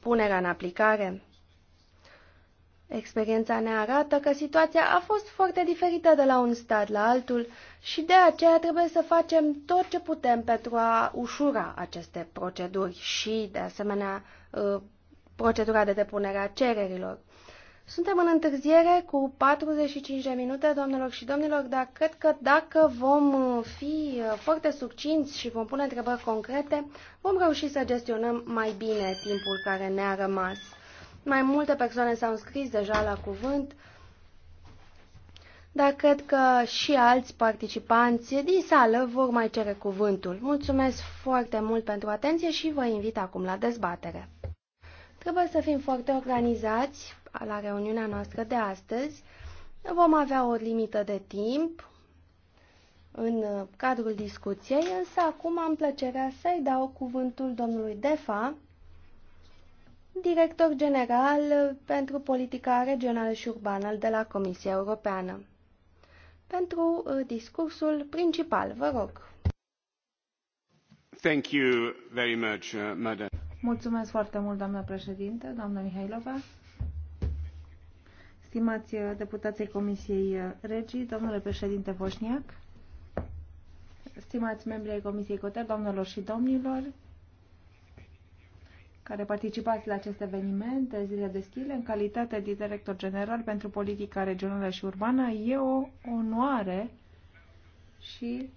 punerea în aplicare. Experiența ne arată că situația a fost foarte diferită de la un stat la altul și de aceea trebuie să facem tot ce putem pentru a ușura aceste proceduri și, de asemenea, uh, procedura de depunere a cererilor. Suntem în întârziere cu 45 de minute, domnilor și domnilor, dar cred că dacă vom fi uh, foarte succinți și vom pune întrebări concrete, vom reuși să gestionăm mai bine timpul care ne-a rămas. Mai multe persoane s-au înscris deja la cuvânt, dar cred că și alți participanți din sală vor mai cere cuvântul. Mulțumesc foarte mult pentru atenție și vă invit acum la dezbatere. Trebuie să fim foarte organizați la reuniunea noastră de astăzi. Vom avea o limită de timp în cadrul discuției, însă acum am plăcerea să-i dau cuvântul domnului Defa, director general pentru politica regională și urbană de la Comisia Europeană. Pentru uh, discursul principal, vă rog. Thank you very much, uh, madam. Mulțumesc foarte mult, doamnă președinte, doamnă Mihailova. Stimați uh, deputații Comisiei uh, Regii, domnule președinte Voșniac, stimați membrii Comisiei Cotel, doamnelor și domnilor, care participați la acest eveniment, Zile de Schile, în calitate de director general pentru politica regională și urbană. E o onoare și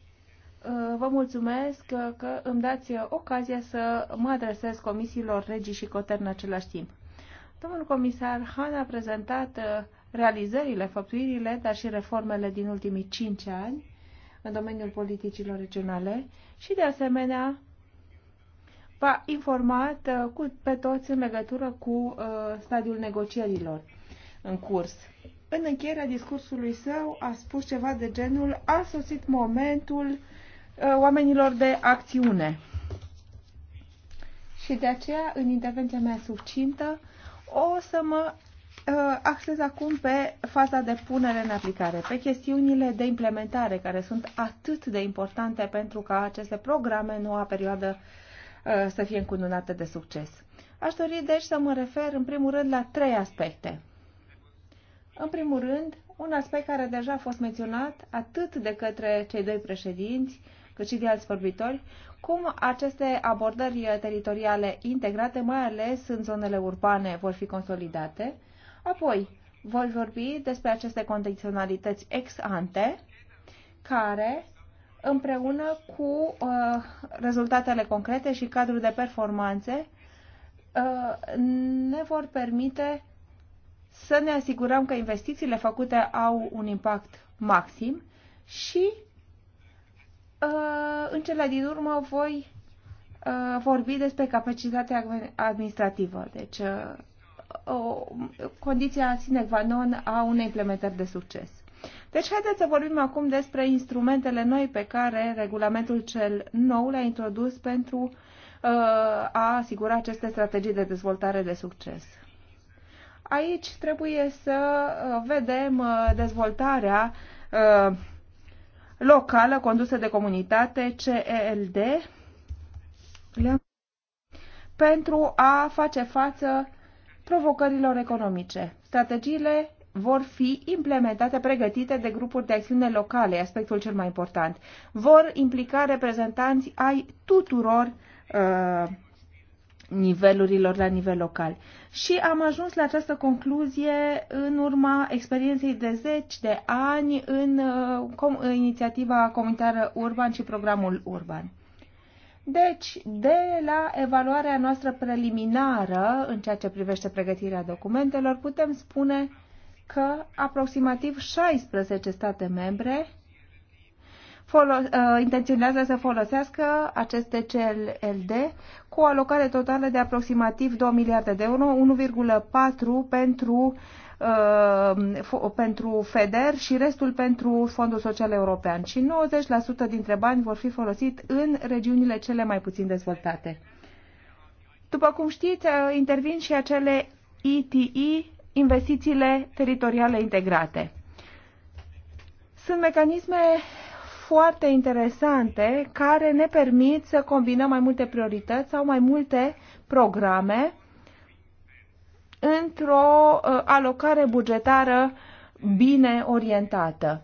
uh, vă mulțumesc că îmi dați ocazia să mă adresez comisiilor regii și coter în același timp. Domnul comisar Han a prezentat uh, realizările, făptuirile, dar și reformele din ultimii cinci ani în domeniul politicilor regionale și, de asemenea, v-a informat uh, cu, pe toți în legătură cu uh, stadiul negocierilor în curs. În încheierea discursului său a spus ceva de genul a sosit momentul uh, oamenilor de acțiune. Și de aceea, în intervenția mea subcintă, o să mă uh, axez acum pe faza de punere în aplicare, pe chestiunile de implementare care sunt atât de importante pentru ca aceste programe, noua perioadă uh, Uh, să fie încununată de succes. Aș dori deci să mă refer în primul rând la trei aspecte. În primul rând, un aspect care deja a fost menționat atât de către cei doi președinți, cât și de alți vorbitori, cum aceste abordări teritoriale integrate, mai ales în zonele urbane, vor fi consolidate. Apoi, voi vorbi despre aceste condiționalități ex ante, care împreună cu uh, rezultatele concrete și cadrul de performanțe uh, ne vor permite să ne asigurăm că investițiile făcute au un impact maxim și uh, în cele din urmă voi uh, vorbi despre capacitatea administrativă, deci uh, o, condiția sine qua non a unei implementări de succes. Deci haideți să vorbim acum despre instrumentele noi pe care regulamentul cel nou le-a introdus pentru uh, a asigura aceste strategii de dezvoltare de succes. Aici trebuie să uh, vedem uh, dezvoltarea uh, locală condusă de comunitate CELD pentru a face față provocărilor economice. Strategiile vor fi implementate, pregătite de grupuri de acțiune locale, aspectul cel mai important. Vor implica reprezentanți ai tuturor uh, nivelurilor la nivel local. Și am ajuns la această concluzie în urma experienței de zeci de ani în uh, com, inițiativa comunitară Urban și programul Urban. Deci, de la evaluarea noastră preliminară în ceea ce privește pregătirea documentelor, putem spune că aproximativ 16 state membre uh, intenționează să folosească aceste CLD cu o alocare totală de aproximativ 2 miliarde de euro, 1,4 pentru uh, pentru FEDER și restul pentru Fondul Social European și 90% dintre bani vor fi folosit în regiunile cele mai puțin dezvoltate. După cum știți, uh, intervin și acele ETI investițiile teritoriale integrate. Sunt mecanisme foarte interesante care ne permit să combinăm mai multe priorități sau mai multe programe într-o uh, alocare bugetară bine orientată.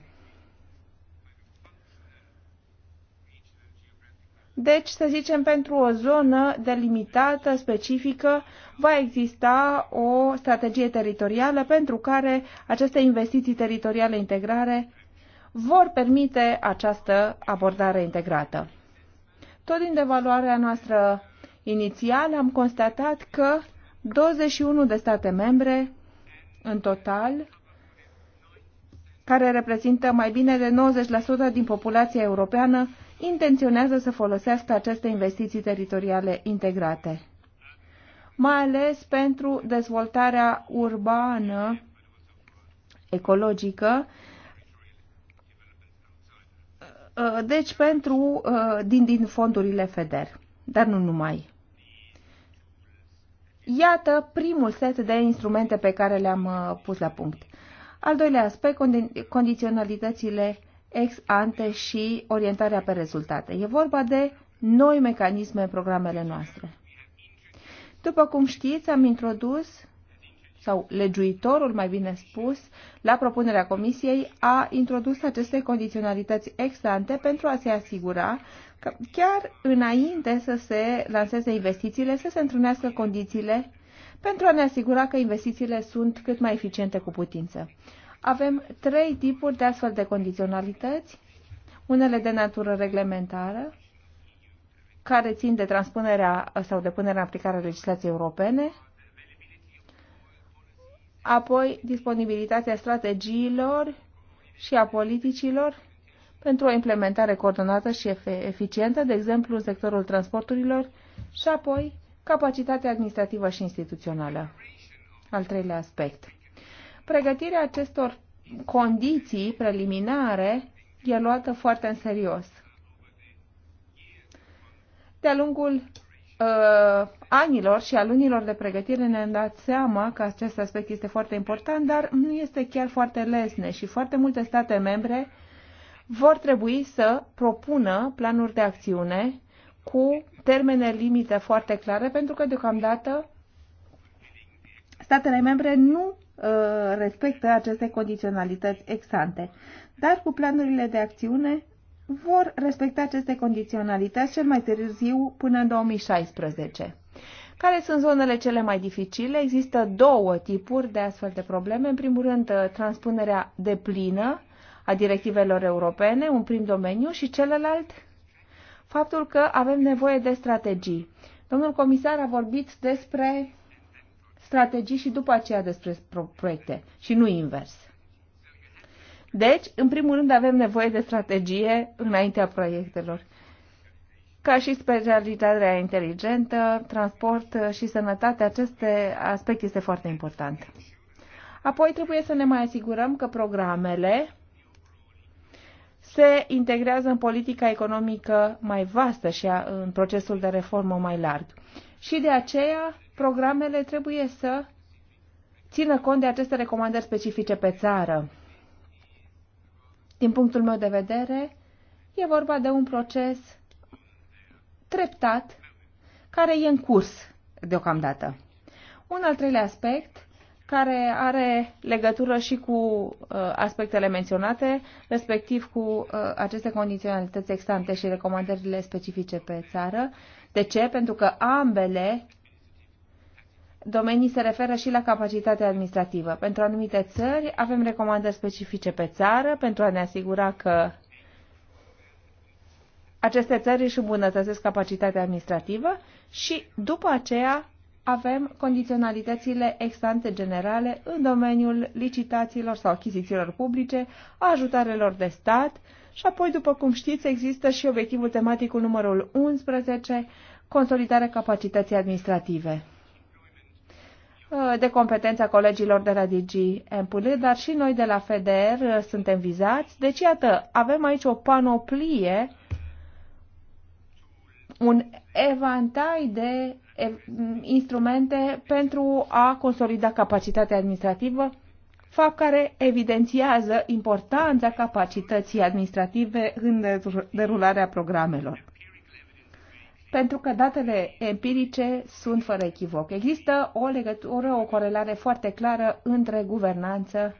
Deci, să zicem, pentru o zonă delimitată, specifică, va exista o strategie teritorială pentru care aceste investiții teritoriale integrare vor permite această abordare integrată. Tot din devaluarea noastră inițială am constatat că 21 de state membre în total, care reprezintă mai bine de 90% din populația europeană, intenționează să folosească aceste investiții teritoriale integrate mai ales pentru dezvoltarea urbană ecologică, uh, deci pentru uh, din, din fondurile FEDER, dar nu numai. Iată primul set de instrumente pe care le-am uh, pus la punct. Al doilea aspect, condi condiționalitățile ex ante și orientarea pe rezultate. E vorba de noi mecanisme în programele noastre. După cum știți, am introdus sau legiuitorul, mai bine spus, la propunerea Comisiei, a introdus aceste condiționalități ex ante pentru a se asigura că chiar înainte să se lanseze investițiile, să se întrunească condițiile pentru a ne asigura că investițiile sunt cât mai eficiente cu putință. Avem trei tipuri de astfel de condiționalități, unele de natură reglementară, care țin de transpunerea sau de punerea în aplicare a legislației europene, apoi disponibilitatea strategiilor și a politicilor pentru o implementare coordonată și eficientă, de exemplu în sectorul transporturilor, și apoi capacitatea administrativă și instituțională. Al treilea aspect. Pregătirea acestor condiții preliminare e luată foarte în serios de-a lungul uh, anilor și a lunilor de pregătire ne-am dat seama că acest aspect este foarte important, dar nu este chiar foarte lesne și foarte multe state membre vor trebui să propună planuri de acțiune cu termene limite foarte clare, pentru că deocamdată statele membre nu uh, respectă aceste condiționalități exante. Dar cu planurile de acțiune vor respecta aceste condiționalități cel mai târziu până în 2016. Care sunt zonele cele mai dificile? Există două tipuri de astfel de probleme. În primul rând, uh, transpunerea deplină a directivelor europene, un prim domeniu, și celălalt, faptul că avem nevoie de strategii. Domnul comisar a vorbit despre strategii și după aceea despre proiecte și nu invers. Deci, în primul rând, avem nevoie de strategie înaintea proiectelor. Ca și specialitatea inteligentă, transport și sănătate, aceste aspect este foarte important. Apoi trebuie să ne mai asigurăm că programele se integrează în politica economică mai vastă și în procesul de reformă mai larg. Și de aceea, programele trebuie să țină cont de aceste recomandări specifice pe țară din punctul meu de vedere, e vorba de un proces treptat care e în curs deocamdată. Un al treilea aspect care are legătură și cu uh, aspectele menționate, respectiv cu uh, aceste condiționalități extante și recomandările specifice pe țară. De ce? Pentru că ambele domenii se referă și la capacitatea administrativă. Pentru anumite țări avem recomandări specifice pe țară pentru a ne asigura că aceste țări își îmbunătățesc capacitatea administrativă și după aceea avem condiționalitățile extante generale în domeniul licitațiilor sau achizițiilor publice, ajutarelor de stat și apoi, după cum știți, există și obiectivul tematic numărul 11, consolidarea capacității administrative. Uh, de competența colegilor de la DG Empul, dar și noi de la FDR uh, suntem vizați. Deci, iată, avem aici o panoplie, un evantai de instrumente pentru a consolida capacitatea administrativă, fapt care evidențiază importanța capacității administrative în derularea programelor pentru că datele empirice sunt fără echivoc. Există o legătură, o corelare foarte clară între guvernanță,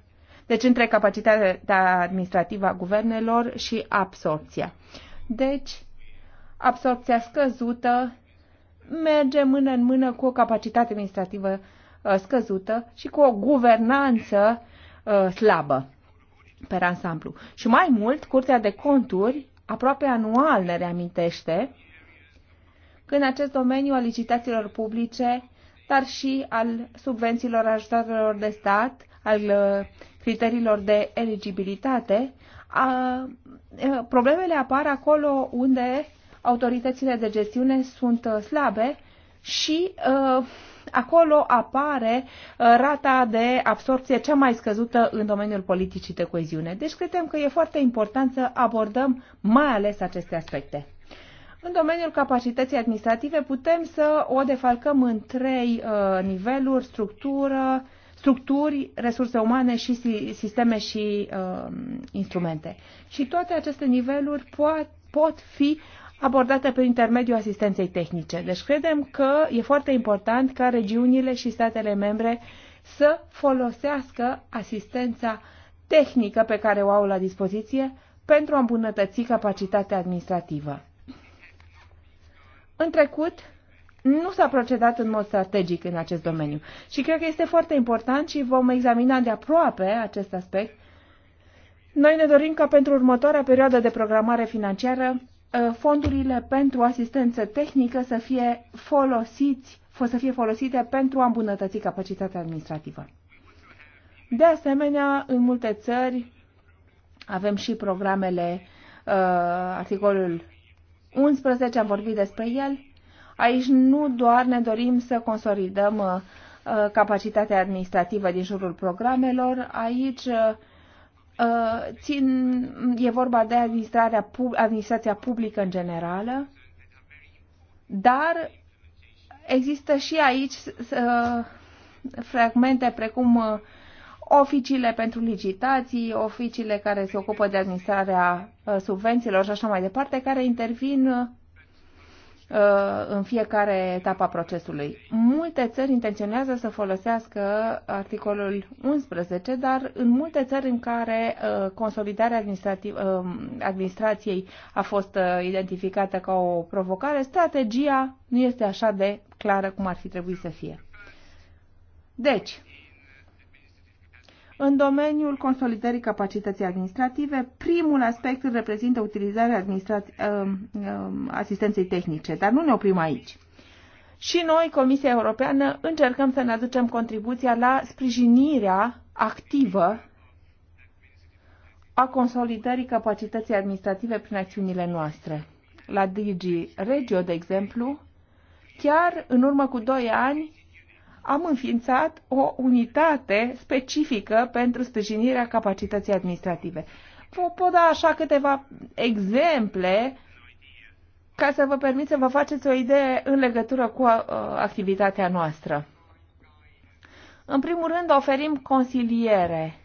deci între capacitatea administrativă a guvernelor și absorpția. Deci, absorpția scăzută merge mână în mână cu o capacitate administrativă uh, scăzută și cu o guvernanță uh, slabă pe ansamblu. Și mai mult, Curtea de Conturi aproape anual ne reamintește în acest domeniu al licitațiilor publice, dar și al subvențiilor ajutorilor de stat, al uh, criteriilor de eligibilitate, a, uh, problemele apar acolo unde autoritățile de gestiune sunt uh, slabe și a, acolo apare rata de absorpție cea mai scăzută în domeniul politicii de coeziune. Deci credem că e foarte important să abordăm mai ales aceste aspecte. În domeniul capacității administrative putem să o defalcăm în trei uh, niveluri, structură, structuri, resurse umane și sisteme și uh, instrumente. Și toate aceste niveluri pot, pot fi abordate prin intermediul asistenței tehnice. Deci credem că e foarte important ca regiunile și statele membre să folosească asistența tehnică pe care o au la dispoziție pentru a îmbunătăți capacitatea administrativă. În trecut, nu s-a procedat în mod strategic în acest domeniu. Și cred că este foarte important și vom examina de aproape acest aspect. Noi ne dorim ca pentru următoarea perioadă de programare financiară ă, fondurile pentru asistență tehnică să fie folosiți, să fie folosite pentru a îmbunătăți capacitatea administrativă. De asemenea, în multe țări avem și programele uh, articolul 11 am vorbit despre el. Aici nu doar ne dorim să consolidăm uh, uh, capacitatea administrativă din jurul programelor, aici uh, țin, e vorba de administrarea, administrația publică în generală, dar există și aici fragmente precum oficiile pentru licitații, oficiile care se ocupă de administrarea uh, subvențiilor și așa mai departe, care intervin uh, în fiecare etapă a procesului. Multe țări intenționează să folosească articolul 11, dar în multe țări în care uh, consolidarea administrației a fost identificată ca o provocare, strategia nu este așa de clară cum ar fi trebuit să fie. Deci, în domeniul consolidării capacității administrative, primul aspect îl reprezintă utilizarea um, um, asistenței tehnice, dar nu ne oprim aici. Și noi, Comisia Europeană, încercăm să ne aducem contribuția la sprijinirea activă a consolidării capacității administrative prin acțiunile noastre. La Digi Regio, de exemplu, chiar în urmă cu doi ani, am înființat o unitate specifică pentru sprijinirea capacității administrative. Vă pot da așa câteva exemple ca să vă permit să vă faceți o idee în legătură cu uh, activitatea noastră. În primul rând, oferim consiliere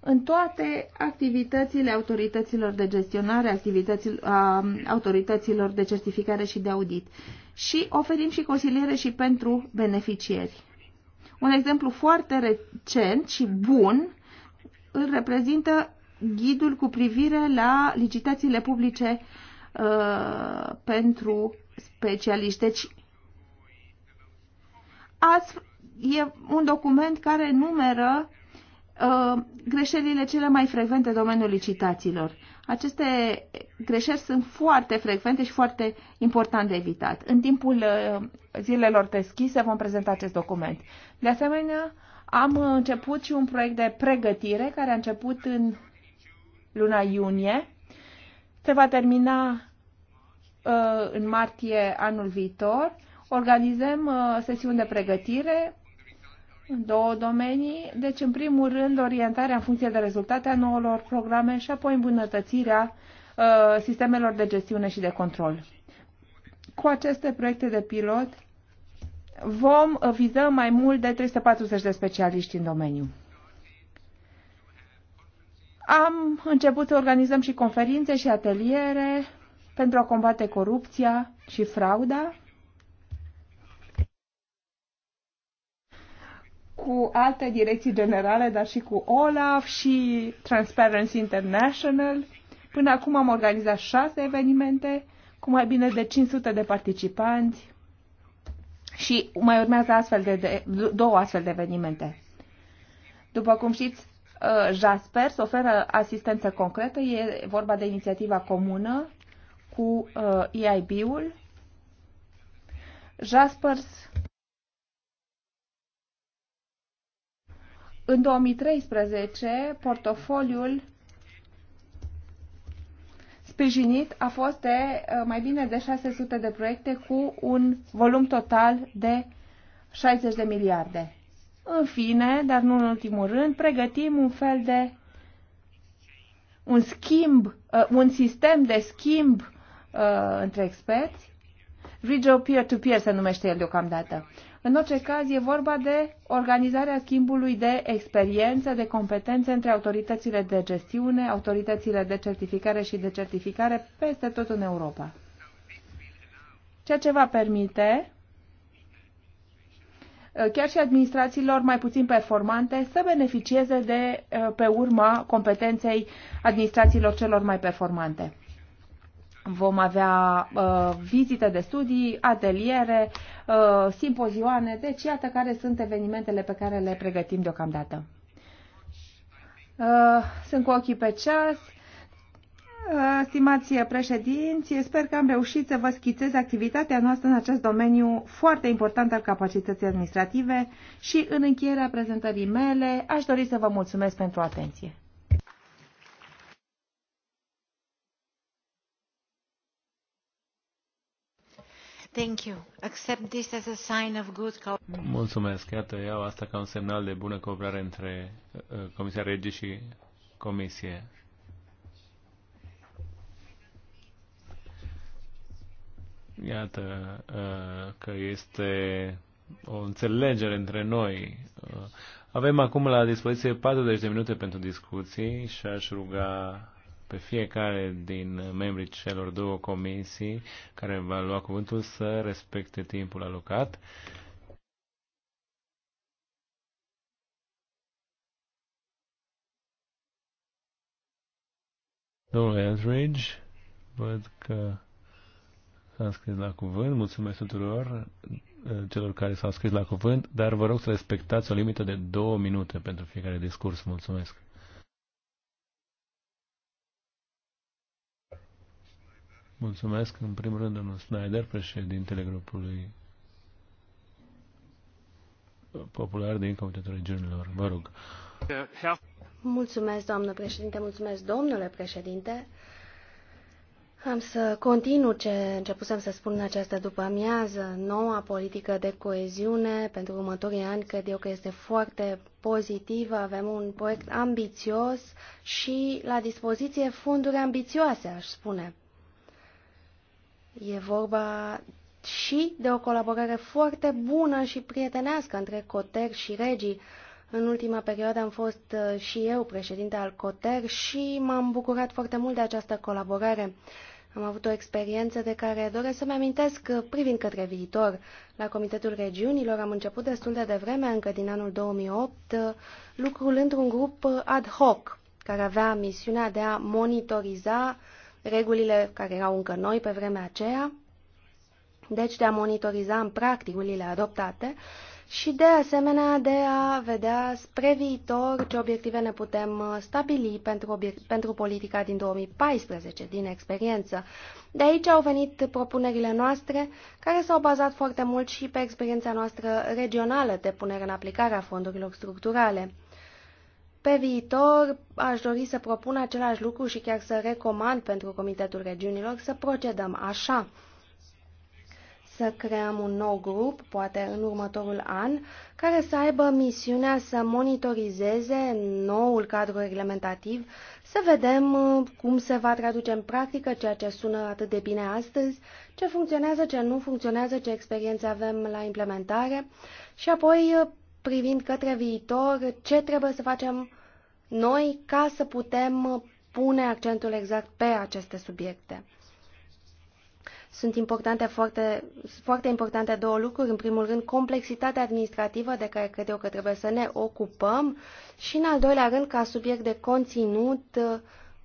în toate activitățile autorităților de gestionare, activităților, a uh, autorităților de certificare și de audit și oferim și consiliere și pentru beneficieri. Un exemplu foarte recent și bun îl reprezintă ghidul cu privire la licitațiile publice uh, pentru specialiști. Deci, azi e un document care numeră uh, greșelile cele mai frecvente în domeniul licitațiilor. Aceste greșeli sunt foarte frecvente și foarte important de evitat. În timpul uh, zilelor deschise vom prezenta acest document. De asemenea, am început și un proiect de pregătire care a început în luna iunie. Se va termina uh, în martie anul viitor. Organizăm uh, sesiuni de pregătire în două domenii. Deci, în primul rând, orientarea în funcție de rezultate a noilor programe și apoi îmbunătățirea uh, sistemelor de gestiune și de control. Cu aceste proiecte de pilot vom uh, viza mai mult de 340 de specialiști în domeniu. Am început să organizăm și conferințe și ateliere pentru a combate corupția și frauda cu alte direcții generale, dar și cu OLAF și Transparency International. Până acum am organizat șase evenimente cu mai bine de 500 de participanți și mai urmează astfel de, de două astfel de evenimente. După cum știți, uh, JASPERS oferă asistență concretă, e vorba de inițiativa comună cu uh, EIB-ul. JASPERS În 2013, portofoliul sprijinit a fost de uh, mai bine de 600 de proiecte cu un volum total de 60 de miliarde. În fine, dar nu în ultimul rând, pregătim un fel de un schimb, uh, un sistem de schimb uh, între experți. Regio Peer-to-Peer -peer se numește el deocamdată. În orice caz, e vorba de organizarea schimbului de experiență, de competențe între autoritățile de gestiune, autoritățile de certificare și de certificare peste tot în Europa. Ceea ce va permite uh, chiar și administrațiilor mai puțin performante să beneficieze de uh, pe urma competenței administrațiilor celor mai performante. Vom avea uh, vizite de studii, ateliere, uh, simpozioane, deci iată care sunt evenimentele pe care le pregătim deocamdată. Uh, sunt cu ochii pe ceas. Uh, stimați președinți, sper că am reușit să vă schițez activitatea noastră în acest domeniu foarte important al capacității administrative și în încheierea prezentării mele aș dori să vă mulțumesc pentru atenție. Mulțumesc. Iată, iau asta ca un semnal de bună cooperare între uh, Comisia Regi și Comisie. Iată uh, că este o înțelegere între noi. Uh, avem acum la dispoziție 40 de minute pentru discuții și aș ruga pe fiecare din membrii celor două comisii care va lua cuvântul să respecte timpul alocat. Domnul Eldridge, văd că s-a scris la cuvânt. Mulțumesc tuturor uh, celor care s-au scris la cuvânt, dar vă rog să respectați o limită de două minute pentru fiecare discurs. Mulțumesc. Mulțumesc în primul rând domnul Snyder, președintele grupului popular din Comitetul Regiunilor. Vă rog. Mulțumesc, doamnă președinte, mulțumesc, domnule președinte. Am să continu ce începusem să spun în această după-amiază, noua politică de coeziune pentru următorii ani, cred eu că este foarte pozitivă, avem un proiect ambițios și la dispoziție fonduri ambițioase, aș spune. E vorba și de o colaborare foarte bună și prietenească între Coter și Regii. În ultima perioadă am fost uh, și eu președinte al Coter și m-am bucurat foarte mult de această colaborare. Am avut o experiență de care doresc să-mi amintesc uh, privind către viitor. La Comitetul Regiunilor am început destul de devreme, încă din anul 2008, uh, lucrul într-un grup ad hoc, care avea misiunea de a monitoriza uh, regulile care erau încă noi pe vremea aceea, deci de a monitoriza în practicile adoptate și de asemenea de a vedea spre viitor ce obiective ne putem uh, stabili pentru, pentru politica din 2014, din experiență. De aici au venit propunerile noastre, care s-au bazat foarte mult și pe experiența noastră regională de punere în aplicare a fondurilor structurale. Pe viitor, aș dori să propun același lucru și chiar să recomand pentru Comitetul Regiunilor să procedăm așa. Să creăm un nou grup, poate în următorul an, care să aibă misiunea să monitorizeze noul cadru reglementativ, să vedem uh, cum se va traduce în practică ceea ce sună atât de bine astăzi, ce funcționează, ce nu funcționează, ce experiențe avem la implementare și apoi uh, privind către viitor ce trebuie să facem noi ca să putem pune accentul exact pe aceste subiecte. Sunt importante foarte, foarte importante două lucruri. În primul rând, complexitatea administrativă de care cred eu că trebuie să ne ocupăm și, în al doilea rând, ca subiect de conținut,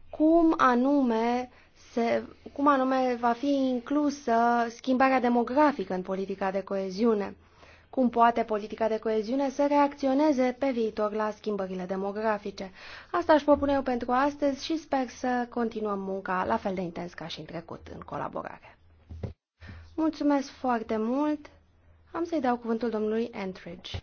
cum anume, se, cum anume va fi inclusă schimbarea demografică în politica de coeziune. Cum poate politica de coeziune să reacționeze pe viitor la schimbările demografice? Asta își propun eu pentru astăzi și sper să continuăm munca la fel de intens ca și în trecut în colaborare. Mulțumesc foarte mult! Am să-i dau cuvântul domnului Entridge.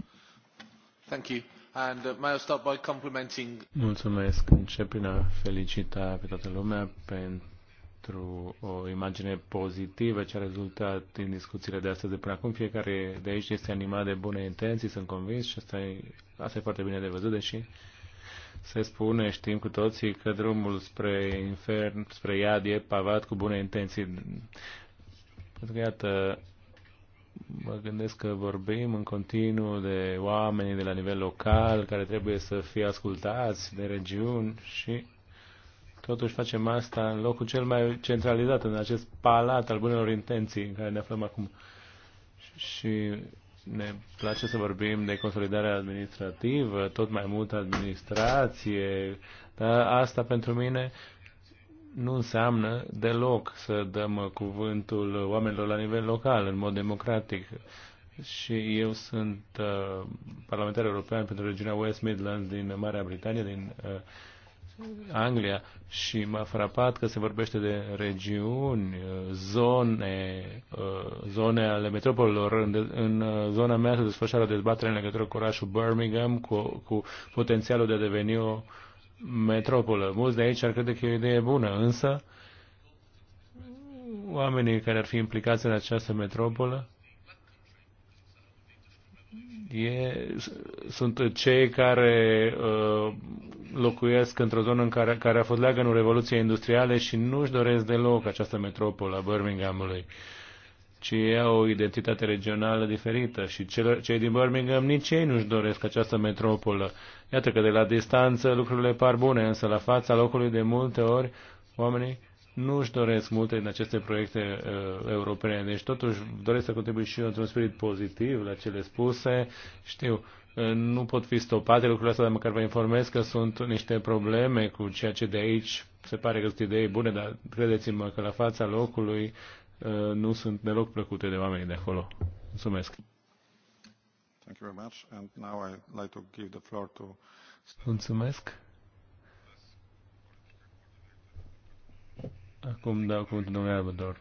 Thank you. And uh, may I start by complimenting... Mulțumesc. Încep prin a felicita pe toată lumea pentru pentru o imagine pozitivă ce a rezultat din discuțiile de astăzi de până acum. Fiecare de aici este animat de bune intenții, sunt convins și asta e, asta e foarte bine de văzut, deși se spune, știm cu toții, că drumul spre infern, spre iad e pavat cu bune intenții. Pentru că, iată, mă gândesc că vorbim în continuu de oamenii de la nivel local care trebuie să fie ascultați de regiuni și Totuși facem asta în locul cel mai centralizat, în acest palat al bunelor intenții în care ne aflăm acum. Și ne place să vorbim de consolidarea administrativă, tot mai mult administrație, dar asta pentru mine nu înseamnă deloc să dăm cuvântul oamenilor la nivel local, în mod democratic. Și eu sunt uh, parlamentar european pentru regiunea West Midlands din Marea Britanie, din uh, Anglia și m-a frapat că se vorbește de regiuni, zone, uh, zone ale metropolilor. În uh, zona mea se desfășoară dezbatere în legătură cu orașul Birmingham, cu, cu potențialul de a deveni o metropolă. Mulți de aici ar crede că e o idee bună, însă oamenii care ar fi implicați în această metropolă e, sunt cei care uh, locuiesc într-o zonă în care, care a fost leagănul Revoluției Industriale și nu-și doresc deloc această metropolă a Birminghamului, ci au o identitate regională diferită și celor, cei din Birmingham nici ei nu-și doresc această metropolă. Iată că de la distanță lucrurile par bune, însă la fața locului de multe ori oamenii nu își doresc multe în aceste proiecte uh, europene, deci totuși doresc să contribui și eu într-un spirit pozitiv la cele spuse. Știu, uh, nu pot fi stopate lucrurile astea, dar măcar vă informez că sunt niște probleme cu ceea ce de aici se pare că sunt idei bune, dar credeți-mă că la fața locului uh, nu sunt deloc plăcute de oamenii de acolo. Mulțumesc. Thank you very much. And now I'd like to give the floor to... Mulțumesc. Acum dau cuvântul domnului Albădor,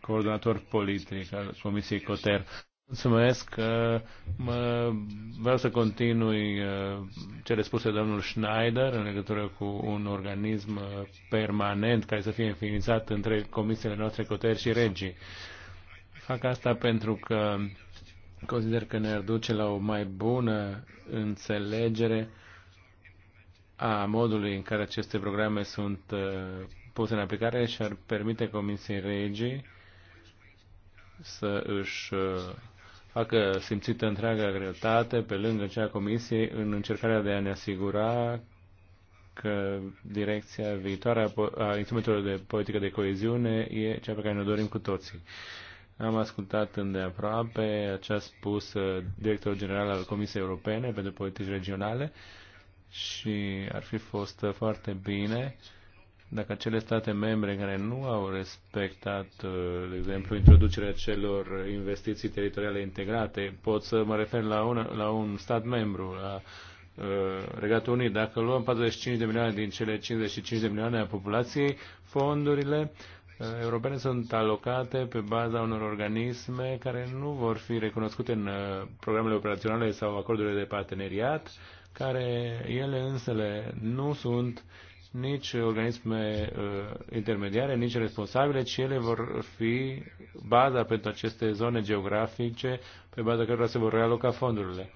coordonator politic al Comisiei Coter. Mulțumesc că mă, vreau să continui uh, cele spuse domnul Schneider în legătură cu un organism uh, permanent care să fie înființat între comisiile noastre Coter și Regii. Fac asta pentru că consider că ne-ar duce la o mai bună înțelegere a modului în care aceste programe sunt uh, pus în aplicare și ar permite Comisiei Regii să își uh, facă simțită întreaga greutate pe lângă cea Comisiei în încercarea de a ne asigura că direcția viitoare a instrumentelor de politică de coeziune e cea pe care ne dorim cu toții. Am ascultat îndeaproape ce a spus uh, directorul general al Comisiei Europene pentru Politici Regionale și ar fi fost uh, foarte bine dacă acele state membre care nu au respectat, uh, de exemplu, introducerea celor investiții teritoriale integrate, pot să mă refer la un, la un stat membru, la uh, Regatul Unit, dacă luăm 45 de milioane din cele 55 de milioane a populației, fondurile uh, europene sunt alocate pe baza unor organisme care nu vor fi recunoscute în uh, programele operaționale sau acordurile de parteneriat, care ele însele nu sunt nici organisme uh, intermediare, nici responsabile, ci ele vor fi baza pentru aceste zone geografice pe baza cărora se vor realoca fondurile.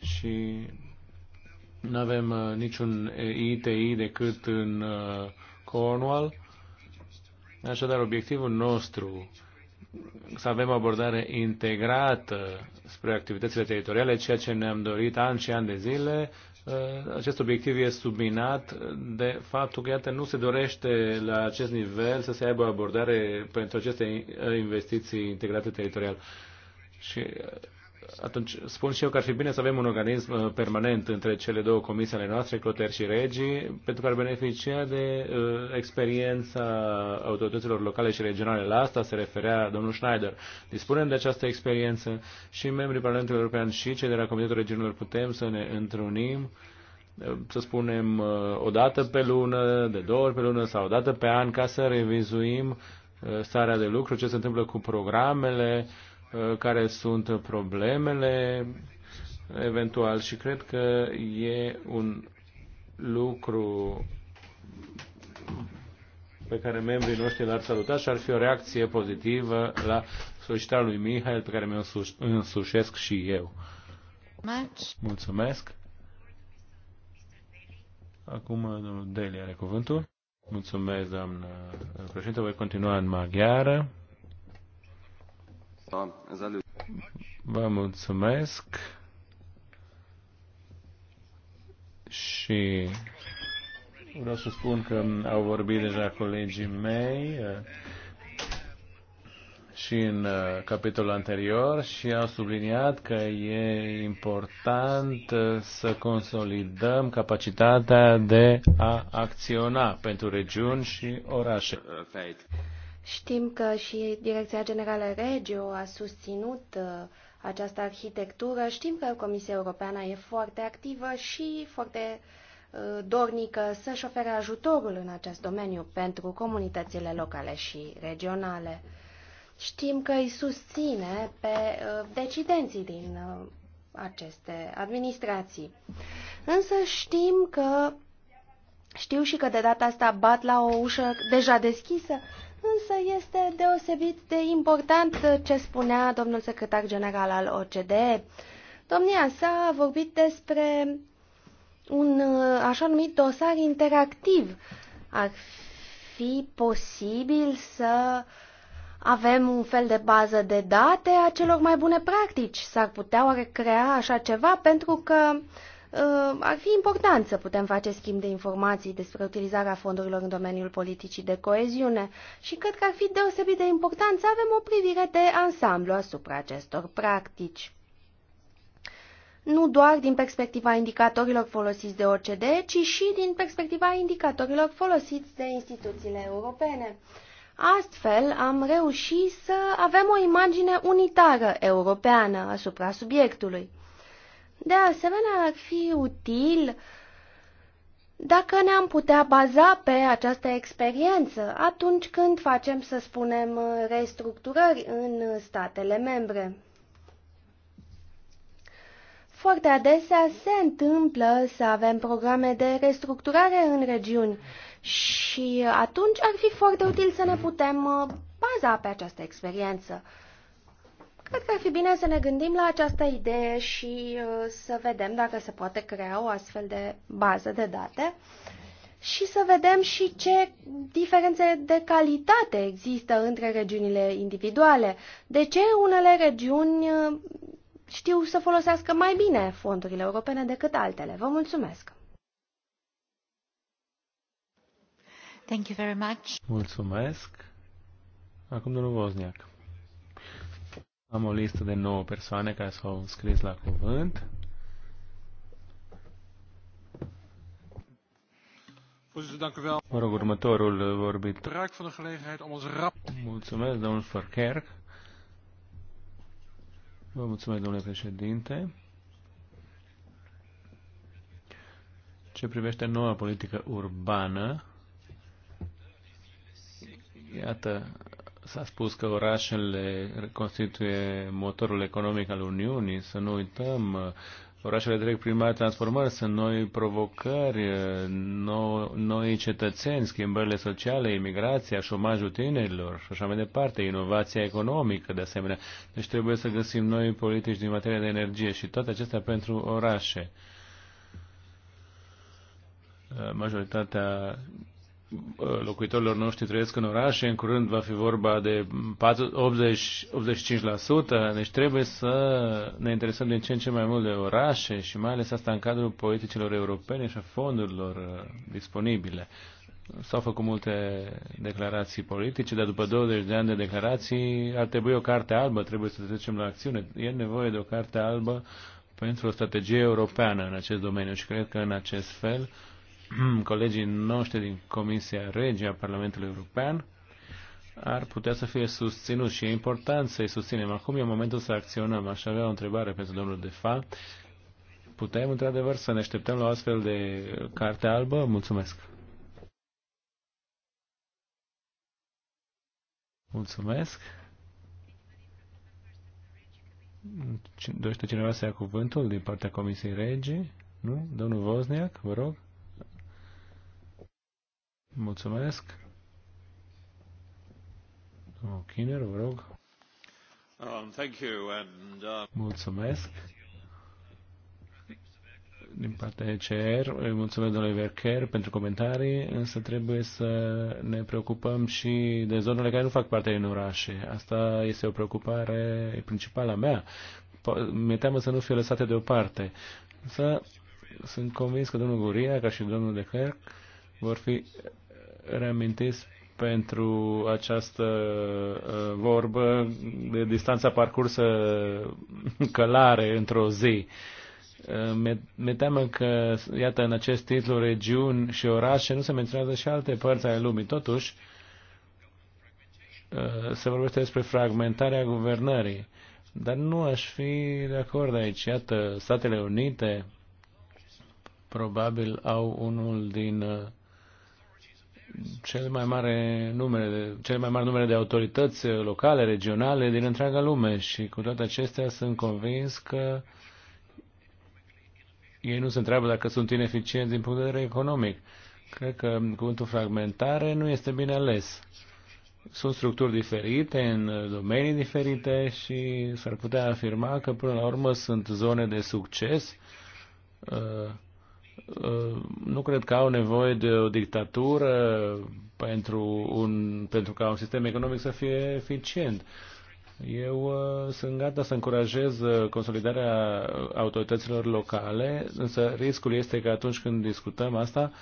Și nu avem uh, niciun ITI uh, decât în uh, Cornwall. Așadar, obiectivul nostru să avem abordare integrată spre activitățile teritoriale, ceea ce ne-am dorit ani și ani de zile Uh, acest obiectiv e subminat de faptul că, iată, nu se dorește la acest nivel să se aibă o abordare pentru aceste investiții integrate teritorial. Și uh, atunci spun și eu că ar fi bine să avem un organism uh, permanent între cele două comisii ale noastre, Cloter și Regii, pentru că ar beneficia de uh, experiența autorităților locale și regionale. La asta se referea domnul Schneider. Dispunem de această experiență și membrii Parlamentului European și cei de la Comitetul Regiunilor putem să ne întrunim uh, să spunem, o dată pe lună, de două ori pe lună sau o dată pe an, ca să revizuim starea de lucru, ce se întâmplă cu programele, Uh, care sunt problemele eventual și cred că e un lucru pe care membrii noștri l-ar saluta și ar fi o reacție pozitivă la solicitarea lui Mihail pe care mi-o însușesc și eu. Mulțumesc. Acum domnul Deli are cuvântul. Mulțumesc, doamnă președinte. Voi continua în maghiară. Vă mulțumesc și vreau să spun că au vorbit deja colegii mei uh, și în uh, capitolul anterior și au subliniat că e important uh, să consolidăm capacitatea de a acționa pentru regiuni și orașe. Știm că și Direcția Generală Regio a susținut uh, această arhitectură. Știm că Comisia Europeană e foarte activă și foarte uh, dornică să-și ofere ajutorul în acest domeniu pentru comunitățile locale și regionale. Știm că îi susține pe uh, decidenții din aceste administrații. Însă știm că știu și că de data asta bat la o ușă deja deschisă Însă este deosebit de important ce spunea domnul secretar general al OCDE. Domnia sa a vorbit despre un uh, așa numit dosar interactiv. Ar fi posibil să avem un fel de bază de date a celor mai bune practici. S-ar putea oare crea așa ceva pentru că uh, Uh, ar fi important să putem face schimb de informații despre utilizarea fondurilor în domeniul politicii de coeziune și cred că ar fi deosebit de important să avem o privire de ansamblu asupra acestor practici. Nu doar din perspectiva indicatorilor folosiți de OCDE, ci și din perspectiva indicatorilor folosiți de instituțiile europene. Astfel, am reușit să avem o imagine unitară europeană asupra subiectului. De asemenea, ar fi util dacă ne-am putea baza pe această experiență atunci când facem, să spunem, restructurări în statele membre. Foarte adesea se întâmplă să avem programe de restructurare în regiuni și atunci ar fi foarte util să ne putem uh, baza pe această experiență. Cred că ar fi bine să ne gândim la această idee și uh, să vedem dacă se poate crea o astfel de bază de date și să vedem și ce diferențe de calitate există între regiunile individuale. De ce unele regiuni uh, știu să folosească mai bine fondurile europene decât altele? Vă mulțumesc! Thank you very much. Mulțumesc. Acum domnul Vozniak. Am o listă de 9 persoane care s-au scris la cuvânt. Mă rog, următorul vorbit. Mulțumesc, domnul Fărcherc. Vă mulțumesc, domnule președinte. Ce privește noua politică urbană, iată, S-a spus că orașele constituie motorul economic al Uniunii, să nu uităm, orașele trec prin mari transformări, sunt noi provocări, noi, noi cetățeni, schimbările sociale, imigrația, șomajul tinerilor și așa mai departe, inovația economică de asemenea. Deci trebuie să găsim noi politici din materie de energie și toate acestea pentru orașe majoritatea Uh, locuitorilor noștri trăiesc în orașe, în curând va fi vorba de 80 85%, deci trebuie să ne interesăm din ce în ce mai mult de orașe și mai ales asta în cadrul politicilor europene și a fondurilor uh, disponibile. S-au făcut multe declarații politice, dar după 20 de ani de declarații ar trebui o carte albă, trebuie să trecem la acțiune. E nevoie de o carte albă pentru o strategie europeană în acest domeniu și cred că în acest fel colegii noștri din Comisia Regia a Parlamentului European ar putea să fie susținut și e important să-i susținem. Acum e momentul să acționăm. Aș avea o întrebare pentru domnul Defa. Putem, într-adevăr, să ne așteptăm la o astfel de carte albă? Mulțumesc! Mulțumesc! Dorește cineva să ia cuvântul din partea Comisiei Regii, Nu? Domnul Vozniak, vă rog. Mulțumesc. Domnul Kiner, vă rog. Um, thank you and, uh... Mulțumesc. Din partea ECR, îi mulțumesc domnului Verker pentru comentarii, însă trebuie să ne preocupăm și de zonele care nu fac parte din orașe. Asta este o preocupare principală a mea. Mi-e teamă să nu fie lăsate deoparte. Însă sunt convins că domnul Guria, ca și domnul de Kerk, vor fi reamintiți pentru această uh, vorbă de distanța parcursă călare într-o zi. Uh, mi-e teamă că, iată, în acest titlu, regiuni și orașe nu se menționează și alte părți ale lumii. Totuși, uh, se vorbește despre fragmentarea guvernării. Dar nu aș fi de acord aici. Iată, Statele Unite probabil au unul din cel mai mare numere, cele mai mari numere de autorități locale, regionale din întreaga lume și cu toate acestea sunt convins că ei nu se întreabă dacă sunt ineficienți din punct de vedere economic. Cred că cuvântul fragmentare nu este bine ales. Sunt structuri diferite, în domenii diferite și s-ar putea afirma că până la urmă sunt zone de succes uh, Uh, nu cred că au nevoie de o dictatură pentru, un, pentru ca un sistem economic să fie eficient. Eu uh, sunt gata să încurajez uh, consolidarea autorităților locale, însă riscul este că atunci când discutăm asta,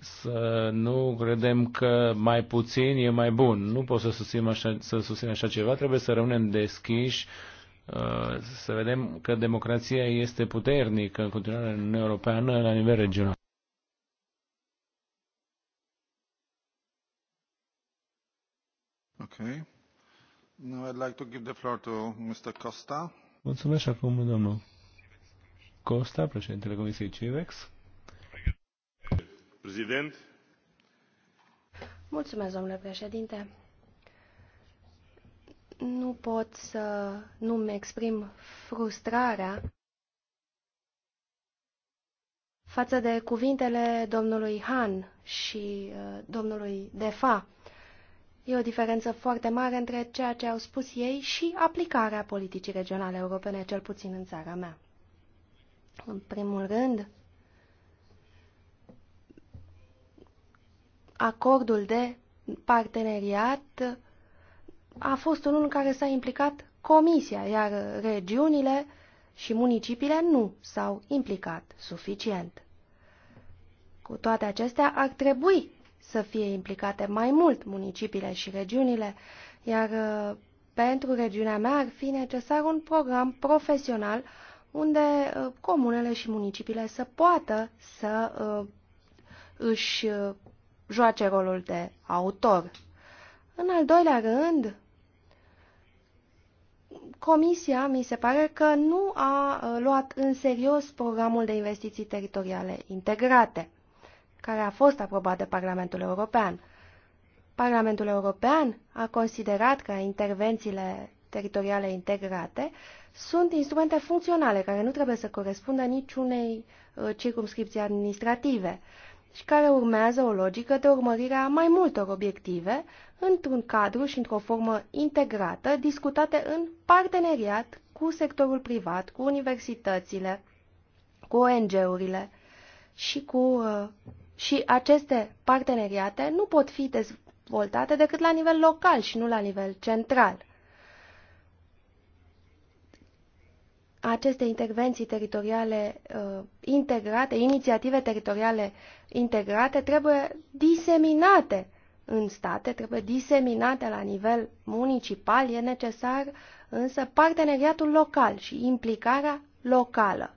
să nu credem că mai puțin e mai bun. Nu pot să susțin așa, să susțin așa ceva, trebuie să rămânem deschiși uh, Uh, să vedem că democrația este puternică în continuare în Uniunea Europeană la nivel regional. Okay. Now I'd like to give the floor to Mr. Costa. Mulțumesc acum domnul Costa, președintele Comisiei CIVEX. Prezident. Mulțumesc, domnule președinte nu pot să nu-mi exprim frustrarea față de cuvintele domnului Han și uh, domnului Defa. E o diferență foarte mare între ceea ce au spus ei și aplicarea politicii regionale europene, cel puțin în țara mea. În primul rând, acordul de parteneriat a fost unul în care s-a implicat comisia, iar regiunile și municipiile nu s-au implicat suficient. Cu toate acestea, ar trebui să fie implicate mai mult municipiile și regiunile, iar uh, pentru regiunea mea ar fi necesar un program profesional unde uh, comunele și municipiile să poată să uh, își joace rolul de autor. În al doilea rând, Comisia mi se pare că nu a uh, luat în serios programul de investiții teritoriale integrate, care a fost aprobat de Parlamentul European. Parlamentul European a considerat că intervențiile teritoriale integrate sunt instrumente funcționale care nu trebuie să corespundă niciunei uh, circumscripții administrative și care urmează o logică de urmărire a mai multor obiective, într-un cadru și într-o formă integrată, discutate în parteneriat cu sectorul privat, cu universitățile, cu ONG-urile și cu uh, și aceste parteneriate nu pot fi dezvoltate decât la nivel local și nu la nivel central. Aceste intervenții teritoriale uh, integrate, inițiative teritoriale integrate trebuie diseminate în state, trebuie diseminate la nivel municipal, e necesar însă parteneriatul local și implicarea locală.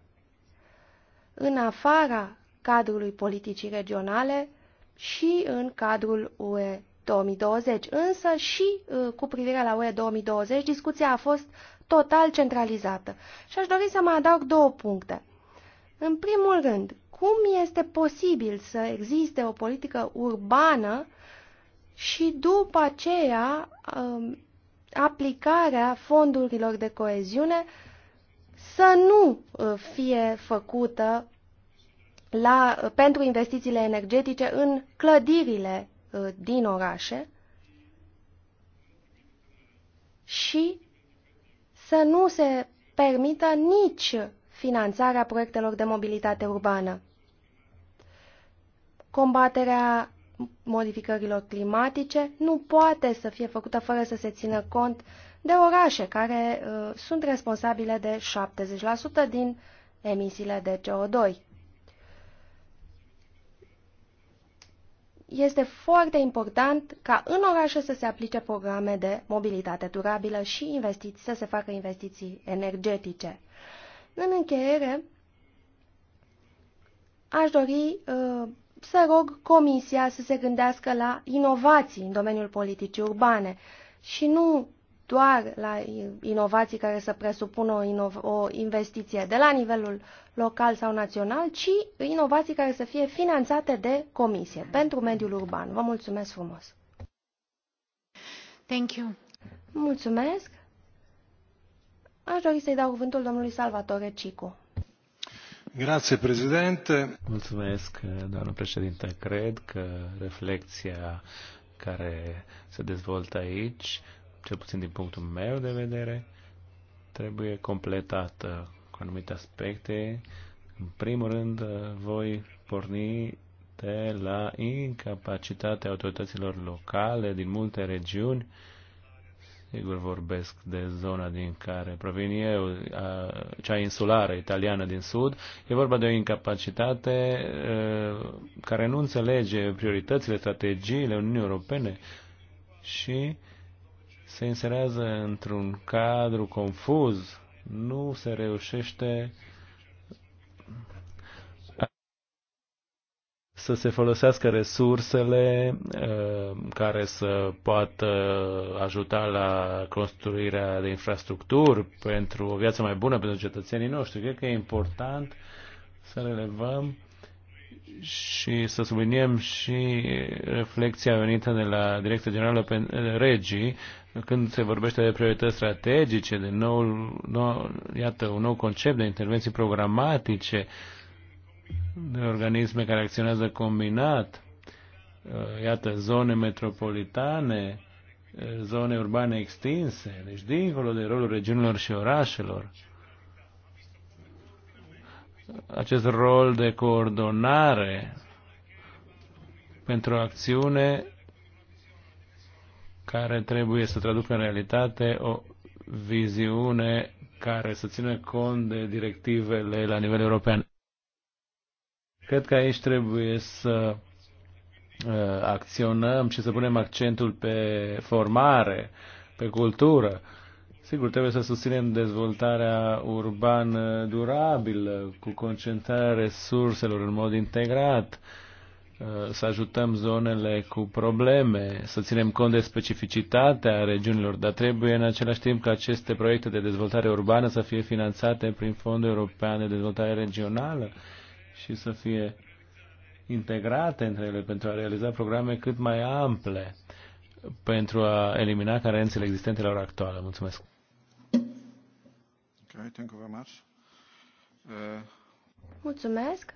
În afara cadrului politicii regionale și în cadrul UE 2020, însă și ă, cu privire la UE 2020 discuția a fost total centralizată. Și aș dori să mai adaug două puncte. În primul rând, cum este posibil să existe o politică urbană și după aceea um, aplicarea fondurilor de coeziune să nu uh, fie făcută la, uh, pentru investițiile energetice în clădirile uh, din orașe și să nu se permită nici finanțarea proiectelor de mobilitate urbană. Combaterea modificărilor climatice nu poate să fie făcută fără să se țină cont de orașe care uh, sunt responsabile de 70% din emisiile de CO2. Este foarte important ca în orașe să se aplice programe de mobilitate durabilă și investiții, să se facă investiții energetice. În încheiere, aș dori uh, să rog Comisia să se gândească la inovații în domeniul politicii urbane și nu doar la inovații care să presupună o, o investiție de la nivelul local sau național, ci inovații care să fie finanțate de Comisie pentru mediul urban. Vă mulțumesc frumos! Thank you. Mulțumesc! Aș dori să-i dau cuvântul domnului Salvatore Cicu. Mulțumesc, doamnă președinte. Cred că reflexia care se dezvoltă aici, cel puțin din punctul meu de vedere, trebuie completată cu anumite aspecte. În primul rând, voi porni de la incapacitatea autorităților locale din multe regiuni Sigur, vorbesc de zona din care provin eu, cea insulară italiană din sud. E vorba de o incapacitate care nu înțelege prioritățile, strategiile Uniunii Europene și se inserează într-un cadru confuz. Nu se reușește să se folosească resursele uh, care să poată ajuta la construirea de infrastructuri pentru o viață mai bună pentru cetățenii noștri. Cred că e important să relevăm și să subliniem și reflexia venită de la Direcția Generală pe Regii când se vorbește de priorități strategice, de nou, nou, iată, un nou concept de intervenții programatice, uh, de organisme care acționează combinat, uh, iată, zone metropolitane, uh, zone urbane extinse, deci dincolo de rolul regiunilor și orașelor. Acest rol de coordonare pentru acțiune care trebuie să traducă în realitate o viziune care să țină cont de directivele la nivel european. Cred că aici trebuie să uh, acționăm și să punem accentul pe formare, pe cultură. Sigur, trebuie să susținem dezvoltarea urbană durabilă, cu concentrarea resurselor în mod integrat, uh, să ajutăm zonele cu probleme, să ținem cont de specificitatea regiunilor, dar trebuie în același timp ca aceste proiecte de dezvoltare urbană să fie finanțate prin Fondul European de Dezvoltare Regională și să fie integrate între ele pentru a realiza programe cât mai ample pentru a elimina carențele existente la ora actuală. Mulțumesc. Okay, thank you very much. Uh... Mulțumesc.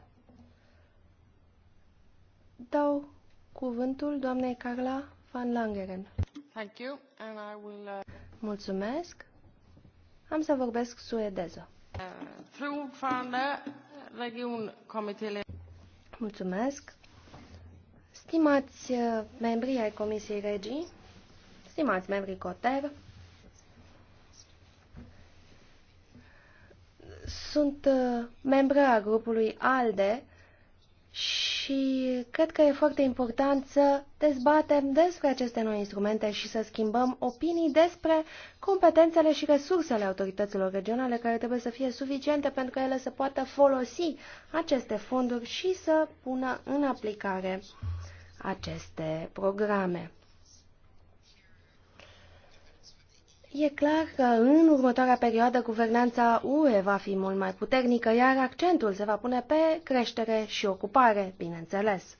Dau cuvântul doamnei Carla van Langeren. Thank you, and I will, uh... Mulțumesc. Am să vorbesc suedeză. Uh, Mulțumesc. Stimați uh, membrii ai Comisiei Regii, stimați membrii COTER, sunt uh, membra grupului ALDE, și cred că e foarte important să dezbatem despre aceste noi instrumente și să schimbăm opinii despre competențele și resursele autorităților regionale care trebuie să fie suficiente pentru că ele să poată folosi aceste fonduri și să pună în aplicare aceste programe. E clar că în următoarea perioadă guvernanța UE va fi mult mai puternică, iar accentul se va pune pe creștere și ocupare, bineînțeles.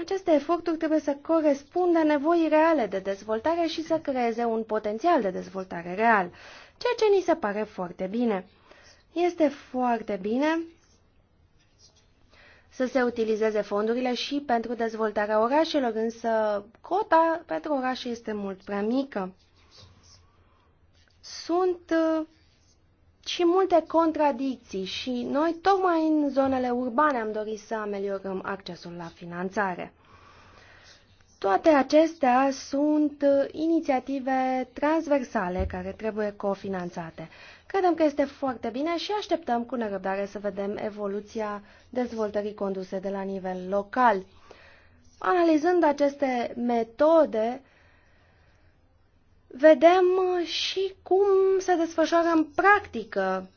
Aceste eforturi trebuie să corespundă nevoii reale de dezvoltare și să creeze un potențial de dezvoltare real, ceea ce ni se pare foarte bine. Este foarte bine să se utilizeze fondurile și pentru dezvoltarea orașelor, însă cota pentru orașe este mult prea mică sunt uh, și multe contradicții și noi tocmai în zonele urbane am dorit să ameliorăm accesul la finanțare. Toate acestea sunt uh, inițiative transversale care trebuie cofinanțate. Credem că este foarte bine și așteptăm cu nerăbdare să vedem evoluția dezvoltării conduse de la nivel local. Analizând aceste metode, vedem uh, și cum se desfășoară în practică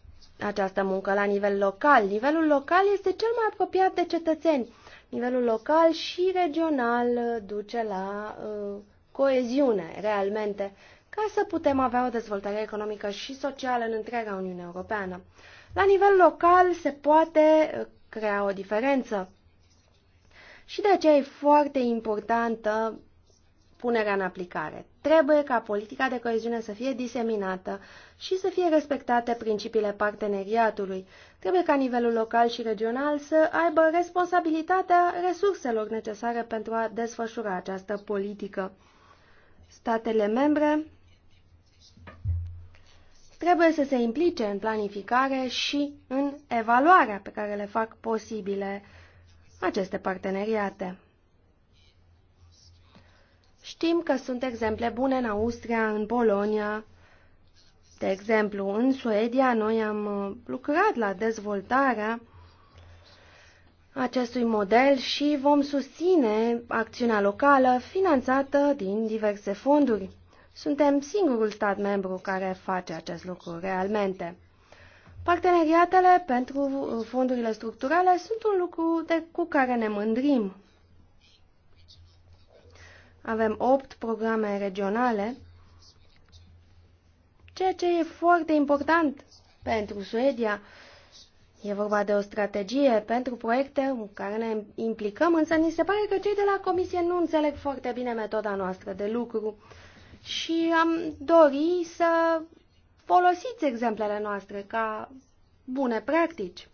această muncă la nivel local. Nivelul local este cel mai apropiat de cetățeni. Nivelul local și regional uh, duce la uh, coeziune, realmente, ca să putem avea o dezvoltare economică și socială în întreaga Uniune Europeană. La nivel local se poate uh, crea o diferență. Și de aceea e foarte importantă punerea în aplicare. Trebuie ca politica de coeziune să fie diseminată și să fie respectate principiile parteneriatului. Trebuie ca nivelul local și regional să aibă responsabilitatea resurselor necesare pentru a desfășura această politică. Statele membre trebuie să se implice în planificare și în evaluarea pe care le fac posibile aceste parteneriate. Știm că sunt exemple bune în Austria, în Polonia, de exemplu, în Suedia noi am uh, lucrat la dezvoltarea acestui model și vom susține acțiunea locală finanțată din diverse fonduri. Suntem singurul stat membru care face acest lucru realmente. Parteneriatele pentru uh, fondurile structurale sunt un lucru de, cu care ne mândrim. Avem 8 programe regionale, ceea ce e foarte important pentru Suedia. E vorba de o strategie pentru proiecte în care ne implicăm, însă ni se pare că cei de la Comisie nu înțeleg foarte bine metoda noastră de lucru și am dori să folosiți exemplele noastre ca bune practici.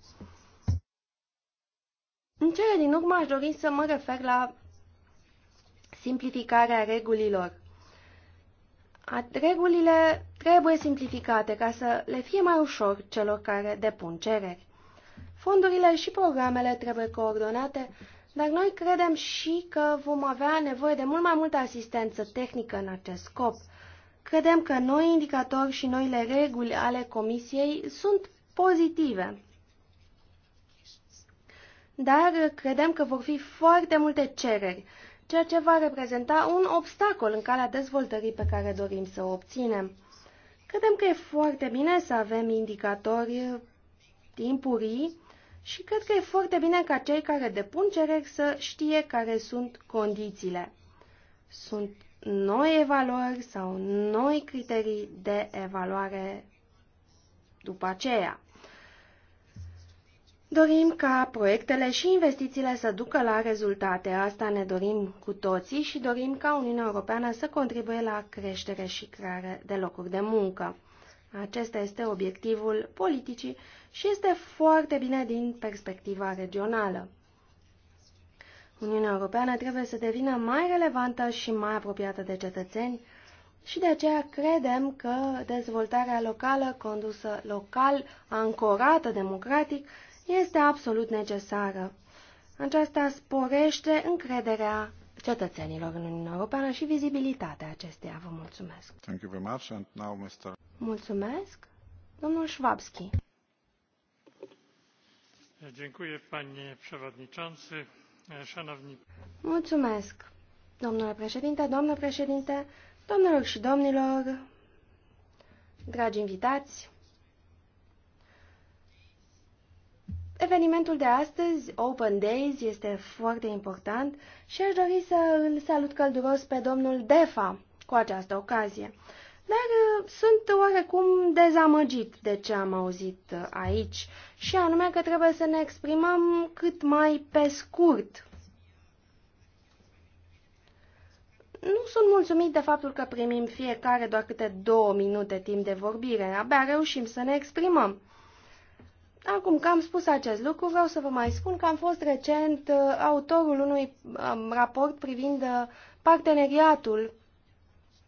În cele din urmă aș dori să mă refer la simplificarea regulilor. Regulile trebuie simplificate ca să le fie mai ușor celor care depun cereri. Fondurile și programele trebuie coordonate, dar noi credem și că vom avea nevoie de mult mai multă asistență tehnică în acest scop. Credem că noi indicatori și noile reguli ale Comisiei sunt pozitive. Dar credem că vor fi foarte multe cereri ceea ce va reprezenta un obstacol în calea dezvoltării pe care dorim să o obținem. Credem că e foarte bine să avem indicatori timpurii și cred că e foarte bine ca cei care depun cereri să știe care sunt condițiile. Sunt noi evaluări sau noi criterii de evaluare după aceea. Dorim ca proiectele și investițiile să ducă la rezultate. Asta ne dorim cu toții și dorim ca Uniunea Europeană să contribuie la creștere și creare de locuri de muncă. Acesta este obiectivul politicii și este foarte bine din perspectiva regională. Uniunea Europeană trebuie să devină mai relevantă și mai apropiată de cetățeni și de aceea credem că dezvoltarea locală condusă local, ancorată democratic, este absolut necesară. Aceasta sporește încrederea cetățenilor în Uniunea Europeană și vizibilitatea acesteia. Vă mulțumesc. Thank you very much. And now, Mr. Mulțumesc. Domnul Schwabski. Dziękuję, panie przewodniczący. Szanowni... Mulțumesc, domnule președinte, domnule președinte, domnilor și domnilor, dragi invitați, Evenimentul de astăzi, Open Days, este foarte important și aș dori să îl salut călduros pe domnul Defa cu această ocazie. Dar uh, sunt oarecum dezamăgit de ce am auzit uh, aici, și anume că trebuie să ne exprimăm cât mai pe scurt. Nu sunt mulțumit de faptul că primim fiecare doar câte două minute timp de vorbire, abia reușim să ne exprimăm. Acum că am spus acest lucru, vreau să vă mai spun că am fost recent uh, autorul unui um, raport privind uh, parteneriatul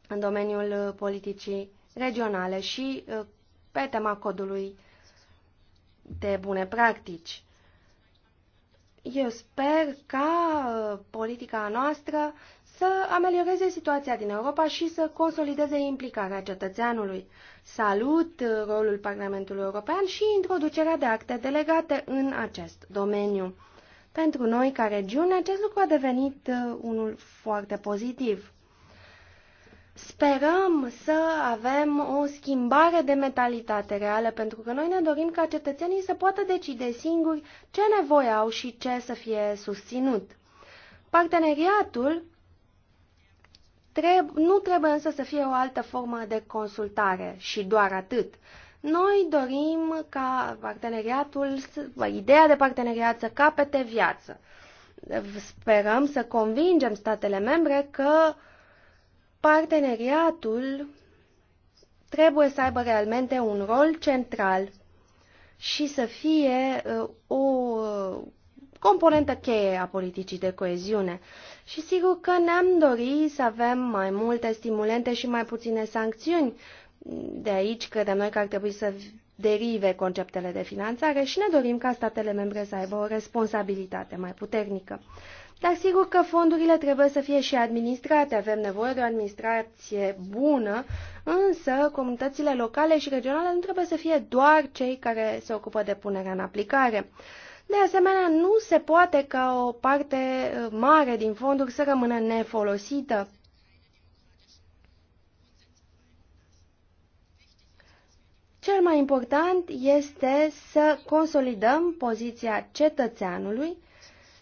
în domeniul uh, politicii regionale și pe tema codului de bune practici. Eu sper ca politica noastră să amelioreze situația din Europa și să consolideze implicarea cetățeanului. Salut uh, rolul Parlamentului European și introducerea de acte delegate în acest domeniu. Pentru noi, ca regiune, acest lucru a devenit uh, unul foarte pozitiv. Sperăm să avem o schimbare de mentalitate reală, pentru că noi ne dorim ca cetățenii să poată decide singuri ce nevoie au și ce să fie susținut. Parteneriatul Treb nu trebuie însă să fie o altă formă de consultare și doar atât. Noi dorim ca parteneriatul, ideea de parteneriat să capete viață. Sperăm să convingem statele membre că parteneriatul trebuie să aibă realmente un rol central și să fie uh, o uh, componentă cheie a politicii de coeziune. Și sigur că ne-am dori să avem mai multe stimulente și mai puține sancțiuni. De aici credem noi că ar trebui să derive conceptele de finanțare și ne dorim ca statele membre să aibă o responsabilitate mai puternică. Dar sigur că fondurile trebuie să fie și administrate, avem nevoie de o administrație bună, însă comunitățile locale și regionale nu trebuie să fie doar cei care se ocupă de punerea în aplicare. De asemenea, nu se poate ca o parte uh, mare din fonduri să rămână nefolosită. Cel mai important este să consolidăm poziția cetățeanului,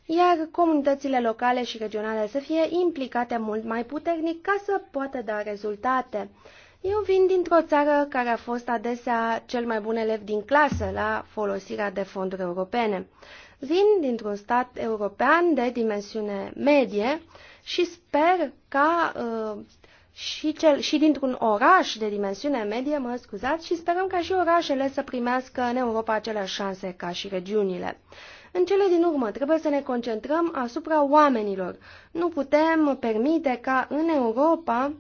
iar comunitățile locale și regionale să fie implicate mult mai puternic ca să poată da rezultate. Eu vin dintr-o țară care a fost adesea cel mai bun elev din clasă la folosirea de fonduri europene. Vin dintr-un stat european de dimensiune medie și sper ca uh, și, cel, și dintr-un oraș de dimensiune medie, mă scuzați, și sperăm ca și orașele să primească în Europa aceleași șanse ca și regiunile. În cele din urmă, trebuie să ne concentrăm asupra oamenilor. Nu putem permite ca în Europa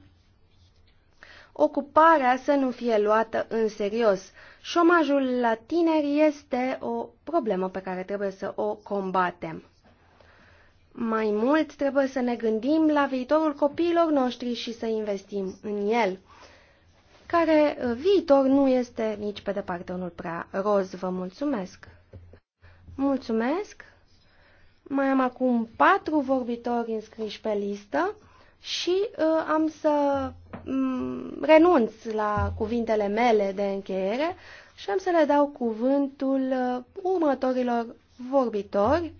ocuparea să nu fie luată în serios. Șomajul la tineri este o problemă pe care trebuie să o combatem. Mai mult trebuie să ne gândim la viitorul copiilor noștri și să investim în el, care uh, viitor nu este nici pe departe unul prea roz. Vă mulțumesc! Mulțumesc! Mai am acum patru vorbitori înscriși pe listă și uh, am să Mm, renunț la cuvintele mele de încheiere și am să le dau cuvântul uh, următorilor vorbitori,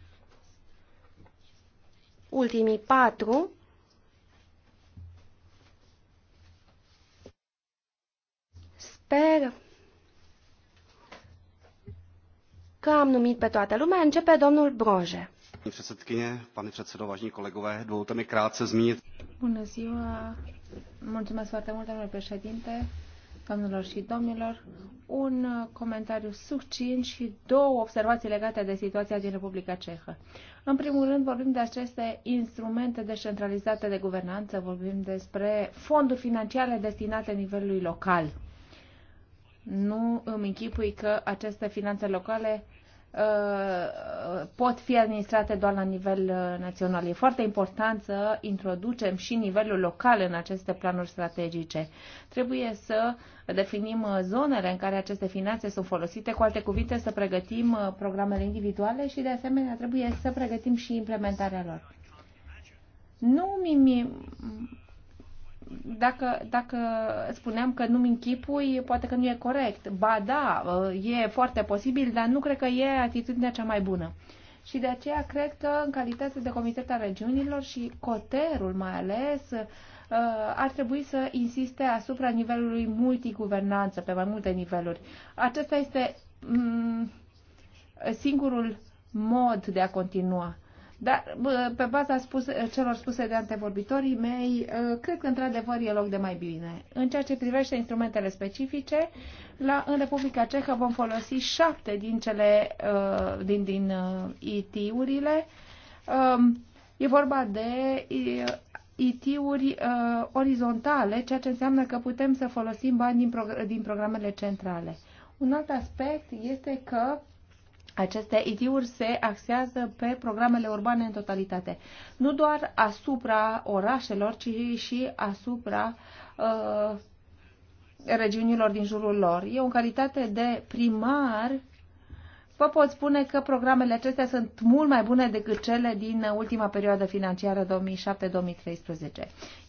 ultimii patru, Sper că am numit pe toată lumea. Începe domnul Broje. Pane předsedkyně, pane předsedo, vážení kolegové, dovolte mi krátce zmínit. Bună ziua, Mulțumesc foarte mult, domnule președinte, domnilor și domnilor. Un uh, comentariu succint și două observații legate de situația din Republica Cehă. În primul rând, vorbim de aceste instrumente descentralizate de guvernanță, vorbim despre fonduri financiare destinate nivelului local. Nu îmi închipui că aceste finanțe locale Uh, pot fi administrate doar la nivel uh, național. E foarte important să introducem și nivelul local în aceste planuri strategice. Trebuie să definim uh, zonele în care aceste finanțe sunt folosite, cu alte cuvinte să pregătim programele individuale și de asemenea trebuie să pregătim și implementarea lor. Nu mi, mi dacă, dacă spuneam că nu-mi închipui, poate că nu e corect. Ba da, uh, e foarte posibil, dar nu cred că e atitudinea cea mai bună. Și de aceea cred că în calitate de Comitet a Regiunilor și Coterul mai ales uh, ar trebui să insiste asupra nivelului multiguvernanță pe mai multe niveluri. Acesta este mm, singurul mod de a continua. Dar, pe baza spus, celor spuse de antevorbitorii mei, ă, cred că, într-adevăr, e loc de mai bine. În ceea ce privește instrumentele specifice, la, în Republica Cehă vom folosi șapte din cele ă, din, din ă, IT-urile. E vorba de IT-uri orizontale, ceea ce înseamnă că putem să folosim bani din, progr din programele centrale. Un alt aspect este că aceste IT-uri se axează pe programele urbane în totalitate, nu doar asupra orașelor, ci și asupra uh, regiunilor din jurul lor. Eu, în calitate de primar, vă pot spune că programele acestea sunt mult mai bune decât cele din ultima perioadă financiară 2007-2013.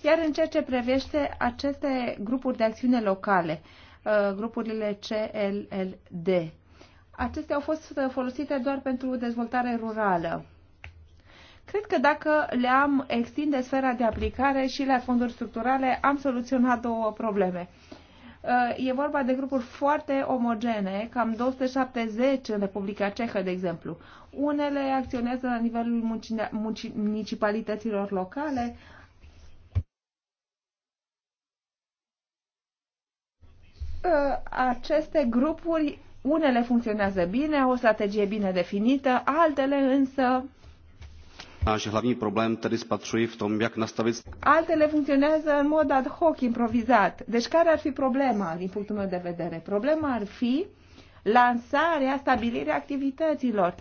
Iar în ceea ce privește aceste grupuri de acțiune locale, uh, grupurile CLLD, acestea au fost uh, folosite doar pentru dezvoltare rurală. Cred că dacă le-am extinde sfera de aplicare și la fonduri structurale, am soluționat două probleme. Uh, e vorba de grupuri foarte omogene, cam 270 în Republica Cehă, de exemplu. Unele acționează la nivelul municipalităților locale, uh, aceste grupuri unele funcționează bine, o strategie bine definită, altele însă Náš hlavní problém tedy spatřuji v tom, jak nastavit... Altele funcționează în mod ad hoc, improvizat. Deci care ar fi problema, din punctul meu de vedere? Problema ar fi lansarea, stabilirea activităților,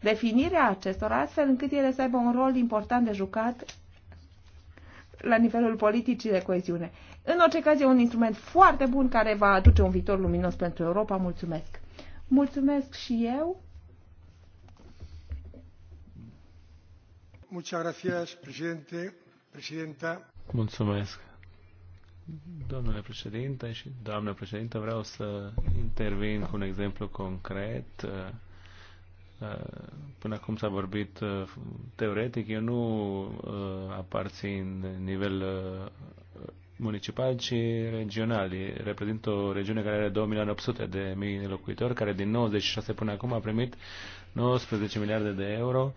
definirea acestora, astfel încât ele să aibă un rol important de jucat la nivelul politicii de coeziune. În orice caz, e un instrument foarte bun care va aduce un viitor luminos pentru Europa. Mulțumesc! Mulțumesc și eu. Muchas gracias, presidente, presidenta. Mulțumesc. Domnule președinte și doamnă președinte, vreau să intervin cu un exemplu concret. Uh, până acum s-a vorbit uh, teoretic, eu nu uh, aparțin nivel municipal, și regional. Reprezintă o regiune care are 2.800.000 de locuitori, care din 96 până acum a primit 19 miliarde de euro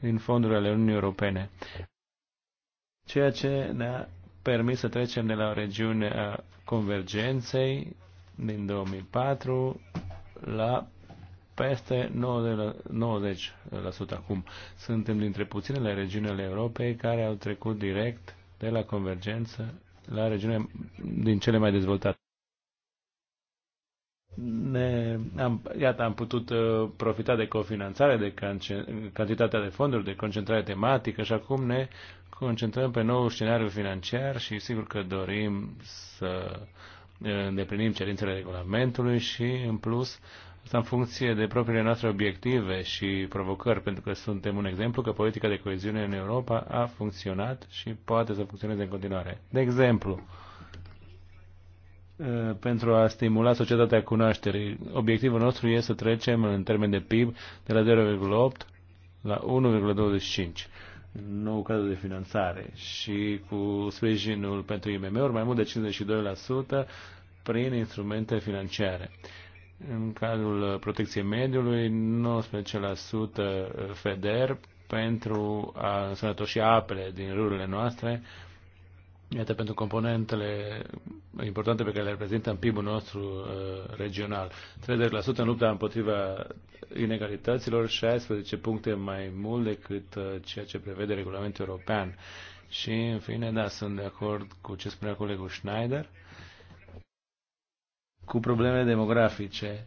din fondurile ale Uniunii Europene. Ceea ce ne-a permis să trecem de la o regiune a convergenței din 2004 la peste 90%, 90% acum. Suntem dintre puținele regiunile Europei care au trecut direct de la convergență la regiune din cele mai dezvoltate. Ne, am, iată, am putut uh, profita de cofinanțare, de cantitatea de fonduri, de concentrare tematică și acum ne concentrăm pe nou scenariu financiar și sigur că dorim să uh, îndeplinim cerințele regulamentului și, în plus, Asta în funcție de propriile noastre obiective și provocări, pentru că suntem un exemplu că politica de coeziune în Europa a funcționat și poate să funcționeze în continuare. De exemplu, ă, pentru a stimula societatea cunoașterii. Obiectivul nostru este să trecem în termen de PIB de la 0,8 la 1,25 nou cadru de finanțare și cu sprijinul pentru IMM-uri mai mult de 52% prin instrumente financiare în cadrul uh, protecției mediului, 19% uh, FEDER pentru a însănătoși apele din râurile noastre, iată pentru componentele importante pe care le reprezintă în PIB-ul nostru uh, regional. 30% în lupta împotriva inegalităților, 16 puncte mai mult decât uh, ceea ce prevede regulamentul european. Și, în fine, da, sunt de acord cu ce spunea colegul Schneider. Uh, cu probleme demografice.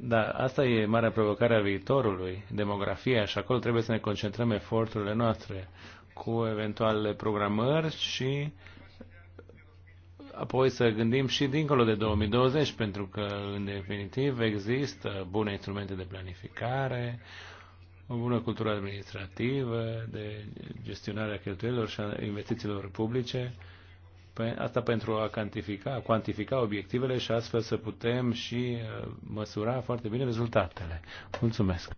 Da, asta e marea provocare a viitorului, demografia, și acolo trebuie să ne concentrăm eforturile noastre cu eventuale programări și apoi să gândim și dincolo de 2020, pentru că, în definitiv, există bune instrumente de planificare, o bună cultură administrativă, de gestionarea cheltuielor și a investițiilor publice, asta pentru a cantifica, a cuantifica obiectivele și astfel să putem și uh, măsura foarte bine rezultatele. Mulțumesc!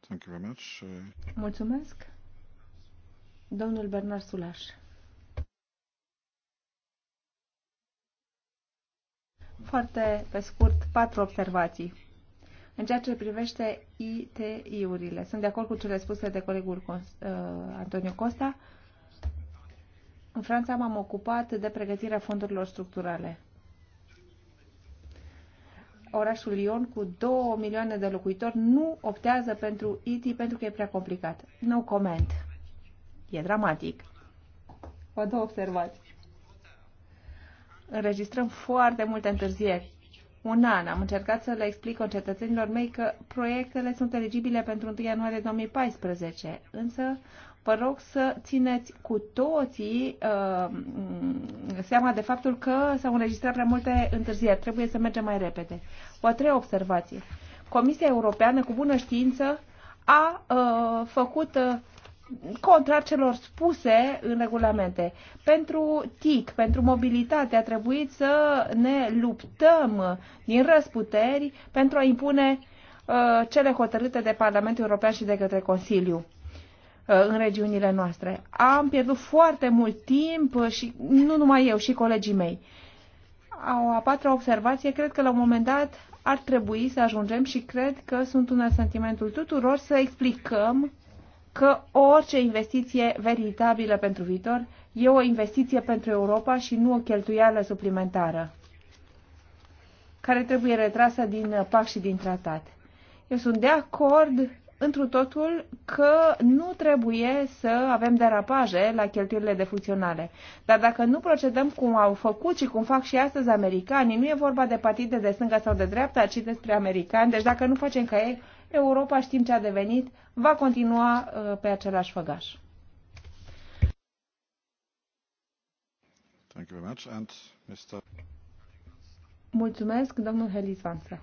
Thank you very much. Uh, Mulțumesc! Domnul Bernard Sulaș. Foarte pe scurt, patru observații. În ceea ce privește ITI-urile, sunt de acord cu cele spuse de colegul uh, Antonio Costa, în Franța m-am ocupat de pregătirea fondurilor structurale. Orașul Lyon, cu 2 milioane de locuitori, nu optează pentru IT pentru că e prea complicat. No comment. E dramatic. Vă două observați. Înregistrăm foarte multe întârzieri. Un an am încercat să le explic concetățenilor mei că proiectele sunt eligibile pentru 1 ianuarie 2014, însă vă rog să țineți cu toții uh, seama de faptul că s-au înregistrat prea multe întârzieri. Trebuie să mergem mai repede. O a treia observație. Comisia Europeană, cu bună știință, a uh, făcut uh, contra celor spuse în regulamente. Pentru TIC, pentru mobilitate, a trebuit să ne luptăm din răsputeri pentru a impune uh, cele hotărâte de Parlamentul European și de către Consiliu Uh, în regiunile noastre. Am pierdut foarte mult timp uh, și nu numai eu, și colegii mei. A, a patra observație, cred că la un moment dat ar trebui să ajungem și cred că sunt un sentimentul tuturor să explicăm că orice investiție veritabilă pentru viitor e o investiție pentru Europa și nu o cheltuială suplimentară care trebuie retrasă din PAC și din tratat. Eu sunt de acord întru totul că nu trebuie să avem derapaje la cheltuielile de funcționale. Dar dacă nu procedăm cum au făcut și cum fac și astăzi americanii, nu e vorba de partide de stânga sau de dreapta, ci despre americani, deci dacă nu facem ca ei, Europa, știm ce a devenit, va continua uh, pe același făgaș. Thank you very much. And Mr. Mulțumesc, domnul Helis Vansa.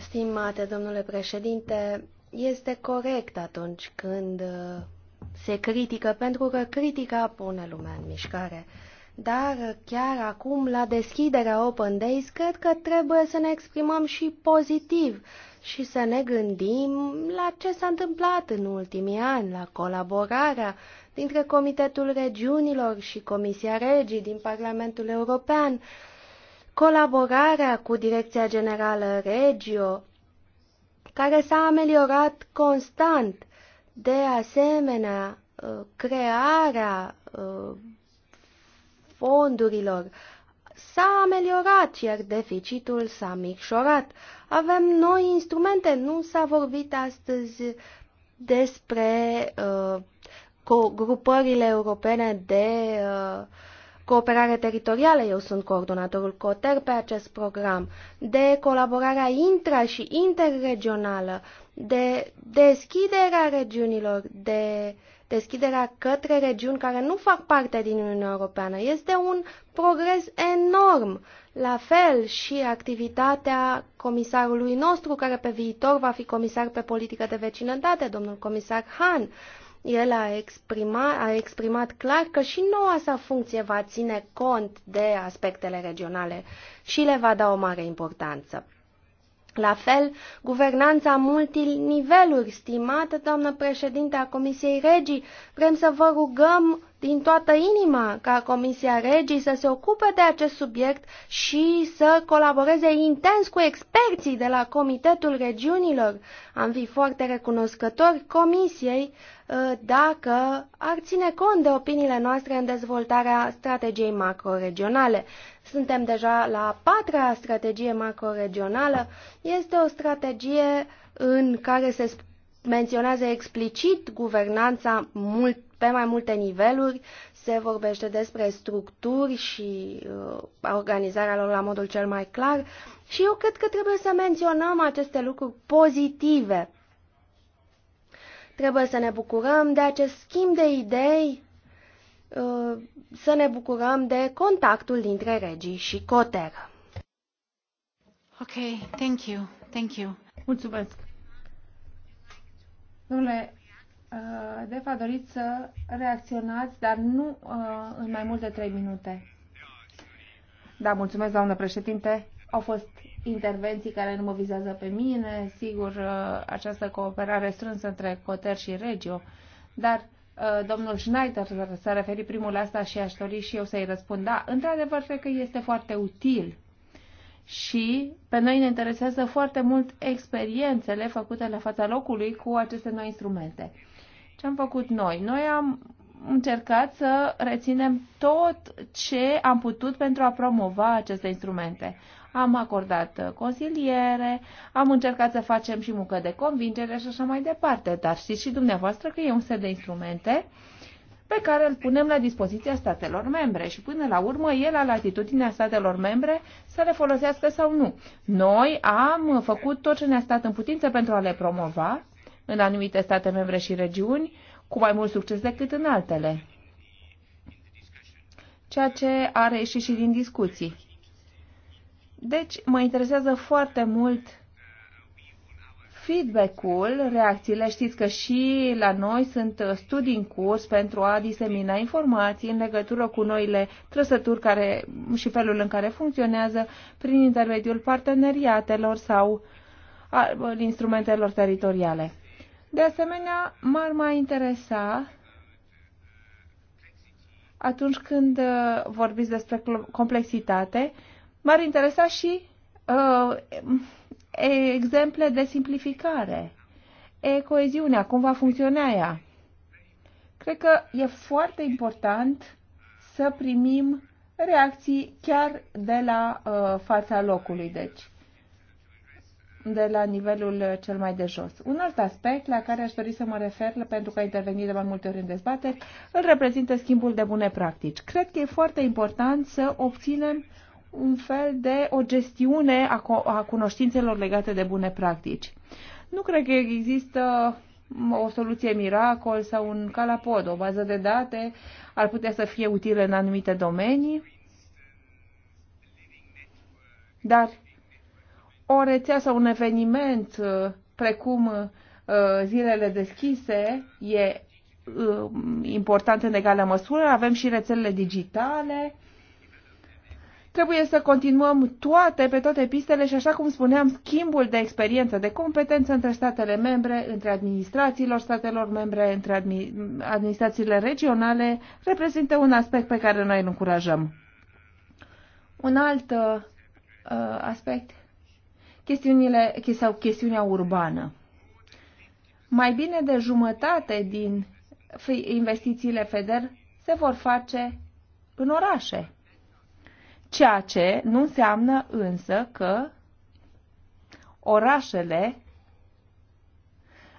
Stimate domnule președinte, este corect atunci când uh, se critică, pentru că critica pune lumea în mișcare. Dar chiar acum, la deschiderea Open Days, cred că trebuie să ne exprimăm și pozitiv și să ne gândim la ce s-a întâmplat în ultimii ani, la colaborarea dintre Comitetul Regiunilor și Comisia Regii din Parlamentul European, colaborarea cu Direcția Generală Regio, care s-a ameliorat constant. De asemenea, uh, crearea uh, fondurilor s-a ameliorat, iar deficitul s-a micșorat. Avem noi instrumente. Nu s-a vorbit astăzi despre uh, grupările europene de uh, cooperare teritorială, eu sunt coordonatorul COTER pe acest program, de colaborarea intra- și interregională, de deschiderea regiunilor, de deschiderea către regiuni care nu fac parte din Uniunea Europeană. Este un progres enorm. La fel și activitatea comisarului nostru, care pe viitor va fi comisar pe politică de vecinătate, domnul comisar Han el a, exprima, a exprimat clar că și noua sa funcție va ține cont de aspectele regionale și le va da o mare importanță. La fel, guvernanța multiniveluri, stimată doamnă președinte a Comisiei Regii, vrem să vă rugăm din toată inima ca Comisia Regii să se ocupe de acest subiect și să colaboreze intens cu experții de la Comitetul Regiunilor. Am fi foarte recunoscători Comisiei ă, dacă ar ține cont de opiniile noastre în dezvoltarea strategiei macroregionale. Suntem deja la a patra strategie macroregională. Este o strategie în care se menționează explicit guvernanța mult pe mai multe niveluri, se vorbește despre structuri și uh, organizarea lor la modul cel mai clar și eu cred că trebuie să menționăm aceste lucruri pozitive. Trebuie să ne bucurăm de acest schimb de idei, uh, să ne bucurăm de contactul dintre regii și Coter. Ok, thank you, thank you. Mulțumesc. Domnule Uh, de fapt doriți să reacționați, dar nu uh, în mai mult de 3 minute. Da, mulțumesc, doamnă președinte. Au fost intervenții care nu mă vizează pe mine, sigur, uh, această cooperare strânsă între Coter și Regio, dar domnul Schneider s-a referit primul la asta și aș dori și eu să-i răspund. Da, într-adevăr, cred că este foarte util și pe noi ne interesează foarte mult experiențele făcute la fața locului cu aceste noi instrumente. Ce am făcut noi? Noi am încercat să reținem tot ce am putut pentru a promova aceste instrumente. Am acordat uh, consiliere, am încercat să facem și muncă de convingere și așa mai departe, dar știți și dumneavoastră că e un set de instrumente pe care îl punem la dispoziția statelor membre și până la urmă e la latitudinea statelor membre să le folosească sau nu. Noi am făcut tot ce ne-a stat în putință pentru a le promova în anumite state membre și regiuni, cu mai mult succes decât în altele. Ceea ce are ieșit și din discuții. Deci, mă interesează foarte mult feedback-ul, reacțiile. Știți că și la noi sunt studii în curs pentru a disemina informații în legătură cu noile trăsături care, și felul în care funcționează prin intermediul parteneriatelor sau al instrumentelor teritoriale. De asemenea, m-ar mai interesa atunci când uh, vorbiți despre complexitate, m-ar interesa și uh, exemple de simplificare. E coeziunea, cum va funcționa ea? Cred că e foarte important să primim reacții chiar de la uh, fața locului. Deci, de la nivelul cel mai de jos. Un alt aspect la care aș dori să mă refer, pentru că a intervenit de mai multe ori în dezbateri, îl reprezintă schimbul de bune practici. Cred că e foarte important să obținem un fel de o gestiune a, a cunoștințelor legate de bune practici. Nu cred că există o soluție miracol sau un calapod, o bază de date ar putea să fie utile în anumite domenii, dar o rețea sau un eveniment uh, precum uh, zilele deschise e uh, important în egală măsură. Avem și rețelele digitale. Trebuie să continuăm toate, pe toate pistele și, așa cum spuneam, schimbul de experiență, de competență între statele membre, între administrațiilor statelor membre, între admi- administrațiile regionale, reprezintă un aspect pe care noi îl încurajăm. Un alt uh, aspect chestiunile sau chestiunea urbană. Mai bine de jumătate din investițiile FEDER se vor face în orașe, ceea ce nu înseamnă însă că orașele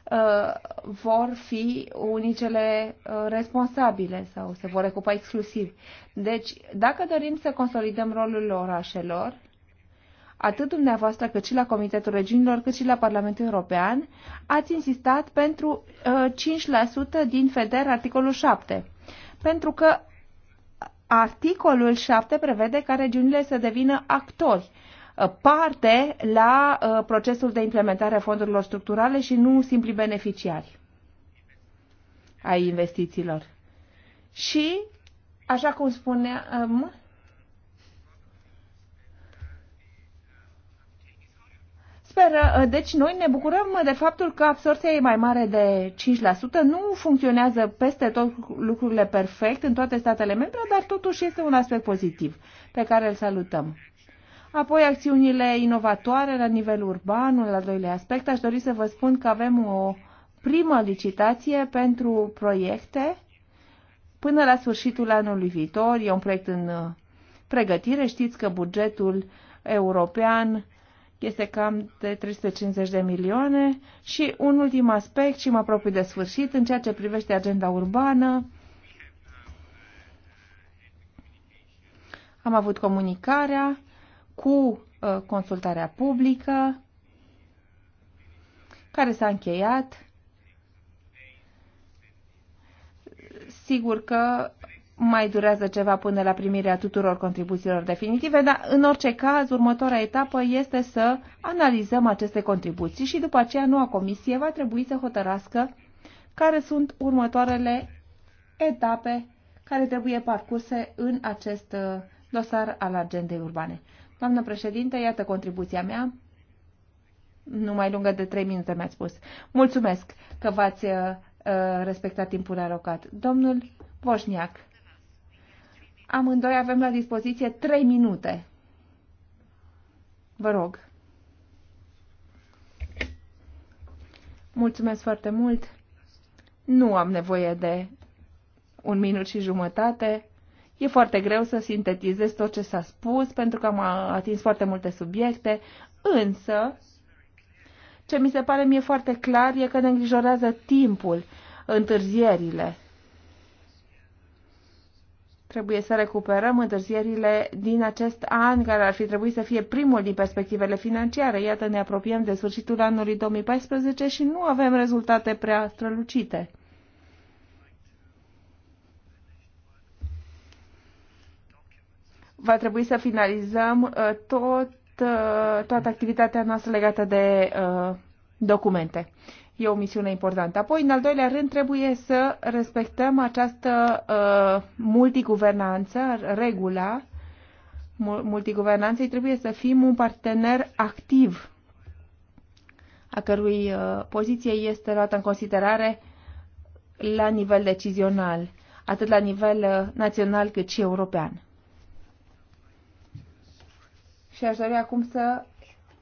uh, vor fi unicele uh, responsabile sau se vor ocupa exclusiv. Deci, dacă dorim să consolidăm rolul orașelor, atât dumneavoastră cât și la Comitetul Regiunilor, cât și la Parlamentul European, ați insistat pentru uh, 5% din FEDER articolul 7. Pentru că articolul 7 prevede ca regiunile să devină actori uh, parte la uh, procesul de implementare a fondurilor structurale și nu simpli beneficiari ai investițiilor. Și, așa cum spuneam, Speră, ă, deci noi ne bucurăm de faptul că absorția e mai mare de 5%. Nu funcționează peste tot lucrurile perfect în toate statele membre, dar totuși este un aspect pozitiv pe care îl salutăm. Apoi acțiunile inovatoare la nivel urban, un al doilea aspect. Aș dori să vă spun că avem o primă licitație pentru proiecte până la sfârșitul anului viitor. E un proiect în ă, pregătire. Știți că bugetul european este cam de 350 de milioane și un ultim aspect și mă apropii de sfârșit în ceea ce privește agenda urbană. Am avut comunicarea cu uh, consultarea publică care s-a încheiat. Sigur că mai durează ceva până la primirea tuturor contribuțiilor definitive, dar în orice caz, următoarea etapă este să analizăm aceste contribuții și după aceea noua comisie va trebui să hotărască care sunt următoarele etape care trebuie parcurse în acest uh, dosar al agendei urbane. Doamnă președinte, iată contribuția mea. Nu mai lungă de 3 minute mi-ați spus. Mulțumesc că v-ați uh, uh respectat timpul alocat. Domnul Voșniac. Amândoi avem la dispoziție trei minute. Vă rog. Mulțumesc foarte mult. Nu am nevoie de un minut și jumătate. E foarte greu să sintetizez tot ce s-a spus, pentru că am atins foarte multe subiecte, însă ce mi se pare mie foarte clar e că ne îngrijorează timpul, întârzierile. Trebuie să recuperăm întârzierile din acest an, care ar fi trebuit să fie primul din perspectivele financiare. Iată, ne apropiem de sfârșitul anului 2014 și nu avem rezultate prea strălucite. Va trebui să finalizăm uh, tot, uh, toată activitatea noastră legată de uh, documente e o misiune importantă. Apoi, în al doilea rând, trebuie să respectăm această uh, multiguvernanță, regula multiguvernanței, trebuie să fim un partener activ a cărui uh, poziție este luată în considerare la nivel decizional, atât la nivel uh, național cât și european. Și aș dori acum să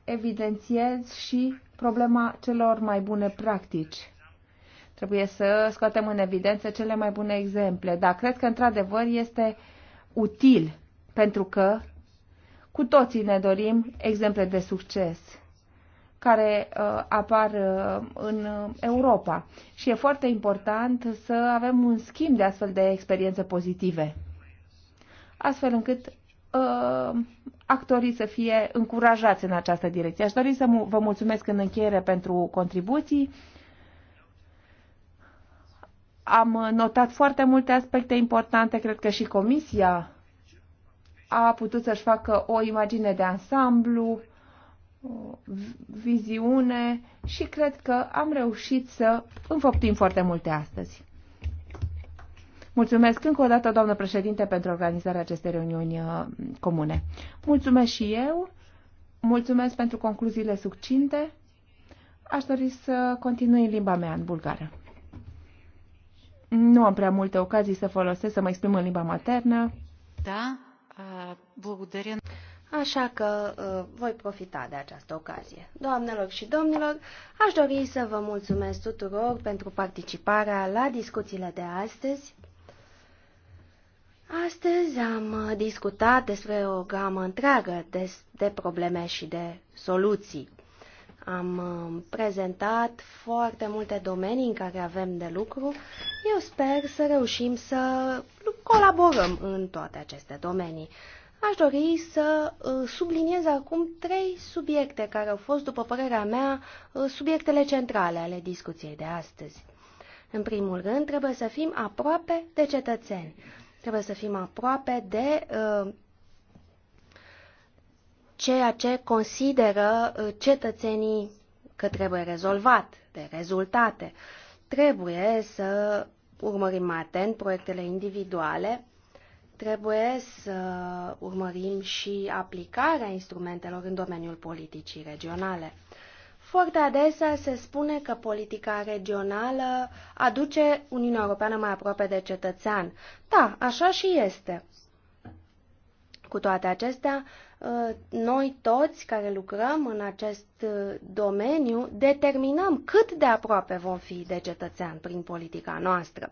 evidențiez și problema celor mai bune practici. Trebuie să scoatem în evidență cele mai bune exemple, dar cred că într-adevăr este util pentru că cu toții ne dorim exemple de succes care uh, apar uh, în Europa. Și e foarte important să avem un schimb de astfel de experiențe pozitive, astfel încât uh, actorii să fie încurajați în această direcție. Aș dori să vă mulțumesc în încheiere pentru contribuții. Am notat foarte multe aspecte importante, cred că și Comisia a putut să-și facă o imagine de ansamblu, viziune și cred că am reușit să înfăptim foarte multe astăzi. Mulțumesc încă o dată, doamnă președinte, pentru organizarea acestei reuniuni uh, comune. Mulțumesc și eu. Mulțumesc pentru concluziile succinte. Aș dori să continui în limba mea, în bulgară. Nu am prea multe ocazii să folosesc, să mă exprim în limba maternă. Da, uh, благодаря. Așa că uh, voi profita de această ocazie. Doamnelor și domnilor, aș dori să vă mulțumesc tuturor pentru participarea la discuțiile de astăzi. Astăzi am uh, discutat despre o gamă întreagă de, de probleme și de soluții. Am uh, prezentat foarte multe domenii în care avem de lucru. Eu sper să reușim să colaborăm în toate aceste domenii. Aș dori să uh, subliniez acum trei subiecte care au fost, după părerea mea, subiectele centrale ale discuției de astăzi. În primul rând, trebuie să fim aproape de cetățeni. Trebuie să fim aproape de uh, ceea ce consideră uh, cetățenii că trebuie rezolvat, de rezultate. Trebuie să urmărim atent proiectele individuale, trebuie să urmărim și aplicarea instrumentelor în domeniul politicii regionale. Foarte adesea se spune că politica regională aduce Uniunea Europeană mai aproape de cetățean. Da, așa și este. Cu toate acestea, uh, noi toți care lucrăm în acest uh, domeniu determinăm cât de aproape vom fi de cetățean prin politica noastră.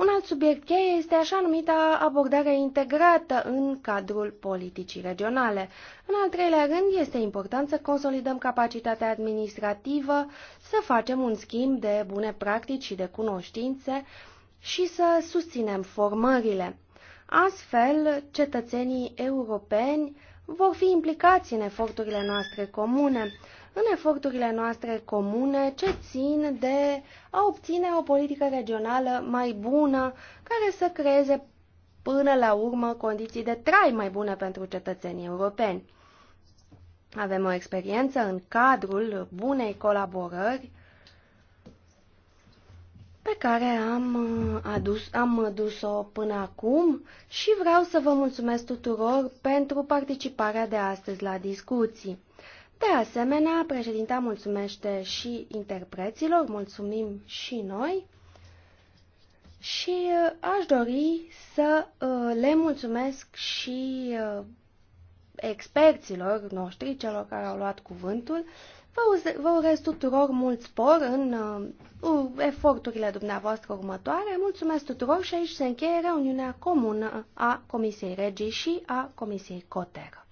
Un alt subiect cheie este așa numita abordare integrată în cadrul politicii regionale. În al treilea rând, este important să consolidăm capacitatea administrativă, să facem un schimb de bune practici și de cunoștințe și să susținem formările. Astfel, cetățenii europeni vor fi implicați în eforturile noastre comune în eforturile noastre comune ce țin de a obține o politică regională mai bună care să creeze până la urmă condiții de trai mai bune pentru cetățenii europeni. Avem o experiență în cadrul bunei colaborări pe care am, uh, adus, am dus-o până acum și vreau să vă mulțumesc tuturor pentru participarea de astăzi la discuții. De asemenea, președinta mulțumește și interpreților, mulțumim și noi și uh, aș dori să uh, le mulțumesc și uh, experților noștri, celor care au luat cuvântul. Vă urez tuturor mult spor în eforturile dumneavoastră următoare. Mulțumesc tuturor și aici se încheie reuniunea comună a Comisiei Regii și a Comisiei Coter.